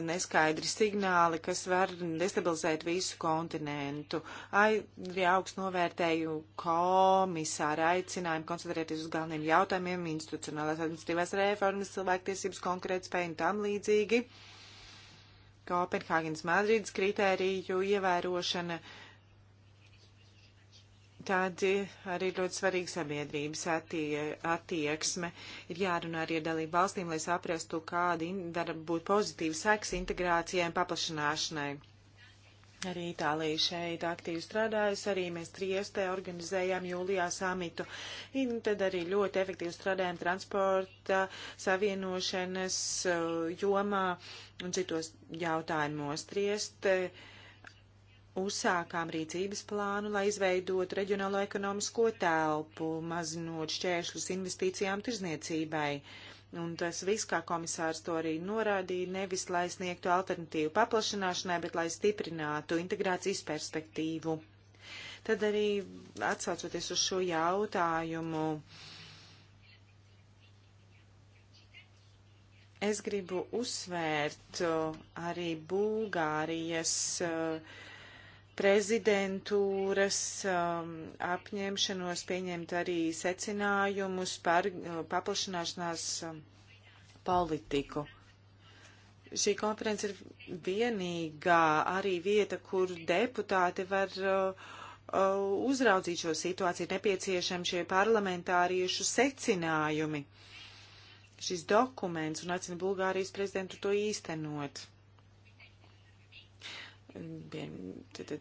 neskaidri signāli, kas var destabilizēt visu kontinentu. Arī augstu novērtēju komisāra aicinājumu koncentrēties uz galveniem jautājumiem - institucionālās administratīvās reformas, cilvēktiesības, konkrētspēju un tam līdzīgi. Uh, Kopenhāgenes Madrīdas kritēriju ievērošana, tad arī ļoti svarīga sabiedrības attie, attieksme. Ir jārunā arī ar dalību valstīm, lai saprastu, kāda var būt pozitīva seks integrācijai un paplašanāšanai. Arī Itālija šeit aktīvi strādājas, arī mēs Triestē organizējām jūlijā samitu. Un tad arī ļoti efektīvi strādājam transporta, savienošanas uh, jomā un citos jautājumos. Trieste uh, uzsākām rīcības plānu, lai izveidotu reģionālo ekonomisko telpu, mazinot šķēršļus investīcijām tirzniecībai. Uh, Un tas viss, kā komisārs to arī norādīja, nevis lai sniegtu alternatīvu paplašanāšanai, bet lai stiprinātu integrācijas perspektīvu. Tad arī atsaucoties uz šo jautājumu, es gribu uzsvērt uh, arī Bulgārijas uh, prezidentūras um, apņemšanos pieņemt arī secinājumus par uh, paplašanāšanās um, politiku. Šī konference ir vienīgā arī vieta, kur deputāti var uh, uh, uzraudzīt šo situāciju, ir nepieciešami šie parlamentāriešu secinājumi. Šis dokuments un aicina Bulgārijas prezidentu to īstenot. Tad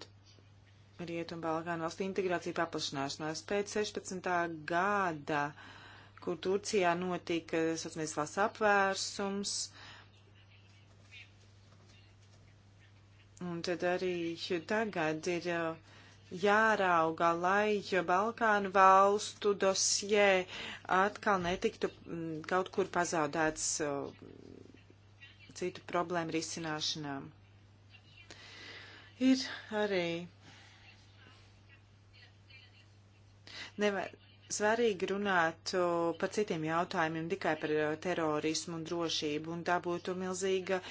Rietumbalkānu valstu integrācija paplašanāšanās pēc 16. gada, kur Turcijā notika sociālais valsts apvērsums. Un tad arī tagad ir uh, jārauga, lai Balkānu valstu dosie atkal netiktu mm, kaut kur pazaudēts uh, citu problēmu risināšanām. Ir arī nevar, svarīgi runāt par citiem jautājumiem, tikai par terorismu un drošību, un tā būtu milzīga e,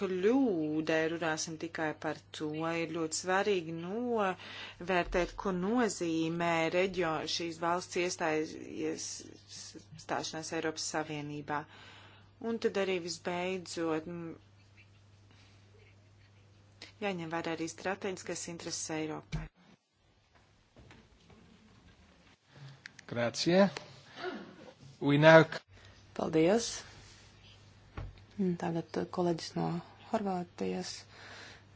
kļūda, ja runāsim tikai par to. Ir ļoti svarīgi novērtēt, ko nozīmē reģio, šīs valsts iestāšanās Eiropas Savienībā. Un tad arī visbeidzot jāņem vērā arī strateģiskais intereses Eiropai. Grācie. Now... Paldies. Tagad kolēģis no Horvātijas,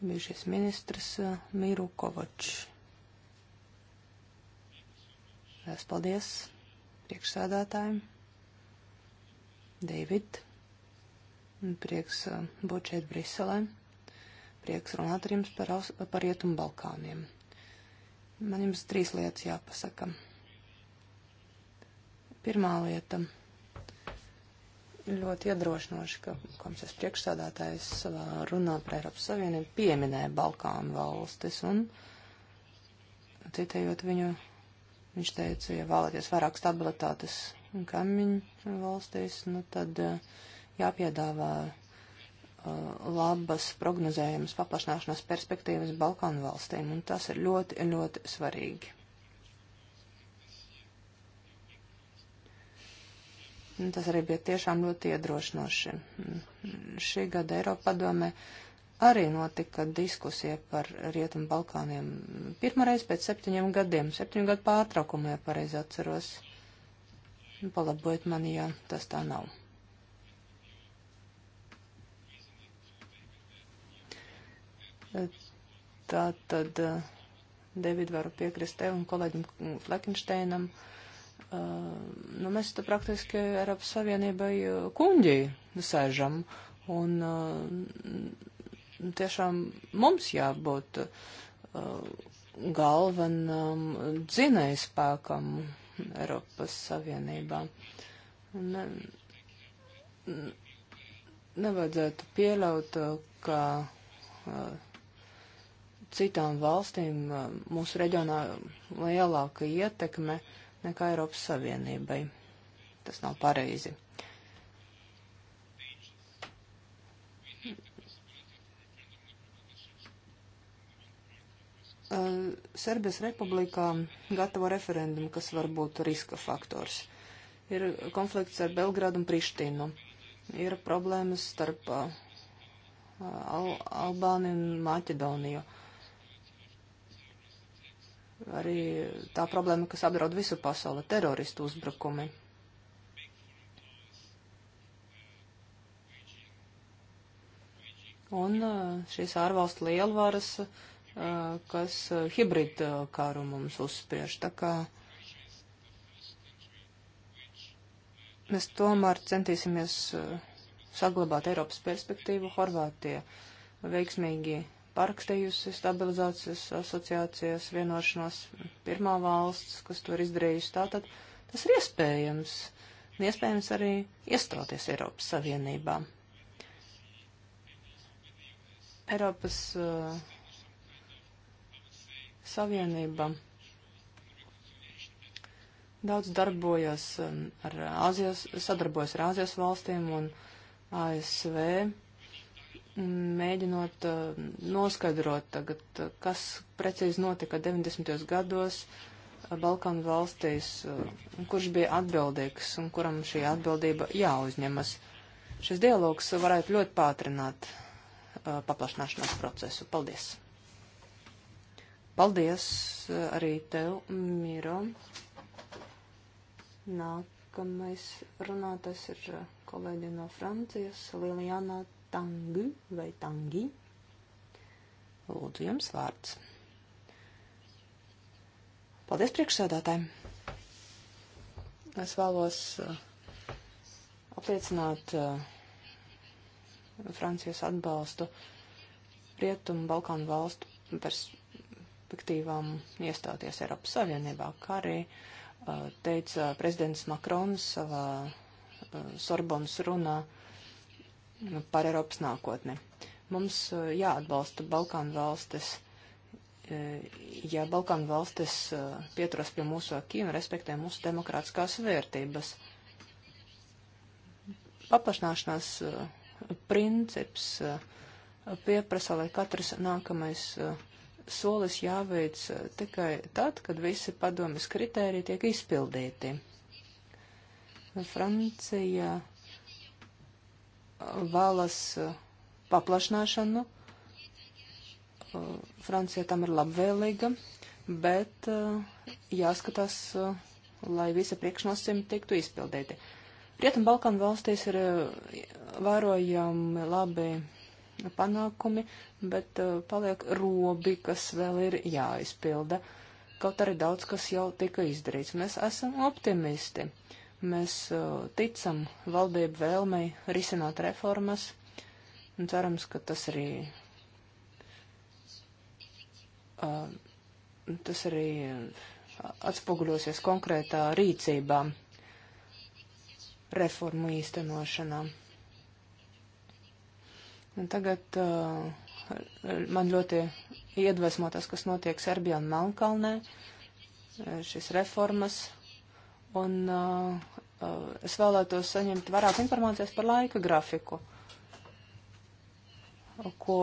bijušais ministrs uh, Mīru Kovačs. Es paldies priekšsēdētājiem. David, prieks uh, būt šeit Briselē. Prieks runāt ar jums par, par Rietumu Balkāniem. Man jums trīs lietas jāpasaka. Pirmā lieta - ļoti iedrošinoši, ka komisijas priekšsādātājs savā runā par Eiropas Savienību pieminēja Balkānu valstis un, citējot viņu, viņš teica, ja vēlaties vairāk stabilitātes un kaimiņu valstīs, nu tad eh, jāpiedāvā Uh, labas prognozējumas paplašināšanās perspektīvas Balkanu valstīm, un tas ir ļoti, ļoti svarīgi. Un tas arī bija tiešām ļoti iedrošinoši. Šī gada Eiropa padomē arī notika diskusija par Rietumu Balkāniem. Pirmoreiz pēc septiņiem gadiem, septiņu gadu pārtraukumā, ja pareizi atceros. Palabojiet mani, ja tas tā nav. Tā tad, eh, David, varu piekrist tev un kolēģim Fleckensteinam. Eh, nu, mēs te praktiski Eiropas Savienībai eh, kuņģī sēžam. Un tiešām mums jābūt galvenam dzinējspēkam Eiropas Savienībā. Ne, nevajadzētu pieļaut, ka uh, citām valstīm mūsu reģionā lielāka ietekme nekā Eiropas Savienībai. Tas nav pareizi. Serbijas republikā gatavo referendumu, kas var būt riska faktors. Ir konflikts ar Belgrādu un Prištinu. Ir problēmas starp Al Albāniju un Maķedoniju. Uh, arī tā problēma, kas apdraud visu pasauli - teroristu uzbrukumi. Un eh, šīs ārvalstu lielvaras, eh, kas eh, hibrīd kāru mums uzspiež. Tā kā mēs tomēr centīsimies saglabāt Eiropas perspektīvu. Horvātija veiksmīgi parakstījusi stabilizācijas asociācijas vienošanos, pirmā valsts, kas to ir izdarījusi. Tātad tas ir iespējams. Un iespējams arī iestāties Eiropas Savienībā. Eiropas uh, Savienība daudz darbojas um, ar Āzijas, sadarbojas ar Āzijas valstīm un ASV mēģinot uh, noskaidrot tagad, uh, kas precīzi notika 90. gados uh, eh, Balkanu valstīs, kurš bija atbildīgs un kuram šī atbildība jāuzņemas. Šis dialogs varētu ļoti pātrināt paplašināšanās procesu. Paldies! Paldies arī tev, Miro. Nākamais runātājs ir kolēģi no Francijas, Lilijana Tangu vai Tangi. Lūdzu, jums vārds. Paldies priekšsēdātājiem. Es vēlos uh, apliecināt uh, Francijas atbalstu Rietumu Balkānu valstu perspektīvām iestāties Eiropas Savienībā, kā arī uh, teica prezidents Makrons savā Sorbonas runā Nu, par Eiropas nākotni. Mums e, jāatbalsta Balkānu valstis, e, ja Balkānu valstis e, pieturas pie mūsu akīm, respektē mūsu demokrātiskās vērtības. Paplašināšanās princips pieprasa, lai katrs nākamais solis jāveic tikai tad, kad visi padomas kritēriji tiek izpildīti. Francija vēlas eh, paplašināšanu. Eh, Francija tam ir labvēlīga, bet eh, jāskatās, lai visi priekšnosacījumi tiktu izpildīti. Rietum Balkānu valstīs ir vērojami labi panākumi, bet paliek robi, kas vēl ir jāizpilda. Kaut arī daudz, kas jau tika izdarīts. Mēs esam optimisti. Uh, Mēs uh, ticam valdību vēlmei risināt reformas un cerams, ka tas arī, uh, tas arī atspoguļosies konkrētā rīcībā reformu īstenošanā. Un tagad uh, man ļoti iedvesmo tas, kas notiek Serbijā un Melnkalnē. Šis reformas Un uh, uh, es vēlētos saņemt vairāk informācijas par laika grafiku, ko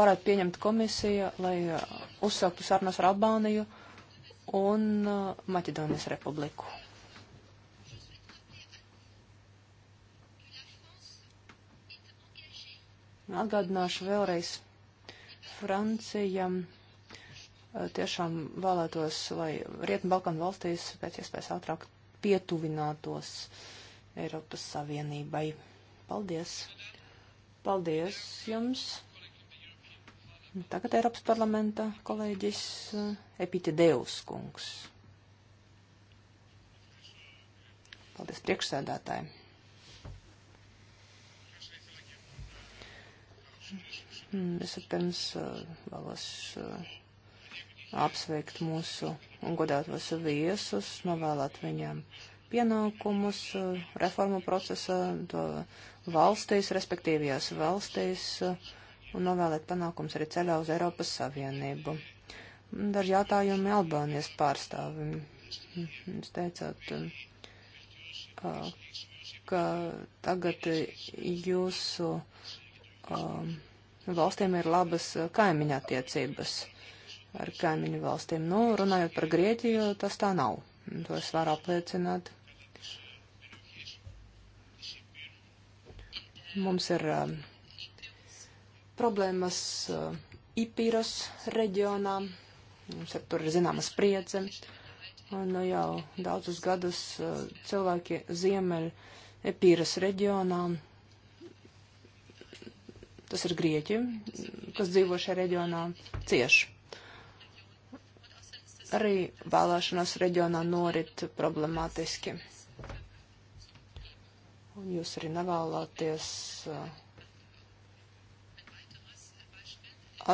varētu pieņemt komisija, lai uh, uzsāktu sarunas ar Albāniju un uh, Maķedonijas republiku. Atgādināšu vēlreiz Francijam tiešām vēlētos, lai Rietumbalkanu valstīs pēc iespējas ātrāk pietuvinātos Eiropas Savienībai. Paldies! Paldies jums! Tagad Eiropas parlamenta kolēģis Epitedeus kungs. Paldies priekšsēdētāji. Mm, es pirms vēlos apsveikt mūsu godātos viesus, novēlēt viņiem pienākumus uh, reformu procesa valstīs, respektīvajās valstīs, uh, un novēlēt panākums arī ceļā uz Eiropas Savienību. Daži jautājumi Albānijas pārstāvim. Jūs teicāt, uh, ka tagad jūsu um, valstīm ir labas kaimiņa attiecības ar kaimiņu valstīm. Nu, runājot par Grieķiju, tas tā nav. To es varu apliecināt. Mums ir uh, problēmas uh, Ipīras reģionā. Mums ir tur zināma spriedze. Un nu, jau daudzus gadus uh, cilvēki ziemeļ Epīras reģionā, tas ir Grieķi, kas dzīvo šajā reģionā, cieši arī vēlēšanās reģionā norit problemātiski. Un jūs arī nevēlāties uh,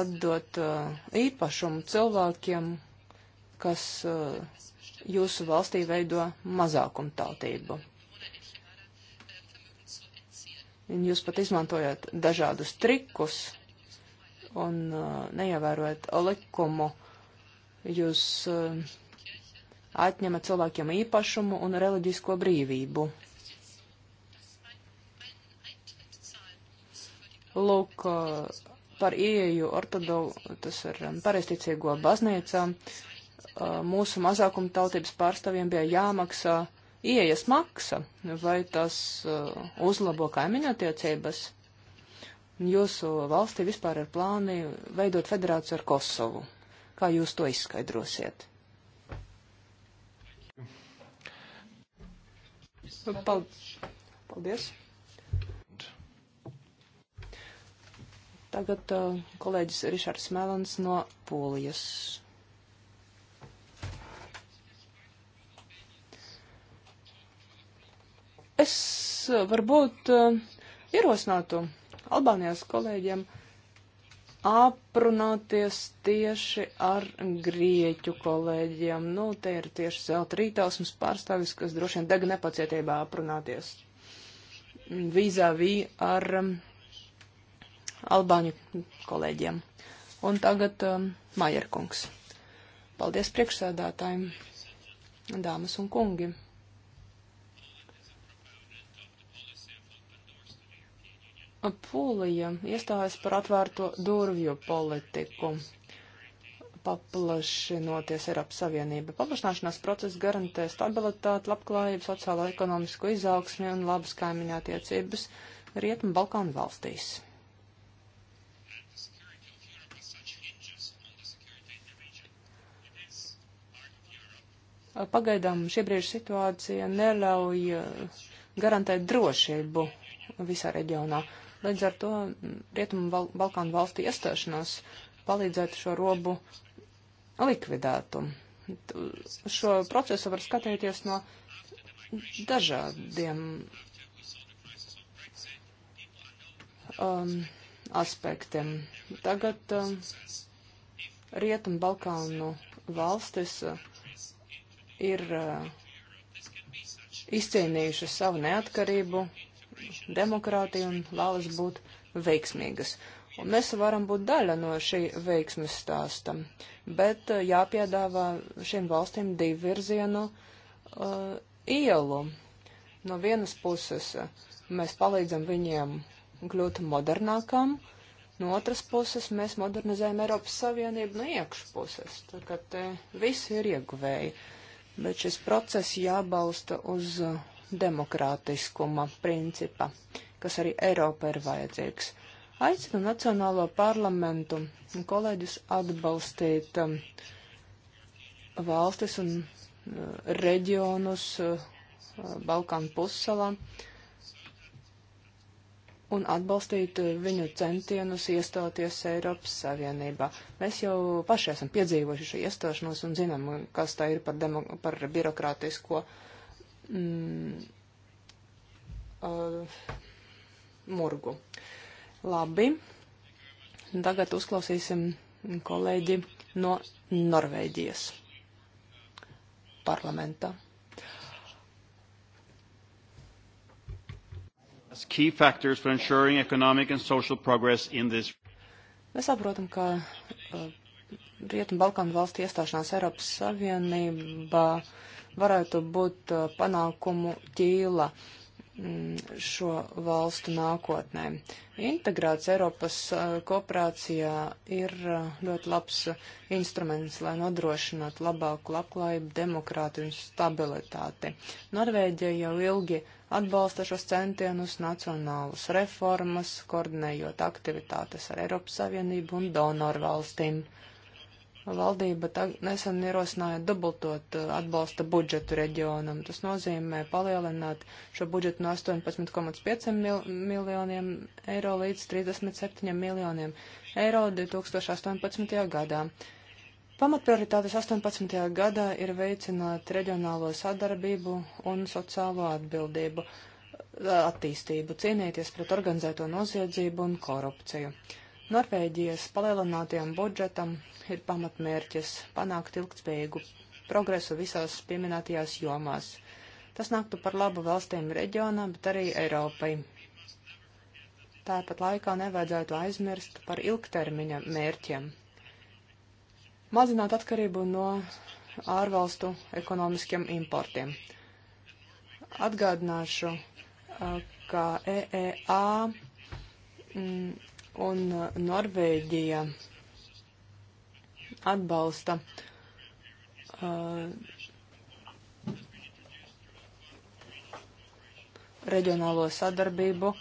atdot uh, īpašumu cilvēkiem, kas uh, jūsu valstī veido mazākumtautību. Un jūs pat izmantojat dažādus trikus un neievērojat likumu uh, Jūs eh, atņemat cilvēkiem īpašumu un reliģisko brīvību. Lūk, eh, par ieeju ortodo, tas ir eh, pareisticīgo baznīcā, mūsu mazākuma tautības pārstāvjiem bija jāmaksā ieejas maksa, vai tas uzlabo kaimiņattiecības. Jūsu valstī vispār ir plāni veidot federāciju ar Kosovu. Kā jūs to izskaidrosiet? Paldies. Tagad uh, kolēģis Rišards Melans no Polijas. Es uh, varbūt uh, ierosinātu Albānijas kolēģiem uh, aprunāties tieši ar grieķu kolēģiem. Nu, te ir tieši zelta rītausmas pārstāvis, kas droši vien dega nepacietībā aprunāties vīzāvī ar um, albāņu kolēģiem. Un tagad um, Majerkungs. Paldies priekšsēdātājiem, dāmas un kungi! Polija iestājas par atvērto durvju politiku, paplašinoties Eiropas Savienība. Paplašināšanās process garantē stabilitāti, labklājību, sociālo ekonomisko izaugsmi un labas kaimiņā tiecības Rietumu Balkānu valstīs. Pagaidām šī brīža situācija neļauj garantēt drošību visā reģionā. Uh, Līdz ar to mm, Rietumu Bal Balkānu valstu iestāšanās palīdzētu šo robu likvidētu. Šo procesu var skatīties no dažādiem um, aspektiem. Tagad um, Rietumu Balkānu valstis uh, ir uh, izcīnījušas savu neatkarību, demokrātiju un vēlas būt veiksmīgas. Un mēs varam būt daļa no šī veiksmes stāsta, bet eh, jāpiedāvā šīm valstīm divu virzienu uh, eh, ielu. No vienas puses eh, mēs palīdzam viņiem kļūt modernākām, no otras puses mēs modernizējam Eiropas Savienību no iekšpuses. Tā kā te visi ir ieguvēji, bet šis process jābalsta uz uh, demokrātiskuma principa, kas arī Eiropa ir vajadzīgs. Aicinu Nacionālo parlamentu un kolēģus atbalstīt um, valstis un uh, reģionus uh, Balkānu pussalā un atbalstīt uh, viņu centienus iestāties Eiropas Savienībā. Mēs jau paši esam piedzīvojuši šo iestāšanos un zinām, kas tā ir par, demo, par birokrātisko uh, mm, uh, murgu. Labi, tagad uzklausīsim kolēģi no Norvēģijas parlamenta. As key factors for ensuring economic and social progress in this. Mēs saprotam, ka uh, Rietu Balkānu valstu iestāšanās Eiropas Savienībā uh, varētu būt uh, panākumu ķīla mm, šo valstu nākotnē. Integrācija Eiropas uh, kooperācijā ir uh, ļoti labs instruments, lai nodrošinātu labāku labklājību, demokrātiju un stabilitāti. Norvēģija jau ilgi atbalsta šos centienus nacionālas reformas, koordinējot aktivitātes ar Eiropas Savienību un donoru valstīm. Valdība nesen ierosināja dubultot uh, atbalsta budžetu reģionam. Tas nozīmē palielināt šo budžetu no 18,5 mil miljoniem eiro līdz 37 miljoniem eiro 2018. gadā. Pamatprioritātes 18. gadā ir veicināt reģionālo sadarbību un sociālo atbildību, uh, attīstību, cīnīties pret organizēto noziedzību un korupciju. Norvēģijas palielinātajam budžetam ir pamatmērķis panākt ilgtspējīgu progresu visās pieminētajās jomās. Tas nāktu par labu valstīm reģionā, bet arī Eiropai. Tāpat laikā nevajadzētu aizmirst par ilgtermiņa mērķiem. Mazināt atkarību no ārvalstu ekonomiskiem importiem. Atgādināšu, ka EEA un uh, Norvēģija atbalsta uh, reģionālo sadarbību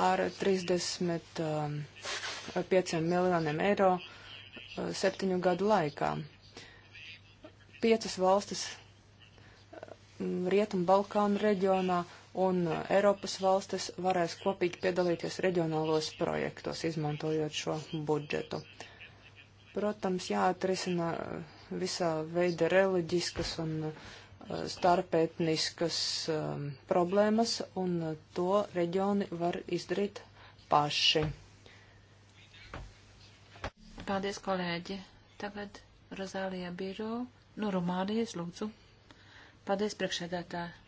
ar 35 uh, miljoniem eiro uh, septiņu gadu laikā. Piecas valstis mm, Rietumu Balkānu reģionā uh, un uh, Eiropas valstis varēs kopīgi piedalīties reģionālos projektos, izmantojot šo budžetu. Protams, jāatrisina uh, visā veida reliģiskas un uh, starpētniskas um, problēmas, un to reģioni var izdarīt paši. Paldies, kolēģi. Tagad Rozālija Biro no Rumānijas, lūdzu. Paldies, priekšēdētāji.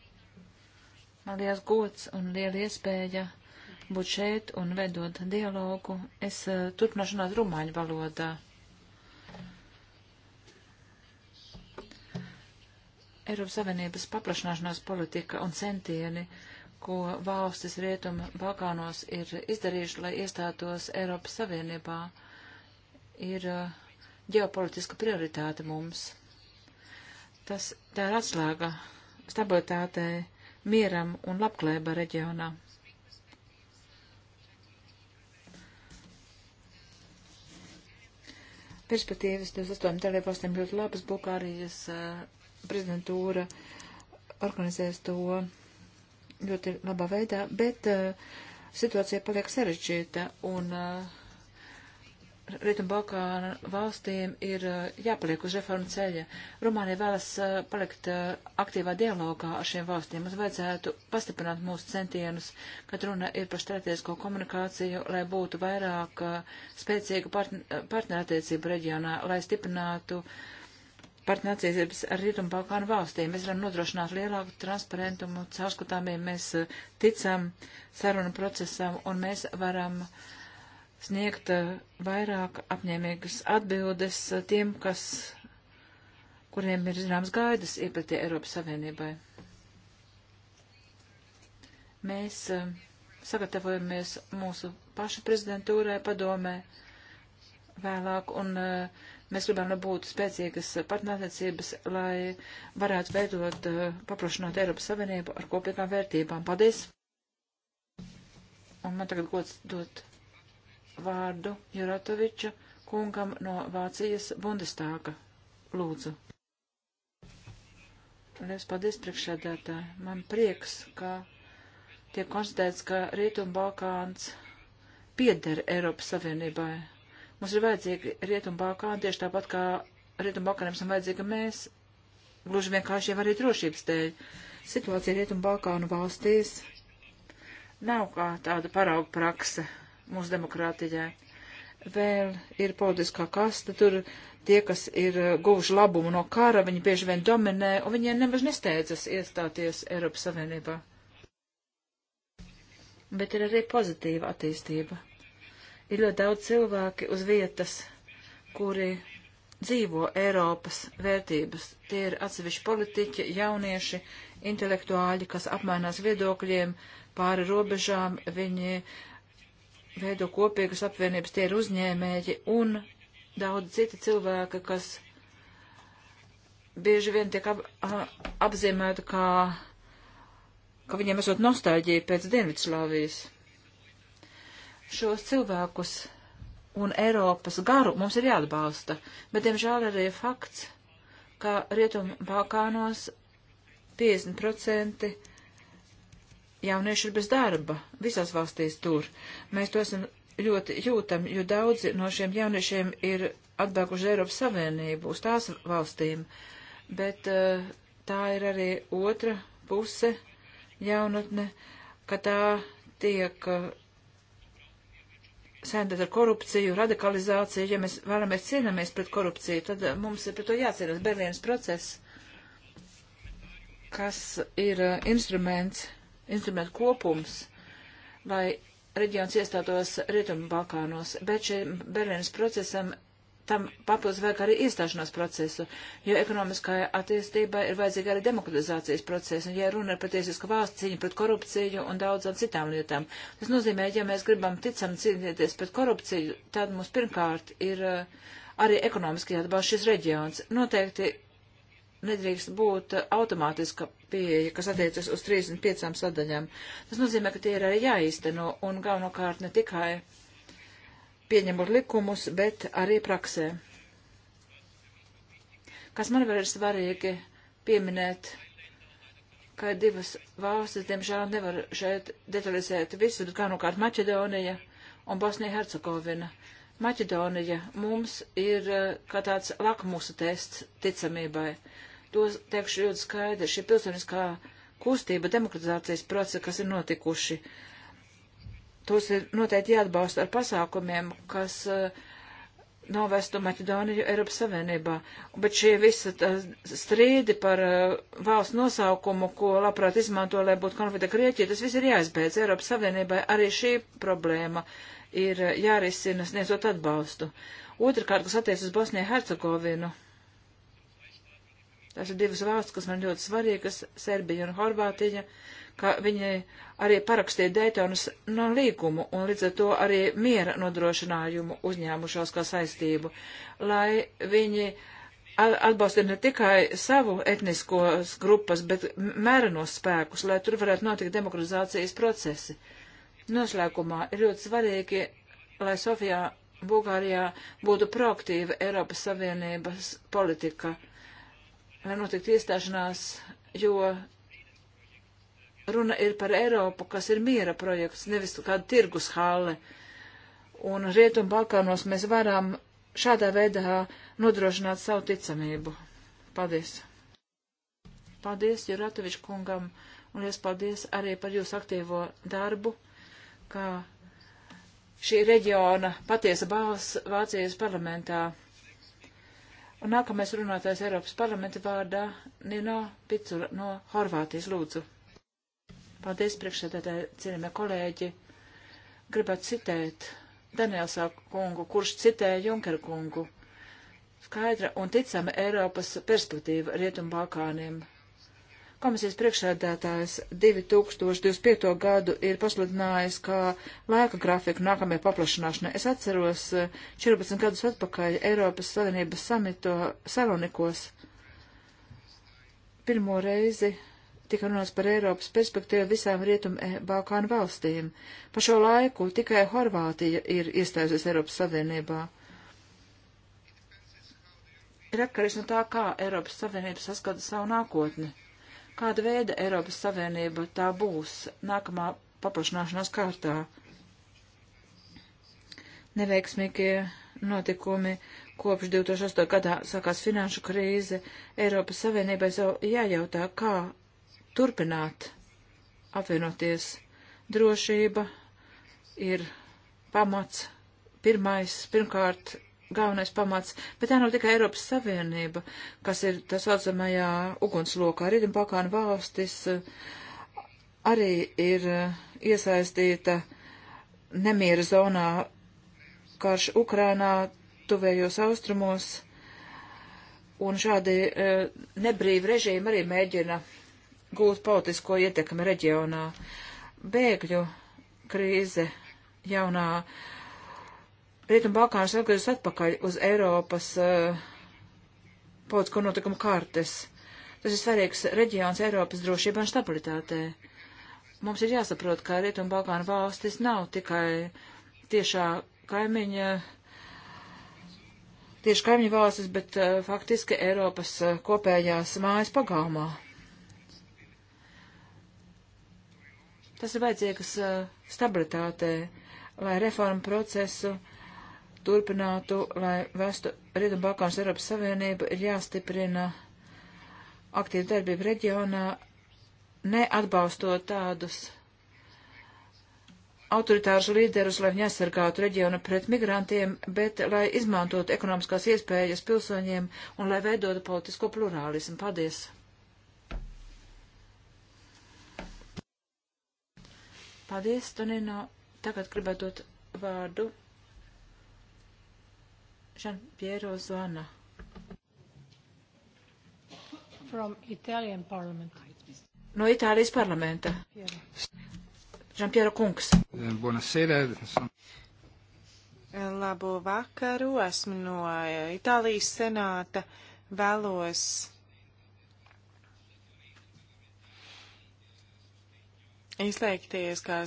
Man liels gods un liela iespēja būt šeit un vedot dialogu. Es uh, eh, turpināšu runāt rumāņu valodā. Eiropas Savienības paplašanāšanās politika un centieni, ko valstis Rietuma Balkānos ir izdarījuši, lai iestātos Eiropas Savienībā, ir uh, ģeopolitiska prioritāte mums. Tas tā ir atslēga stabilitātei mieram un labklājībā reģionā. Perspektīvas 28 dalībvalstīm ļoti labas. Bulgārijas uh, prezidentūra organizēs to ļoti labā veidā, bet uh, situācija paliek sarežģīta un uh, Rietumbalkāna valstīm ir eh, jāpaliek uz reformu ceļa. Rumānija vēlas eh, palikt eh, aktīvā dialogā ar šiem valstīm. Mums vajadzētu pastiprināt mūsu centienus, kad runa ir par strateģisko komunikāciju, lai būtu vairāk spēcīga partn partnerattiecība reģionā, lai stiprinātu partnerattiecības ar Rietumbalkānu valstīm. Mēs varam nodrošināt lielāku transparentumu, caurskatāmību. Mēs ticam sarunu procesam un mēs varam. Uh, sniegt eh, vairāk apņēmīgas atbildes eh, tiem, kas, kuriem ir zināms gaidas iepratie Eiropas Savienībai. Mēs eh, sagatavojamies mūsu pašu prezidentūrai padomē vēlāk, un mēs gribam, lai būtu spēcīgas partnerattiecības, lai varētu veidot, paplašināt Eiropas Savienību ar kopīgām vērtībām. Paldies! Un man tagad gods dot vārdu Juratoviča kungam no Vācijas Bundestāga. Lūdzu. Liels paldies priekšsēdētāji. Man prieks, ka tiek konstatēts, ka Rietumbalkāns pieder Eiropas Savienībai. Mums ir vajadzīgi Rietumbalkāni tieši tāpat kā Rietumbalkāniem esam vajadzīga mēs, gluži vienkārši jau arī drošības dēļ. Situācija Rietumbalkānu valstīs nav kā tāda parauga prakse mūsu demokrātijai. Vēl ir politiskā kasta, tur tie, kas ir uh, guvuši labumu no kara, viņi bieži vien dominē, un viņiem nemaz nesteidzas iestāties Eiropas Savienībā. Bet ir arī pozitīva attīstība. Ir ļoti daudz cilvēki uz vietas, kuri dzīvo Eiropas vērtības. Tie ir atsevišķi politiķi, jaunieši, intelektuāļi, kas apmainās viedokļiem pāri robežām, viņi veido kopīgas apvienības, tie ir uzņēmēji un daudz citi cilvēki, kas bieži vien tiek ap, apzīmēti kā, ka viņiem esot nostāģija pēc Dienvidslāvijas. Šos cilvēkus un Eiropas garu mums ir jāatbalsta, bet, diemžēl, arī fakts, ka Rietumu Balkānos 50% jaunieši ir bez darba visās valstīs tur. Mēs to esam ļoti jūtam, jo daudzi no šiem jauniešiem ir atbēguši Eiropas Savienību uz tās valstīm, bet uh, tā ir arī otra puse jaunatne, ka tā tiek uh, eh, sēndēt ar korupciju, radikalizāciju. Ja mēs vēlamies cīnāmies pret korupciju, tad uh, mums ir pret to jācīnās Berlīnas process, kas ir instruments instrumentu kopums, lai reģions iestātos Rietumu Balkānos, bet šim Berlīnas procesam tam papildus vajag arī iestāšanās procesu, jo ekonomiskajai attīstībai ir vajadzīga arī demokratizācijas procesa, un ja runa ir par tiesisku valsts cīņu pret korupciju un daudzām citām lietām. Tas nozīmē, ja mēs gribam ticam cīnīties pret korupciju, tad mums pirmkārt ir eh, arī ekonomiski jāatbalsta šis reģions. Noteikti nedrīkst būt automātiska pieeja, kas attiecas uz 35 sadaļām. Tas nozīmē, ka tie ir arī jāīsteno un galvenokārt ne tikai pieņemot likumus, bet arī praksē. Kas man vēl ir svarīgi pieminēt, ka divas valstis, diemžēl, nevar šeit detalizēt visu, bet galvenokārt Maķedonija un Bosnija-Hercegovina. Maķedonija mums ir eh, kā tāds lakmusa tests ticamībai. To teikšu ļoti skaidri. Šī pilsoniskā kustība, demokratizācijas procesi, kas ir notikuši, tos ir noteikti jāatbalsta ar pasākumiem, kas uh, novestu Maķedoniju Eiropas Savienībā. Bet šie visi eh, strīdi par uh, valsts nosaukumu, ko labprāt izmanto, lai būtu konflikta Grieķija, tas viss ir jāizbeidz. Eiropas Savienībai arī šī problēma ir jārisina sniedzot atbalstu. Otrakārt, kas attiecas uz Bosniju Hercegovinu, Tās ir divas valsts, kas man ļoti svarīgas - Serbija un Horvātija, ka viņi arī parakstīja Daytonas no līgumu un līdz ar to arī miera nodrošinājumu uzņēmušās kā saistību, lai viņi atbalstītu ne tikai savu etniskos grupas, bet mērenos spēkus, lai tur varētu notikt demokratizācijas procesi. Noslēgumā ir ļoti svarīgi, lai Sofijā, Bulgārijā būtu proaktīva Eiropas Savienības politika lai notiktu iestāšanās, jo runa ir par Eiropu, kas ir miera projekts, nevis kāda tirgus hale. Un Rietumu Balkānos mēs varam šādā veidā nodrošināt savu ticamību. Paldies! Paldies Juratoviču kungam un liels paldies arī par jūsu aktīvo darbu, kā šī reģiona patiesa balss Vācijas parlamentā. Un nākamais runātājs Eiropas parlamenta vārdā Nino Picula no Horvātijas lūdzu. Paldies priekšsēdētāji, cienījamie kolēģi. Gribētu citēt Danielsā kungu, kurš citēja Junker kungu. Skaidra un ticama Eiropas perspektīva Rietumbalkāniem Komisijas priekšsēdētājs 2025. gadu ir pasludinājis, ka laika grafiku nākamajai paplašanāšanai. Es atceros 14 eh, gadus atpakaļ Eiropas Savienības samito Salonikos. Pirmo reizi tika runāts par Eiropas perspektīvu visām rietumu eh, Balkānu valstīm. Pa šo laiku tikai Horvātija ir iestājusies Eiropas Savienībā ir atkarīgs no tā, kā Eiropas Savienība saskata savu nākotni kāda veida Eiropas Savienība tā būs nākamā paplašanāšanās kārtā. Neveiksmīgie notikumi kopš 2008. gadā sākās finanšu krīze. Eiropas Savienībai jau jājautā, kā turpināt apvienoties. Drošība ir pamats, pirmais, pirmkārt, galvenais pamats, bet tā nav tikai Eiropas Savienība, kas ir tā saucamajā ugunslokā. Rietumpakānu valstis eh, arī ir eh, iesaistīta nemiera zonā karš Ukrainā, tuvējos austrumos, un šādi eh, nebrīvi režīmi arī mēģina gūt politisko ietekmi reģionā. Bēgļu krīze jaunā uh, Rietumu Balkānus atgriežas atpakaļ uz Eiropas uh, politisko notikumu kartes. Tas ir svarīgs reģions Eiropas drošībā un stabilitātē. Mums ir jāsaprot, ka Rietumu Balkānu valstis nav tikai tiešā kaimiņa, tieši kaimiņu valstis, bet uh, faktiski Eiropas uh, kopējās mājas pagalmā. Tas ir vajadzīgs uh, stabilitātē, lai reformu procesu uh, turpinātu, lai vestu Rietumbalkāns Eiropas Savienību, ir jāstiprina aktīva darbība reģionā, neatbalstot tādus autoritāru līderus, lai viņi aizsargātu reģionu pret migrantiem, bet lai izmantotu ekonomiskās iespējas pilsoņiem un lai veidotu politisko plurālismu. Paldies! Paldies, Tonino. Tagad gribētu dot vārdu Gian Piero Zoana. From Italian Parliament. No Itālijas parlamenta. Gian Piero Kungs. Buonasera. Labu vakaru. Esmu no eh, Itālijas senāta. Vēlos izteikties kā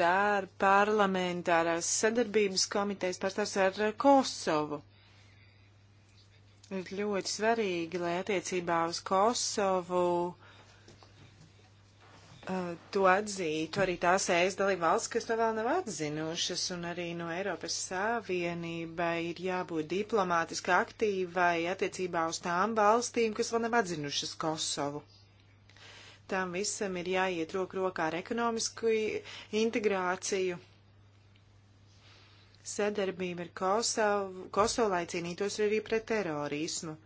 pār parlamentārās sadarbības komitejas pārstāvs ar Kosovu. Ir ļoti svarīgi, lai attiecībā uz Kosovu uh, to atzītu arī tās ES dalība valsts, kas to vēl nav atzinušas, un arī no Eiropas Savienībai ir jābūt diplomātiski aktīvai attiecībā uz tām valstīm, kas vēl nav atzinušas Kosovu tam visam ir jāiet roku rokā ar ekonomisku integrāciju. Sadarbība ar Kosovu, Kosovu lai cīnītos arī pret terorismu.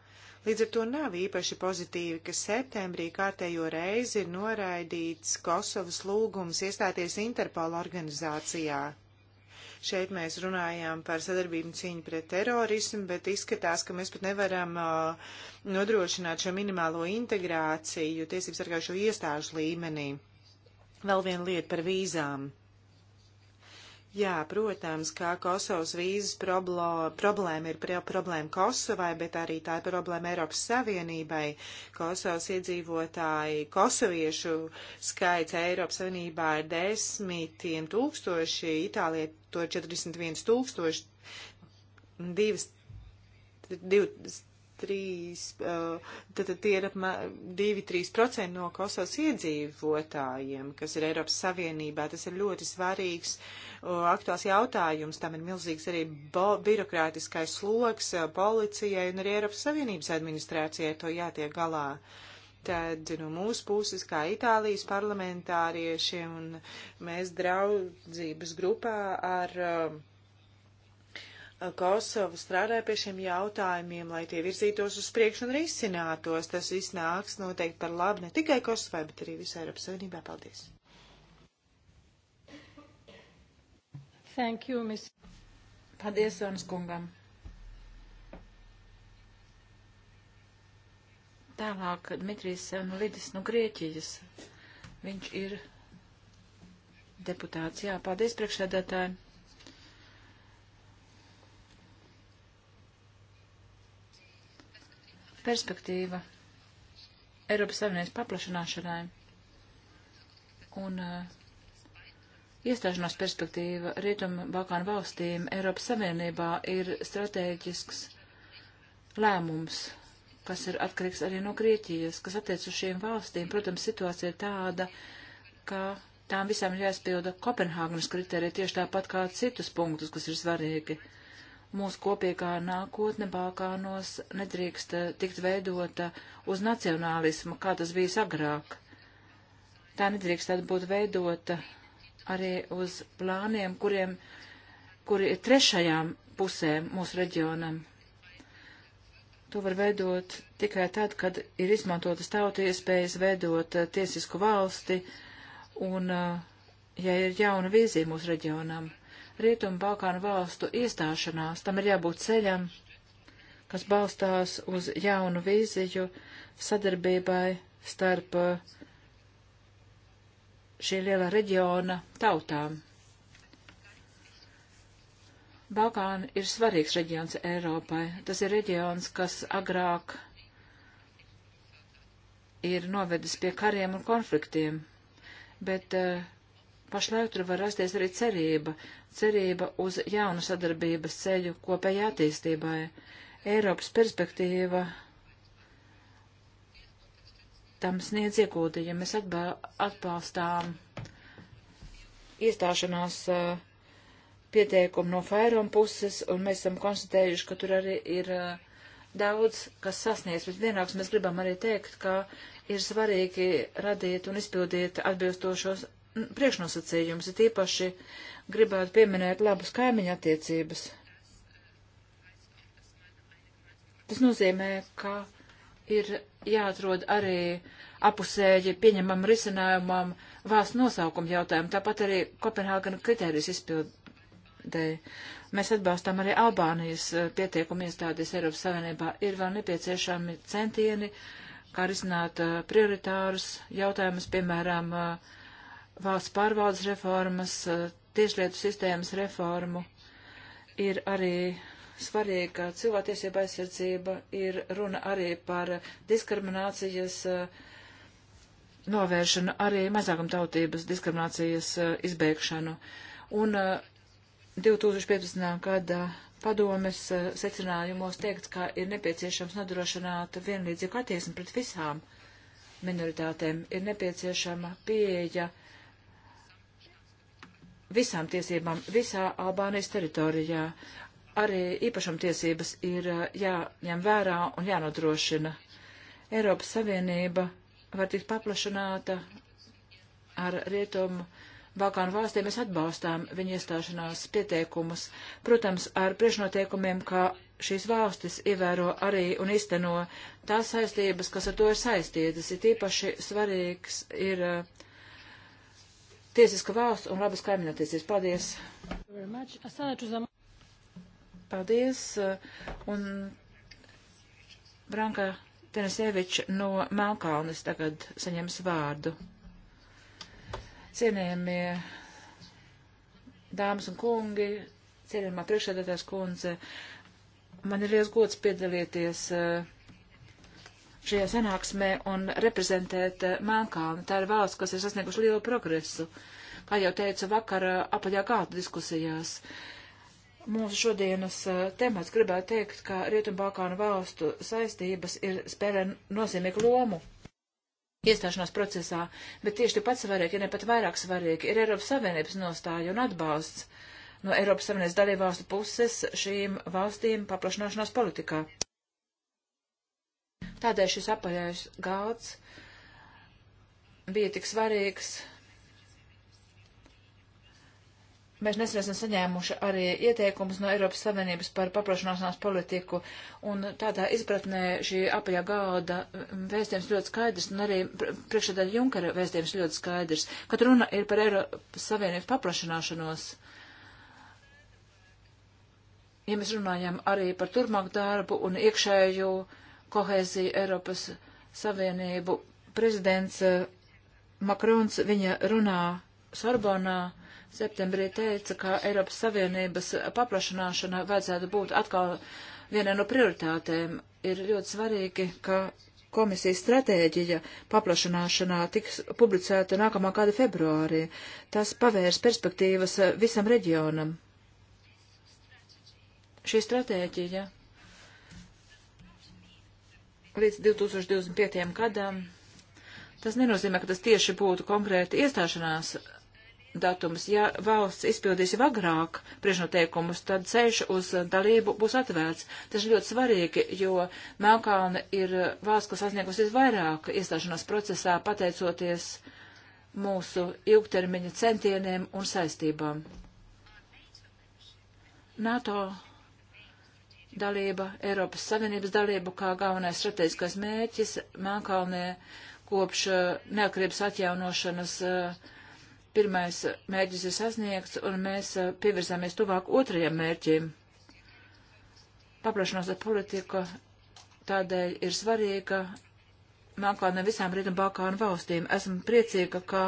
Līdz ar to nav īpaši pozitīvi, ka septembrī kārtējo reizi ir noraidīts Kosovas lūgums iestāties Interpol organizācijā. Šeit mēs runājām par sadarbību cīņu pret terorismu, bet izskatās, ka mēs pat nevaram uh, nodrošināt šo minimālo integrāciju tiesības sargājušo iestāžu līmenī. Vēl viena lieta par vīzām. Jā, protams, kā Kosovas vīzes problēma, problēma ir problēma Kosovai, bet arī tā ir problēma Eiropas Savienībai. Kosovas iedzīvotāji, kosoviešu skaits Eiropas Savienībā ir desmitiem tūkstoši, Itālija to ir 41 tūkstoši, divas, divas trīs, uh, tad tie ir divi, trīs procenti no Kosovas iedzīvotājiem, kas ir Eiropas Savienībā. Tas ir ļoti svarīgs, uh, aktuāls jautājums. Tam ir milzīgs arī birokrātiskais sloks uh, policijai un arī Eiropas Savienības administrācijai to jātiek galā tad no nu, mūsu puses, kā Itālijas parlamentāriešiem, un mēs draudzības grupā ar uh, Kosova strādāja pie šiem jautājumiem, lai tie virzītos uz priekšu un risinātos. Tas viss nāks noteikti par labu ne tikai Kosovai, bet arī visai Eiropas Savienībā. Paldies! Thank you, Miss. Paldies, Zonas kungam. Tālāk Dmitrijs Senulidis no Grieķijas. Viņš ir deputāts. Jā, paldies priekšsēdētājiem. perspektīva Eiropas Savienības paplašanāšanai un uh, iestāšanās perspektīva Rietumu Balkānu valstīm Eiropas Savienībā ir strateģisks lēmums, kas ir atkarīgs arī no Grieķijas, kas attiec uz šīm valstīm. Protams, situācija ir tāda, ka tām visām ir jāspilda Kopenhāgnas kriterija tieši tāpat kā citus punktus, kas ir svarīgi. Uh, mūsu kopīgā nākotne Balkānos nedrīkst eh, tikt veidota uz nacionālismu, kā tas bijis agrāk. Tā nedrīkst tad būt veidota arī uz plāniem, kuriem, kuri ir trešajām pusēm mūsu reģionam. To var veidot tikai tad, kad ir izmantotas tauta iespējas veidot eh, tiesisku valsti un, eh, ja ir jauna vīzija mūsu reģionam. Rietumu Balkānu valstu iestāšanās. Tam ir jābūt ceļam, kas balstās uz jaunu vīziju sadarbībai starp eh, šī lielā reģiona tautām. Balkāni ir svarīgs reģions Eiropai. Tas ir reģions, kas agrāk ir novedis pie kariem un konfliktiem, bet uh, Pašlaik tur var rasties arī cerība, cerība uz jaunu sadarbības ceļu kopējā attīstībai. Eiropas perspektīva tam sniedz iegūtīja. Mēs atbalstām iestāšanās uh, pieteikumu no Fairom puses, un mēs esam konstatējuši, ka tur arī ir uh, daudz, kas sasniedz, bet vienāks mēs gribam arī teikt, ka ir svarīgi radīt un izpildīt atbilstošos priekšnosacījums, ir īpaši gribētu pieminēt labas kaimiņa attiecības. Tas nozīmē, ka ir jāatrod arī apusēji pieņemam risinājumam valsts nosaukuma jautājumu, tāpat arī Kopenhāgana kriterijas izpildē. Mēs atbalstām arī Albānijas eh, pieteikumu iestādes Eiropas Savienībā. Ir vēl nepieciešami centieni, kā risināt eh, prioritārus jautājumus, piemēram, uh, valsts pārvaldes reformas, eh, tieslietu sistēmas reformu, ir arī svarīgi, ka cilvēktiesība aizsardzība ir runa arī par diskriminācijas eh, novēršanu, arī mazākumtautības diskriminācijas eh, izbēgšanu. Un 2015. gada padomes secinājumos teikts, ka ir nepieciešams nodrošināt vienlīdzīgu attieksmi pret visām minoritātēm, ir nepieciešama pieeja visām tiesībām visā Albānijas teritorijā. Arī īpašam tiesības ir uh, jāņem vērā un jānodrošina. Eiropas Savienība var tikt paplašināta ar rietumu Balkānu valstīm. Mēs atbalstām viņu iestāšanās pieteikumus, protams, ar priekšnoteikumiem, ka šīs valstis ievēro arī un izteno tās saistības, kas ar to ir saistītas. Ir īpaši svarīgs ir uh, tiesiska valsts un labas kaimiņattiecības. Paldies! Paldies! Un Branka Tenesieviča no Melkalnes tagad saņems vārdu. Cienējamie dāmas un kungi, cienījamā priekšsēdētājs kundze, man ir liels gods piedalīties uh, šajā sanāksmē un reprezentēt eh, Melnkalnu. Tā ir valsts, kas ir sasnieguši lielu progresu. Kā jau teicu vakar eh, apaļā gāta diskusijās, mūsu šodienas eh, temats gribētu teikt, ka Rietumbalkānu valstu saistības ir spēlē nozīmīgu lomu iestāšanās procesā, bet tieši pats svarīgi, ja ne pat vairāk svarīgi, ir Eiropas Savienības nostāja un atbalsts no Eiropas Savienības dalībvalstu puses šīm valstīm paplašanāšanās politikā. Tādēļ šis apaļais galds bija tik svarīgs. Mēs nesen esam saņēmuši arī ieteikumus no Eiropas Savienības par paplašanāšanās politiku, un tādā izpratnē šī apaļā galda vēstījums ļoti skaidrs, un arī priekšsēdēļa Junkara vēstījums ļoti skaidrs, kad runa ir par Eiropas Savienības paplašanāšanos. Ja mēs runājam arī par turmāku darbu un iekšēju uh, kohēziju Eiropas Savienību. Prezidents eh, Makrons viņa runā Sorbonā septembrī teica, ka Eiropas Savienības paplašanāšana vajadzētu būt atkal vienai no prioritātēm. Ir ļoti svarīgi, ka komisijas stratēģija paplašanāšanā tiks publicēta nākamā gada februārī. Tas pavērs perspektīvas visam reģionam. Šī stratēģija līdz 2025. gadam. Tas nenozīmē, ka tas tieši būtu konkrēti iestāšanās datums. Ja valsts izpildīs jau agrāk priešnoteikumus, tad ceļš uz dalību būs atvērts. Tas ir ļoti svarīgi, jo Melkāna ir valsts, kas sasniegusi vairāk iestāšanās procesā, pateicoties mūsu ilgtermiņa centieniem un saistībām. NATO dalība, Eiropas Savienības dalība kā galvenais strateģiskais mērķis Melnkalnē kopš uh, neatkarības atjaunošanas uh, pirmais mērķis ir sasniegts, un mēs uh, pievirzāmies tuvāk otrajam mērķim. Paplašanās ar politiku tādēļ ir svarīga Melnkalnē visām Rietumbalkānu valstīm. Esmu priecīga, ka.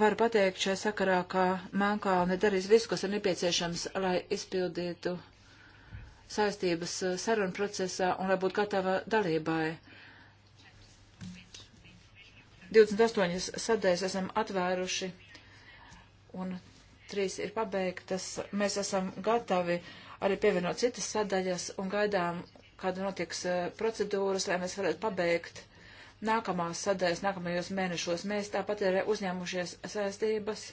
Varu pateikt šajā sakarā, ka Melnkalne darīs visu, kas ir nepieciešams, lai izpildītu saistības eh, sarunu procesā un lai būtu gatava dalībai. 28 sadaļas esam atvēruši un 3 ir pabeigtas. Mēs esam gatavi arī pievienot citas sadaļas un gaidām, kāda notiks eh, procedūras, lai mēs varētu pabeigt nākamās sadaļas, nākamajos mēnešos. Mēs tāpat ir uzņēmušies saistības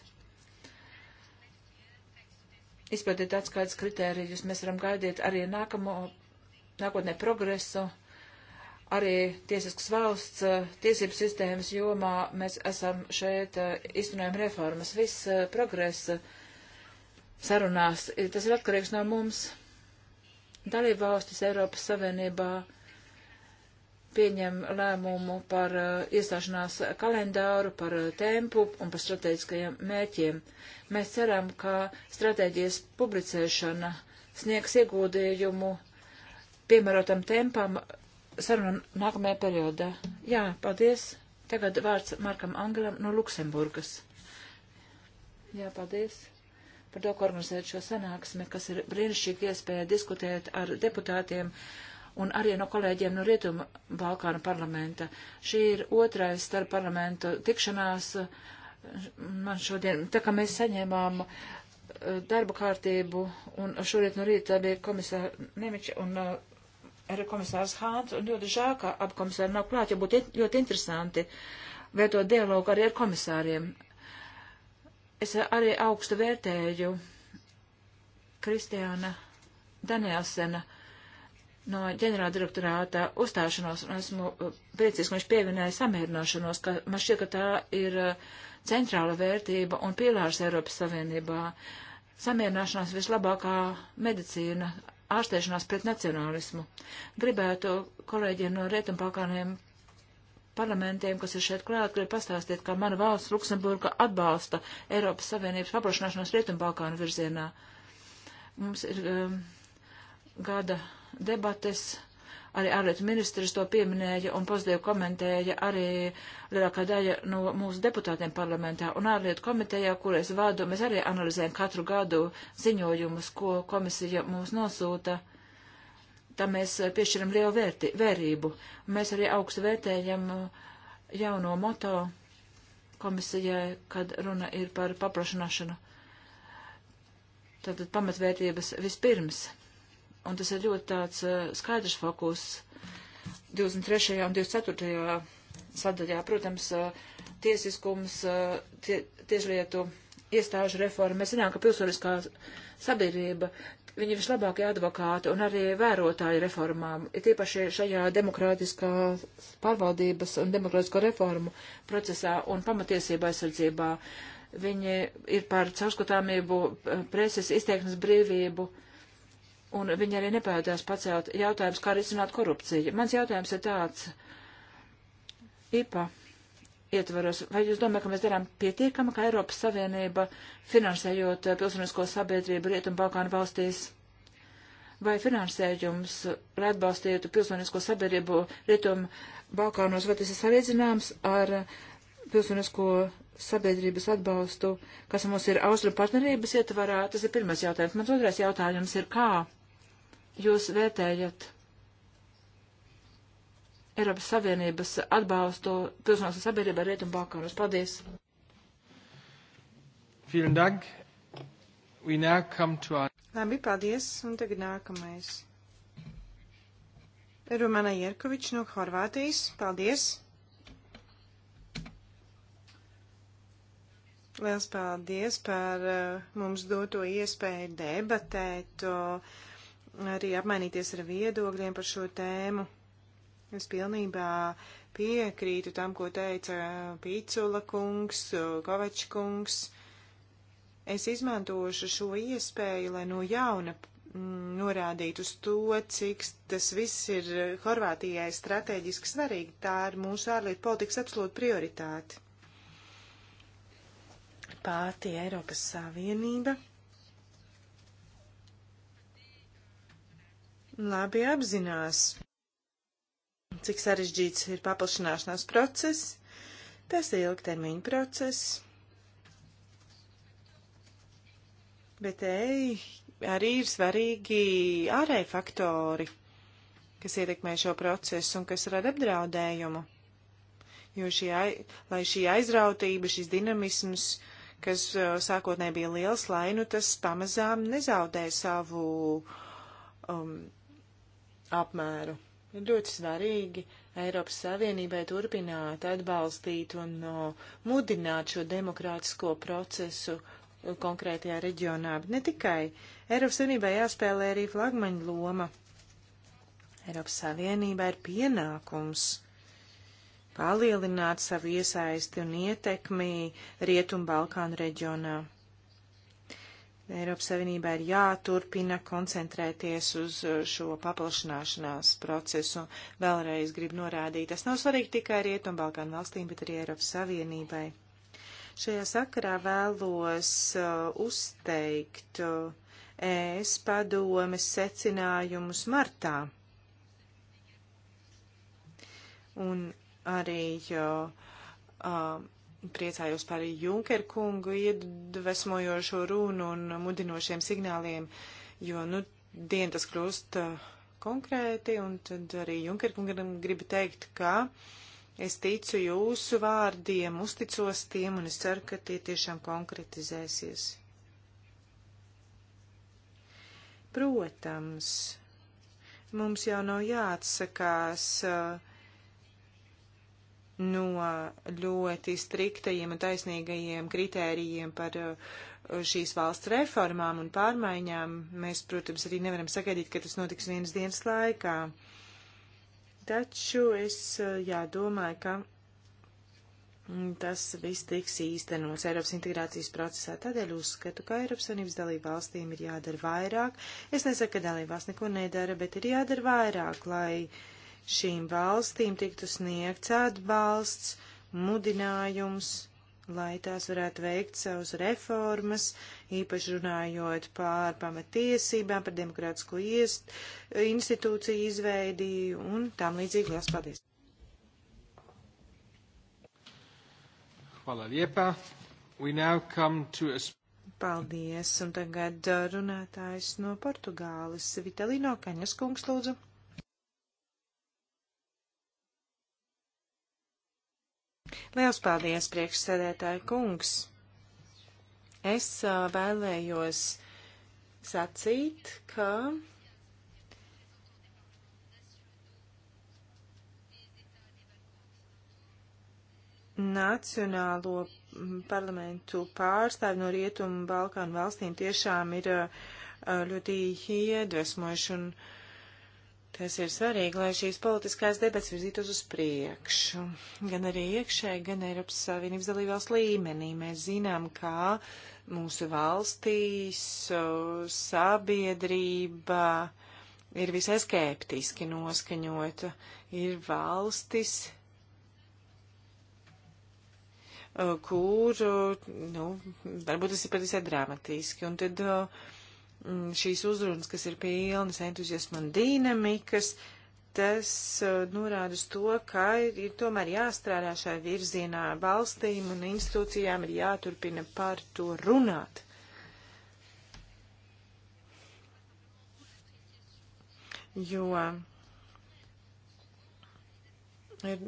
izpildīt atskaitas kritērijus. Mēs varam gaidīt arī nākamo, nākotnē progresu, arī tiesiskas valsts eh, tiesību sistēmas jomā. Mēs esam šeit iztenojam eh, reformas. Viss eh, progress sarunās, tas ir atkarīgs no mums. Dalībvalstis Eiropas Savienībā pieņem lēmumu par uh, iestāšanās kalendāru, par uh, tempu un par strateģiskajiem mērķiem. Mēs ceram, ka stratēģijas publicēšana sniegs ieguldījumu piemērotam tempam sarunu nākamajā periodā. Jā, paldies. Tagad vārds Markam Angelam no Luksemburgas. Jā, paldies par to, ka organizēt šo sanāksmi, kas ir brīnišķīgi iespēja diskutēt ar deputātiem un arī no kolēģiem no Rietuma Balkānu parlamenta. Šī ir otrais starp parlamentu tikšanās. Man šodien, tā kā mēs saņēmām eh, darba kārtību, un šorīt no rīta bija komisāra Nemiča un eh, arī komisārs Hāns, un ļoti žēl, ka abi komisāri nav klāt, jo būtu ļoti interesanti veidot dialogu arī ar komisāriem. Es arī augstu vērtēju Kristiāna Danielsena no ģenerāla direktorāta uzstāšanos, un esmu uh, priecīgs, ka viņš pievienēja samierināšanos, ka man šķiet, ka tā ir uh, centrāla vērtība un pīlārs Eiropas Savienībā. Samierināšanās vislabākā medicīna, ārstēšanās pret nacionālismu. Gribētu kolēģiem no rietumpakāniem parlamentiem, kas ir šeit klāt, gribu pastāstīt, ka mana valsts Luksemburga atbalsta Eiropas Savienības paplašanāšanos rietumpakānu virzienā. Mums ir um, gada debates, arī ārlietu ministrs to pieminēja un pozitīvi komentēja arī lielākā daļa no mūsu deputātiem parlamentā un ārlietu komitejā, kur es vadu, mēs arī analizējam katru gadu ziņojumus, ko komisija mums nosūta. Tam mēs piešķiram lielu vērti, vērību. Mēs arī augstu vērtējam uh, jauno moto komisijai, kad runa ir par paplašināšanu. Tātad pamatvērtības vispirms un tas ir ļoti tāds eh, skaidrs fokus 23. un 24. sadaļā. Protams, eh, tiesiskums, eh, tie, tieslietu iestāžu reforma. Mēs zinām, ka pilsoniskā sabiedrība, viņi ir vislabākie advokāti un arī vērotāji reformām, ir tīpaši šajā demokrātiskā pārvaldības un demokrātisko reformu procesā un pamatiesība aizsardzībā. Viņi ir par caurskatāmību, preses izteiksmes brīvību. Uh, un viņi arī nepaēdās pacelt jautājumus, kā risināt korupciju. Mans jautājums ir tāds, IPA ietvaros, vai jūs domājat, ka mēs darām pietiekama, ka Eiropas Savienība finansējot eh, pilsonisko sabiedrību Rietumbalkānu valstīs? vai finansējums, lai atbalstītu pilsonisko sabiedrību Rietumu Balkānos, vai tas ir salīdzināms ar pilsonisko sabiedrības atbalstu, kas mums ir austrumu partnerības ietvarā? Tas ir pirmais jautājums. Mans otrais jautājums ir, kā jūs vērtējat Eiropas Savienības atbalstu pilsonās sabiedrībā Rietumbalkānos? Paldies! Vielen Dank. We now come to our... Labi, paldies. Un tagad nākamais. Rumana Jerkovič no Horvātijas. Paldies. Liels paldies par uh, mums doto iespēju debatēt. Uh, arī apmainīties ar viedogļiem par šo tēmu. Es pilnībā piekrītu tam, ko teica Pīcula kungs, Kovač kungs. Es izmantošu šo iespēju, lai no jauna mm, norādīt uz to, cik tas viss ir Horvātijai strateģiski svarīgi. Tā ir mūsu ārlietu politikas absolūta prioritāte. Pārti Eiropas Savienība labi apzinās, cik sarežģīts ir paplašināšanās process. Tas ir ilgtermiņa process. Bet ej, arī ir svarīgi ārēji faktori, kas ietekmē šo procesu un kas rada apdraudējumu. Jo šī, lai šī aizrautība, šis dinamisms, kas sākotnēji bija liels, lai nu tas pamazām nezaudē savu um, apmēru. Ir ļoti svarīgi Eiropas Savienībai turpināt atbalstīt un no, mudināt šo demokrātisko procesu konkrētajā reģionā, bet ne tikai. Eiropas Savienībai jāspēlē arī flagmaņa loma. Eiropas Savienībā ir pienākums palielināt savu iesaisti un ietekmi Rietumbalkānu reģionā. Eiropas Savienībā ir jāturpina koncentrēties uz uh, šo paplašanāšanās procesu. Vēlreiz gribu norādīt, tas nav svarīgi tikai Rietumbalkānu valstīm, bet arī Eiropas Savienībai. Šajā sakarā vēlos uh, uzteikt uh, ES padomes secinājumus martā. Un arī uh, uh, Priecājos par Junker kungu iedvesmojošo runu un mudinošiem signāliem, jo, nu, dien tas kļūst uh, konkrēti, un tad arī Junker kungam gribu teikt, ka es ticu jūsu vārdiem, uzticos tiem, un es ceru, ka tie tiešām konkretizēsies. Protams, mums jau nav jāatsakās uh, no ļoti striktajiem un taisnīgajiem kritērijiem par uh, šīs valsts reformām un pārmaiņām. Mēs, protams, arī nevaram sagaidīt, ka tas notiks vienas dienas laikā. Taču es uh, jā, domāju, ka mm, tas viss tiks īstenots Eiropas integrācijas procesā. Tādēļ uzskatu, ka Eiropas Savienības dalību valstīm ir jādara vairāk. Es nesaku, ka dalību valsts neko nedara, bet ir jādara vairāk, lai uh, šīm valstīm tiktu sniegts atbalsts, mudinājums, lai tās varētu veikt savus reformas, īpaši runājot pār pamatiesībām, par demokrātisko iest, institūciju izveidi un tam līdzīgi. Lielas paldies! Hvala lijepa. We now come to a... Paldies, un tagad runātājs no Portugāles, Vitalino Kaņas kungs, lūdzu. Liels paldies, priekšsēdētāji kungs! Es vēlējos sacīt, ka Nacionālo parlamentu pārstāvi no Rietumu Balkānu valstīm tiešām ir ļoti iedvesmojuši un uh, Tas ir svarīgi, lai šīs politiskās debats virzītos uz priekšu, gan arī iekšēji, gan Eiropas Savienības dalībās līmenī. Mēs zinām, kā mūsu valstīs sabiedrība ir visai skeptiski noskaņota. Ir valstis, kur, nu, varbūt tas ir pat visai dramatiski. Un tad, uh, Mm, šīs uzrunas, kas ir pilnas entuziasma un dīnamikas, tas uh, norāda uz to, ka ir tomēr jāstrādā šai virzienā valstīm un institūcijām ir jāturpina par to runāt. Jo ir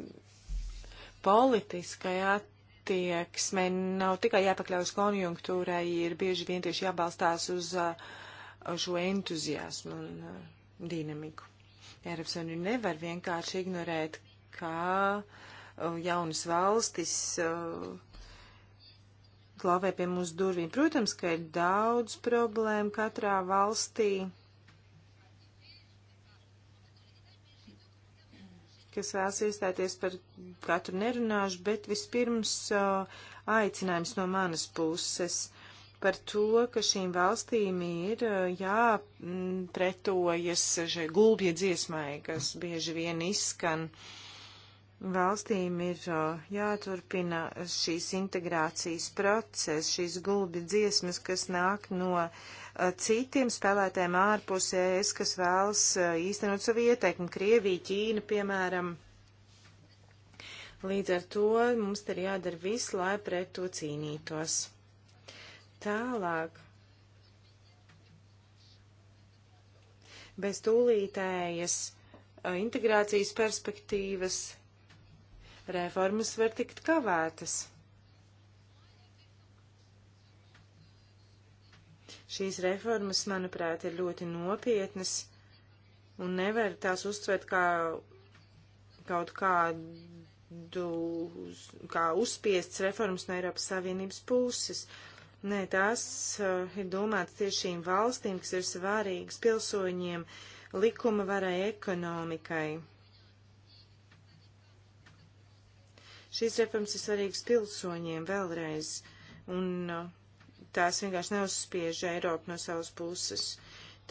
politiskai attieksme nav tikai jāpakļaus konjunktūrai, ir bieži vien tieši jābalstās uz uh, šo entuziasmu un uh, dinamiku. Eiropas Savienība nevar vienkārši ignorēt, kā uh, jaunas valstis uh, klāvē pie mūsu durvīm. Protams, ka ir daudz problēmu katrā valstī, kas vēlas iestāties par katru nerunāšu, bet vispirms uh, aicinājums no manas puses. Uh, par to, ka šīm valstīm ir jāpretojas šai gulbja dziesmai, kas bieži vien izskan. Valstīm ir jāturpina šīs integrācijas process, šīs gulbja dziesmas, kas nāk no citiem spēlētēm ārpus ES, kas vēlas īstenot savu ieteikumu. Krievija, Ķīna, piemēram. Līdz ar to mums te ir jādara viss, lai pret to cīnītos. Tālāk. Bez tūlītējas integrācijas perspektīvas reformas var tikt kavētas. Šīs reformas, manuprāt, ir ļoti nopietnas un nevar tās uztvert kā kaut kādu, kā uzspiestas reformas no Eiropas Savienības puses. Uh, Nē, tās uh, eh, ir domāts tieši šīm valstīm, kas ir svarīgas pilsoņiem, likuma varai ekonomikai. Šīs reformas ir svarīgas pilsoņiem vēlreiz, un uh, tās vienkārši neuzspiež Eiropu no savas puses.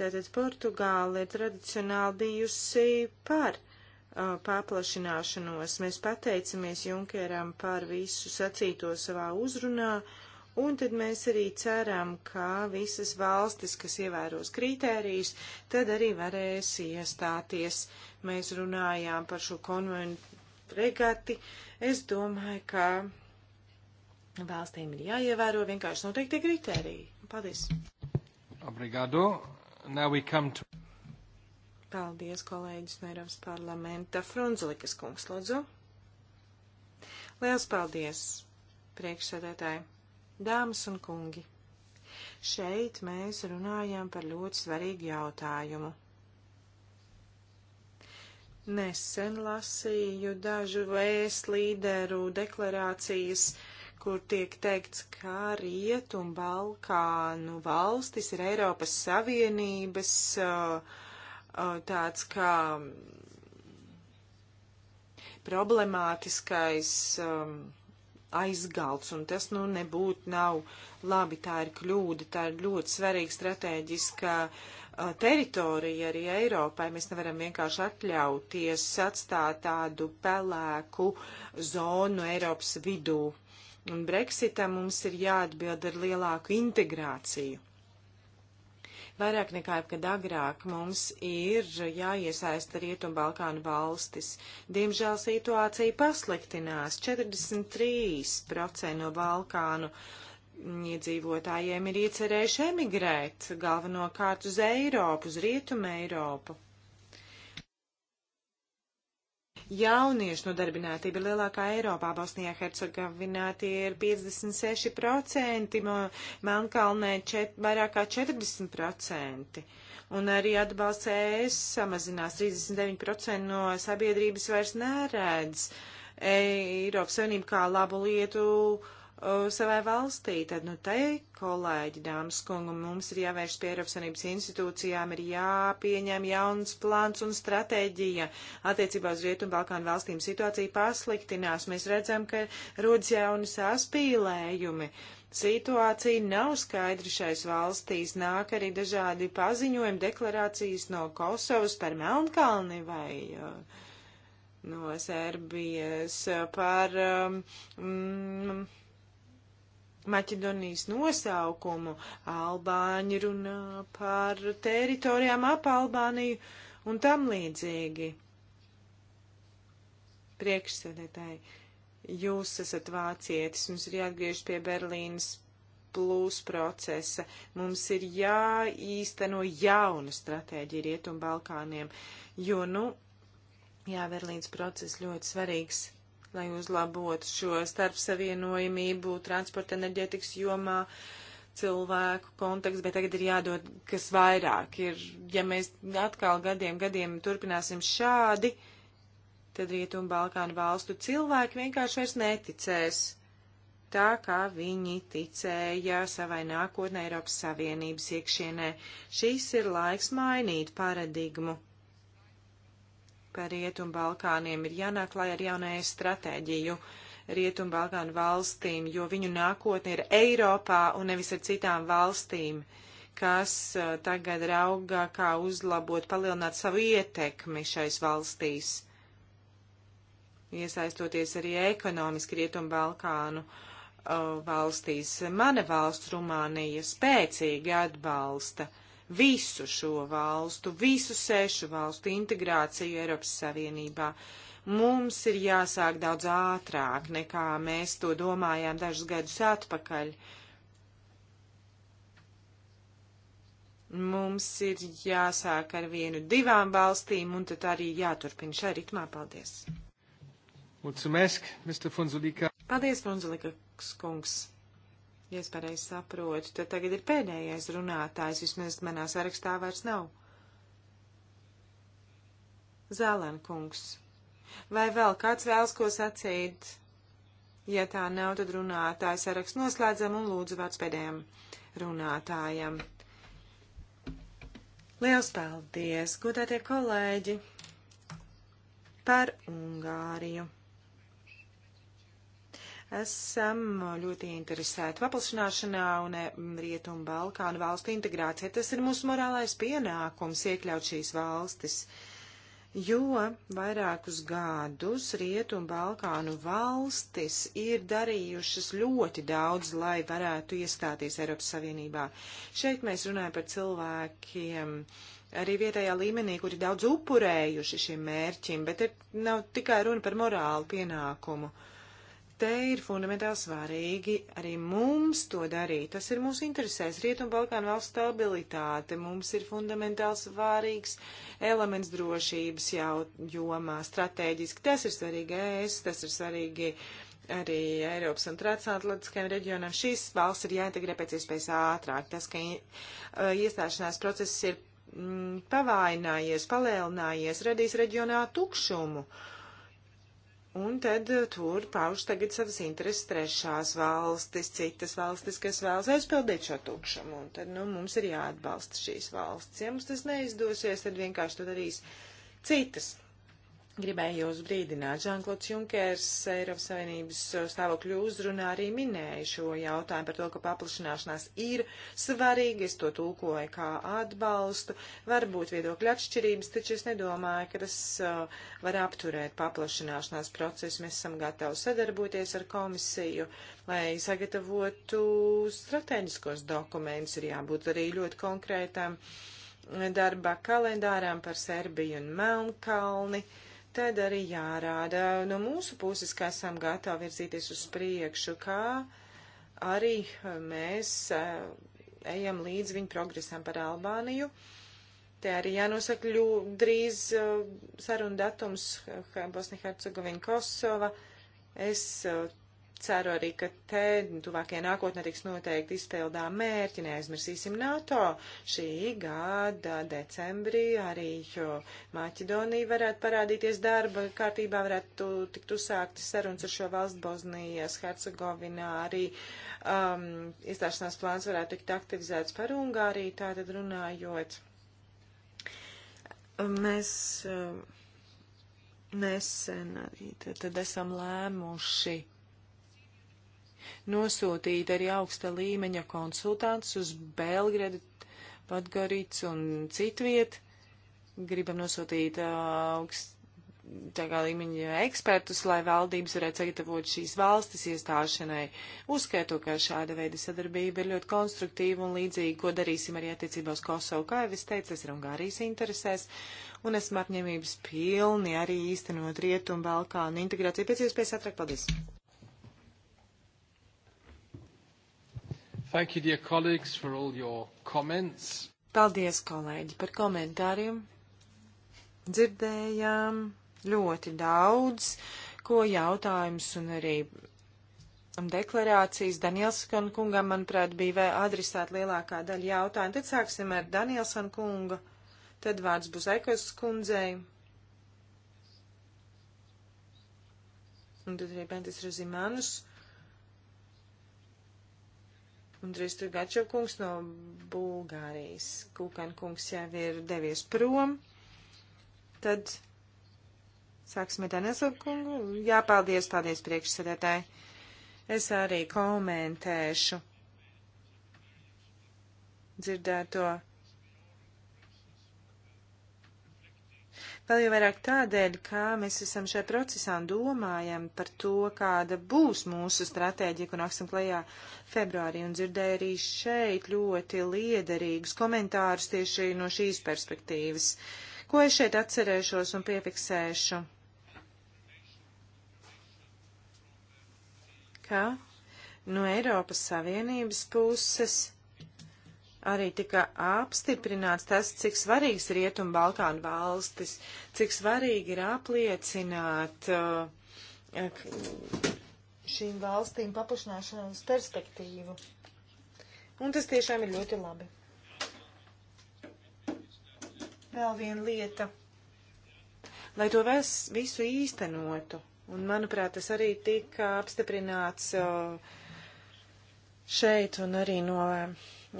Tātad Portugāla ir tradicionāli bijusi par uh, paplašināšanos. Mēs pateicamies Junkeram par visu sacīto savā uzrunā. Uh, Un tad mēs arī ceram, ka visas valstis, kas ievēros kritērijus, tad arī varēs iestāties. Mēs runājām par šo konventu regati. Es domāju, ka valstīm ir jāievēro vienkārši noteikti kritēriji. Paldies! Obrigado. Now we come to. Paldies, kolēģis no Eiropas parlamenta. Frunzlikas kungs, lūdzu. Liels paldies, priekšsēdētāji. Dāmas un kungi, šeit mēs runājam par ļoti svarīgu jautājumu. Nesen lasīju dažu vēst līderu deklarācijas, kur tiek teikts, kā Rietum Balkānu valstis ir Eiropas Savienības uh, uh, tāds kā problemātiskais um, aizgalts, un tas, nu, nebūtu nav labi, tā ir kļūda, tā ir ļoti svarīga strateģiska uh, teritorija arī Eiropai. Mēs nevaram vienkārši atļauties atstāt tādu pelēku zonu Eiropas vidū. Un Brexitam mums ir jāatbild ar lielāku integrāciju. Vairāk nekā jebkad agrāk mums ir jāiesaista Rietumbalkānu valstis. Diemžēl situācija pasliktinās. 43% no Balkānu iedzīvotājiem ir iecerējuši emigrēt galvenokārt uz Eiropu, uz Rietumu Eiropu. Jauniešu nodarbinātība ir lielākā Eiropā. Bosnijā Hercegovinā tie ir 56%, Melnkalnē čet, vairāk kā 40%. Un arī atbalsts ES samazinās 39% no sabiedrības vairs neredz Eiropas Savienību kā labu lietu uh, Uh, savā valstī. Tad, nu, te, kolēģi, dāmas kungu, mums ir jāvērš pie Eiropas Savienības institūcijām, ir jāpieņem jauns plāns un stratēģija. Attiecībā uz Rietumu Balkānu valstīm situācija pasliktinās. Mēs redzam, ka rodas jauni saspīlējumi. Situācija nav skaidra šais valstīs. Nāk arī dažādi paziņojumi, deklarācijas no Kosovas par Melnkalni vai. Uh, no Serbijas par um, mm, Maķedonijas nosaukumu. Albāņi runā par teritorijām ap Albāniju un tam līdzīgi. Priekšsēdētāji, jūs esat vācietis, mums ir jāatgriež pie Berlīnas plus procesa. Mums ir jāīsteno jauna stratēģija Rietumbalkāniem, jo, nu, jā, Berlīnas process ļoti svarīgs lai uzlabotu šo starpsavienojumību transporta enerģētikas jomā cilvēku konteksts, bet tagad ir jādod kas vairāk. Ir, ja mēs atkal gadiem, gadiem turpināsim šādi, tad Rietumu Balkānu valstu cilvēki vienkārši vairs neticēs tā, kā viņi ticēja savai nākotnē Eiropas Savienības iekšienē. Šis ir laiks mainīt paradigmu ka Rietumbalkāniem ir jānāk klāj ar jaunēju stratēģiju Rietumbalkānu valstīm, jo viņu nākotne ir Eiropā un nevis ar citām valstīm, kas eh, tagad rauga, kā uzlabot, palielināt savu ietekmi šais valstīs, iesaistoties arī ekonomiski Rietumbalkānu eh, valstīs. Mana valsts Rumānija spēcīgi atbalsta visu šo valstu, visu sešu valstu integrāciju Eiropas Savienībā. Mums ir jāsāk daudz ātrāk, nekā mēs to domājām dažus gadus atpakaļ. Mums ir jāsāk ar vienu, divām valstīm, un tad arī jāturpina šajā ritmā. Paldies! Mulțumesc, Mr. Funzulika. Paldies, Funzulika skunks. Ja es pareizi saprotu, tad tagad ir pēdējais runātājs, vismaz manā sarakstā vairs nav. Zēlenkungs, vai vēl kāds vēlas ko sacīt? Ja tā nav, tad runātājs saraksts noslēdzam un lūdzu vārds pēdējiem runātājam. Liels paldies, godātie kolēģi, par Ungāriju! esam ļoti interesēti paplašināšanā un Rietumu Balkānu valstu integrācijā. Tas ir mūsu morālais pienākums iekļaut šīs valstis, jo vairākus gadus Rietumu Balkānu valstis ir darījušas ļoti daudz, lai varētu iestāties Eiropas Savienībā. Šeit mēs runājam par cilvēkiem arī vietējā līmenī, kuri daudz upurējuši šim mērķim, bet ir, nav tikai runa par morālu pienākumu. Uh, Te ir fundamentāli svarīgi arī mums to darīt. Tas ir mūsu interesēs. Rietumu Balkānu valsts stabilitāte mums ir fundamentāli svarīgs elements drošības jau jomā strateģiski. Tas ir svarīgi es, tas ir svarīgi arī Eiropas un transatlantiskajam reģionam šīs valsts ir jāintegrē pēc iespējas ātrāk. Tas, ka uh, iestāšanās process ir mm, pavainājies, palielinājies, radīs reģionā tukšumu. Uh, Un tad eh, tur pauž tagad savas intereses trešās valstis, citas valstis, kas vēlas aizpildīt šo tukšumu. Un tad, nu, mums ir jāatbalsta šīs valstis. Ja mums tas neizdosies, tad vienkārši to darīs citas Gribēju jūs brīdināt, Žanklots Junkers Eiropas Savienības uh, stāvokļu uzrunā arī minēja šo jautājumu par to, ka paplašināšanās ir svarīga, es to tulkoju kā atbalstu, varbūt viedokļu atšķirības, taču es nedomāju, ka tas uh, var apturēt paplašināšanās procesu. Mēs esam gatavi sadarboties ar komisiju, lai sagatavotu strateģiskos dokumentus, ir jābūt arī ļoti konkrētam darba kalendāram par Serbiju un Melnkalni. Uh, tad arī jārāda no mūsu puses, ka esam gatavi virzīties uz priekšu, kā arī eh, mēs eh, ejam līdz viņu progresam par Albāniju. Te arī jānosaka ļū, drīz eh, saruna datums Bosnija-Hercegovina Kosova. Es Ceru arī, ka te tuvākajā nākotnē tiks noteikti izpildām mērķi, neaizmirsīsim NATO. Šī gada decembrī arī Maķedonija varētu parādīties darba kārtībā, varētu tikt uzsāktas sarunas ar šo valstu Bosnijas, Hercegovinā, arī um, iestāšanās plāns varētu tikt aktivizēts par Ungāriju, tātad runājot. Mēs. Um, nesen arī tad, tad esam lēmuši nosūtīt arī augsta līmeņa konsultants uz Belgradu, Podgoricu un citviet. Gribam nosūtīt uh, augsta kā līmeņa ekspertus, lai valdības varētu sagatavot šīs valstis iestāšanai. Uzskaitu, ka šāda veida sadarbība ir ļoti konstruktīva un līdzīga, ko darīsim arī attiecībā uz Kosovu. Kā jau es teicu, es ir Ungārijas interesēs un esmu apņēmības pilni arī īstenot Rietumu Balkānu integrāciju. Pēc iespējas atrāk, paldies! Thank you, dear colleagues, for all your comments. Paldies, kolēģi, par komentāriem. Dzirdējām ļoti daudz, ko jautājums un arī deklarācijas Danielsona kungam, manuprāt, bija vēl adresēt lielākā daļa jautājumu. Tad sāksim ar Danielsona kunga, tad vārds būs Ekos kundzei. Un tad arī Bentis Razimānus Un drīz tur Gačo kungs no Bulgārijas. Kūkan kungs jau ir devies prom. Tad sāksim ar Danesu kungu. Jā, paldies, paldies priekšsēdētāji. Es arī komentēšu dzirdēto. Vēl jau vairāk tādēļ, ka mēs esam šajā procesā un domājam par to, kāda būs mūsu stratēģija, ko nāksim klajā februārī. Un dzirdēju arī šeit ļoti liederīgus komentārus tieši no šīs perspektīvas. Ko es šeit atcerēšos un piefiksēšu? Ka no Eiropas Savienības puses arī tika apstiprināts tas, cik svarīgs ir Rietumu Balkānu valstis, cik svarīgi ir apliecināt uh, šīm valstīm paplašināšanas perspektīvu. Un tas tiešām ir ļoti labi. Vēl viena lieta. Lai to visu īstenotu, un manuprāt, tas arī tika apstiprināts uh, šeit un arī no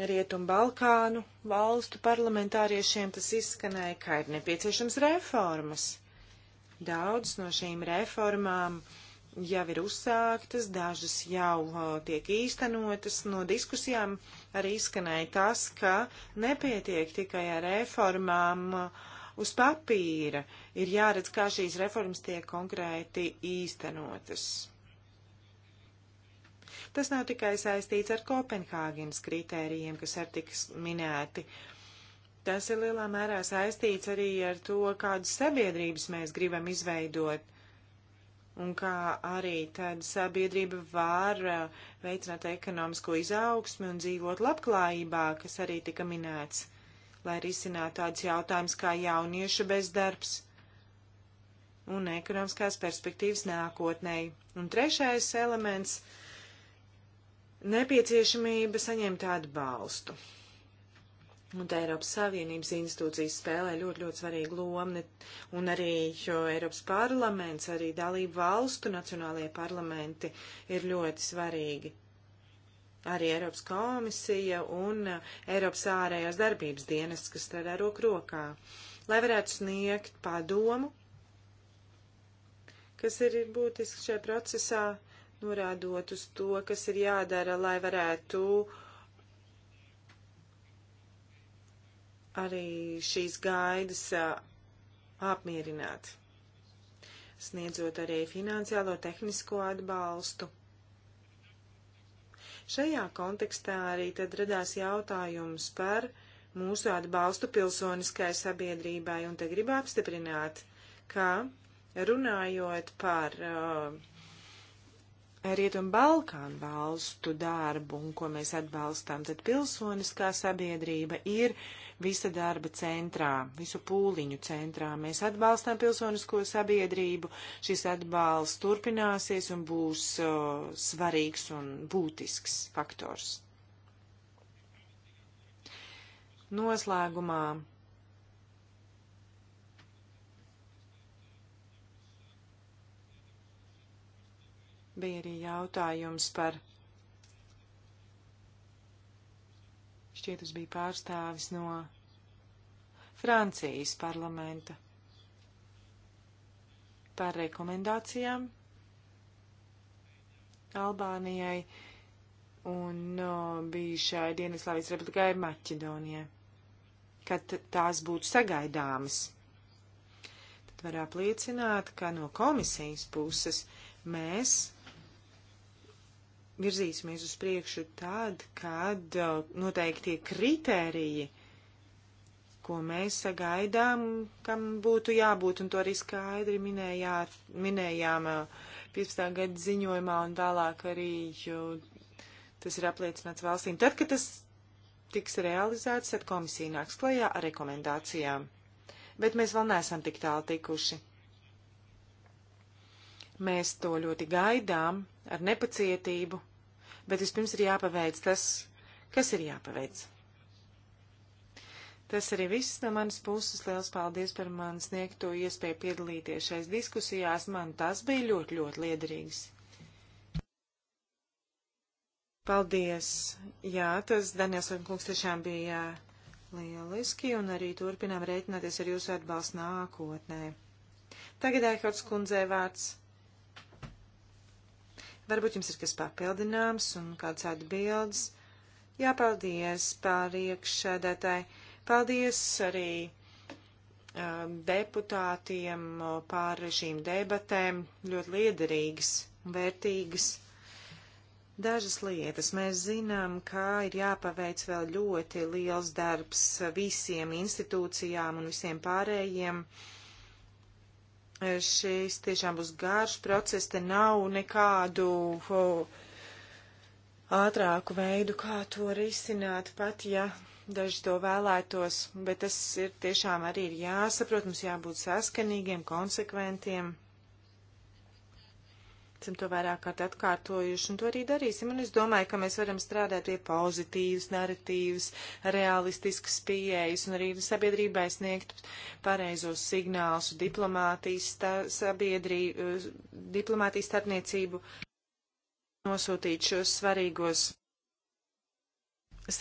Rietumu Balkānu valstu parlamentāriešiem tas izskanēja, ka ir nepieciešams reformas. Daudz no šīm reformām jau ir uzsāktas, dažas jau uh, tiek īstenotas. No diskusijām arī izskanēja tas, ka nepietiek tikai ar reformām uh, uz papīra, ir jāredz, kā šīs reformas tiek konkrēti īstenotas. Tas nav tikai saistīts ar Kopenhāgenes kritērijiem, kas ar tiks minēti. Tas ir lielā mērā saistīts arī ar to, kādas sabiedrības mēs gribam izveidot. Un kā arī tāda sabiedrība var uh, veicināt ekonomisko izaugsmi un dzīvot labklājībā, kas arī tika minēts, lai risinātu tāds jautājums kā jauniešu bezdarbs un ekonomiskās perspektīvas nākotnēji. Un trešais elements nepieciešamība saņemt atbalstu. Un tā Eiropas Savienības institūcijas spēlē ļoti, ļoti svarīgu lomu, un arī Eiropas parlaments, arī dalību valstu nacionālajie parlamenti ir ļoti svarīgi. Arī Eiropas komisija un Eiropas ārējās darbības dienas, kas strādā roku rokā, lai varētu sniegt padomu, kas ir būtiski šajā procesā, norādot uz to, kas ir jādara, lai varētu arī šīs gaidas apmierināt, sniedzot arī finansiālo tehnisko atbalstu. Šajā kontekstā arī tad radās jautājums par mūsu atbalstu pilsoniskai sabiedrībai, un te gribu apstiprināt, ka runājot par uh, Rietumu Balkānu valstu darbu un ko mēs atbalstām, tad pilsoniskā sabiedrība ir visa darba centrā, visu pūliņu centrā. Mēs atbalstām pilsonisko sabiedrību, šis atbalsts turpināsies un būs o, svarīgs un būtisks faktors. Noslēgumā Bija arī jautājums par. Šķiet, tas bija pārstāvis no Francijas parlamenta par rekomendācijām Albānijai un no, bijušai Dienvidslāvijas republikai Maķedonijai, kad tās būtu sagaidāmas. Tad var apliecināt, ka no komisijas puses mēs virzīsimies uz priekšu tad, kad noteikti kritēriji, ko mēs sagaidām, kam būtu jābūt, un to arī skaidri minējā, minējām 15. gada ziņojumā, un tālāk arī tas ir apliecināts valstīm. Tad, kad tas tiks realizēts, tad komisija nāks klajā ar rekomendācijām. Bet mēs vēl neesam tik tālu tikuši. Mēs to ļoti gaidām ar nepacietību bet vispirms ir jāpaveic tas, kas ir jāpaveic. Tas arī viss no manas puses. Liels paldies par man sniegto iespēju piedalīties šais diskusijās. Man tas bija ļoti, ļoti liederīgs. Paldies! Jā, tas Daniels Vankungs tiešām bija uh, lieliski un arī turpinām rēķināties ar jūsu atbalstu nākotnē. Tagad Eikots kundzei vārds. Varbūt jums ir kas papildināms un kāds atbildes. Jā, paldies pāriekšēdētāji. Paldies arī um, uh, deputātiem pār šīm debatēm. Ļoti liederīgas un vērtīgas. Dažas lietas mēs zinām, kā ir jāpaveic vēl ļoti liels darbs visiem institūcijām un visiem pārējiem. Uh, šīs tiešām būs garš process, te nav nekādu ātrāku veidu, kā to risināt, pat ja daži to vēlētos, bet tas ir tiešām arī ir jāsaprot, mums jābūt saskanīgiem, konsekventiem. Esam to vairāk kārt atkārtojuši, un to arī darīsim. Un es domāju, ka mēs varam strādāt pie pozitīvas narratīvas, realistiskas pieejas, un arī sabiedrībai sniegt pareizos signālus diplomātijas, tā, sabiedrī, eh, diplomātijas starpniecību, nosūtīt šos svarīgos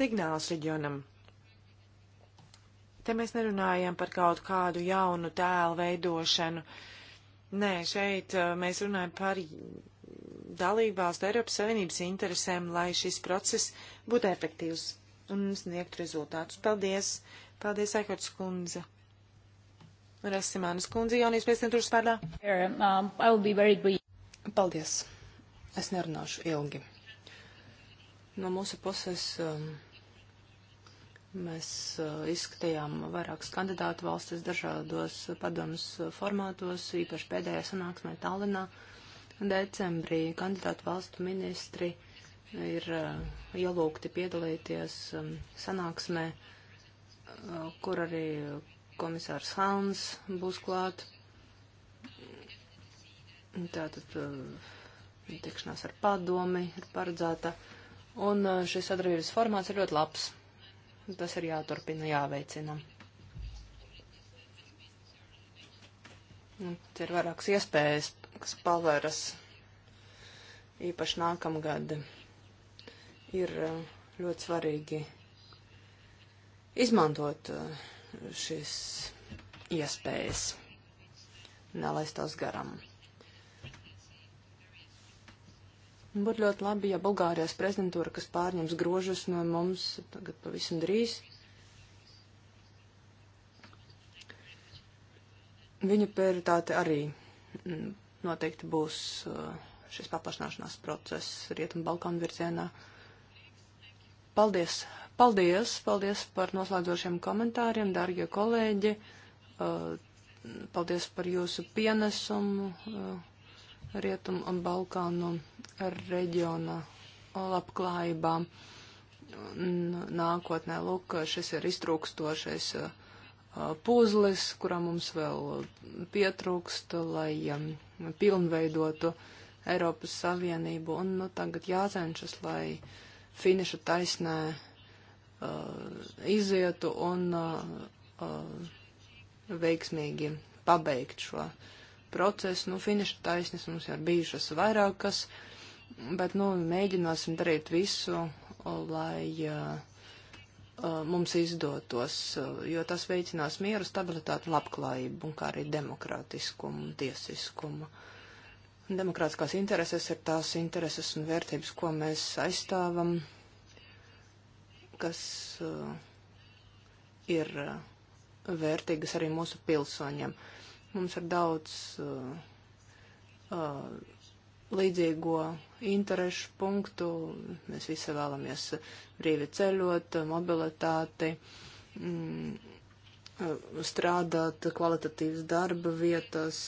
signālus reģionam. Te mēs nerunājam par kaut kādu jaunu tēlu veidošanu. Uh, Nē, šeit uh, mēs runājam par dalībvalstu Eiropas Savienības interesēm, lai šis process būtu efektīvs un sniegtu rezultātus. Paldies! Paldies, Aikards kundze! Rasimānas kundze, jaunijas prezidentūras vārdā. Um, Paldies! Es nerunāšu ilgi. No mūsu puses. Um, Mēs uh, izskatījām vairākus kandidātu valstis dažādos padomus formātos, īpaši pēdējā sanāksmē Tallinā. Decembrī kandidātu valstu ministri ir uh, ielūgti piedalīties um, sanāksmē, uh, kur arī komisārs Hauns būs klāt. Tātad uh, tikšanās ar padomi ir paredzēta. Un uh, šis sadarbības formāts ir ļoti labs. Tas ir jāturpina, jāveicina. Un nu, te ir vairākas iespējas, kas paveras īpaši nākamgad. Ir uh, ļoti svarīgi izmantot uh, šīs iespējas, nelaist tās garam. Būtu ļoti labi, ja Bulgārijas prezidentūra, kas pārņems grožus no mums tagad pavisam drīz, viņa prioritāte arī mm, noteikti būs uh, šis paplašināšanās process Rietumu Balkānu virzienā. Paldies! Paldies! Paldies par noslēdzošiem komentāriem, dārgie kolēģi! Uh, paldies par jūsu pienesumu! Uh, Rietumu un Balkānu reģiona labklājībā nākotnē. Lūk, šis ir iztrūkstošais uh, puzlis, kurā mums vēl pietrūkst, lai um, pilnveidotu Eiropas Savienību. Un nu, tagad jācenšas, lai finiša taisnē uh, izietu un uh, veiksmīgi pabeigt šo. Uh, process, nu, finiša taisnes mums jau ir bijušas vairākas, bet, nu, mēģināsim darīt visu, lai uh, mums izdotos, eh, jo tas veicinās mieru, stabilitāti, labklājību un kā arī demokrātiskumu un tiesiskumu. Demokrātiskās intereses ir tās intereses un vērtības, ko mēs aizstāvam, kas uh, ir vērtīgas arī mūsu pilsoņiem. Uh, Mums ir daudz uh, uh, līdzīgo interešu punktu. Mēs visi vēlamies brīvi ceļot, mobilitāti, mm, uh, strādāt, kvalitatīvas darba vietas.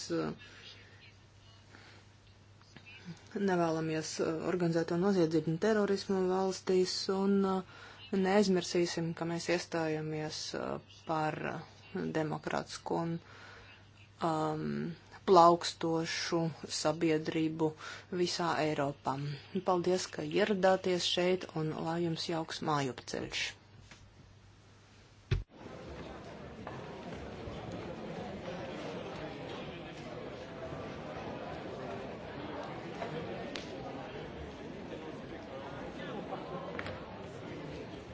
Nevēlamies uh, organizēto noziedzību un terorismu valstīs un uh, neaizmirsīsim, ka mēs iestājamies par demokrātisku un uh, um, plaukstošu sabiedrību visā Eiropā. Paldies, ka ieradāties šeit un lai jums jauks mājupceļš!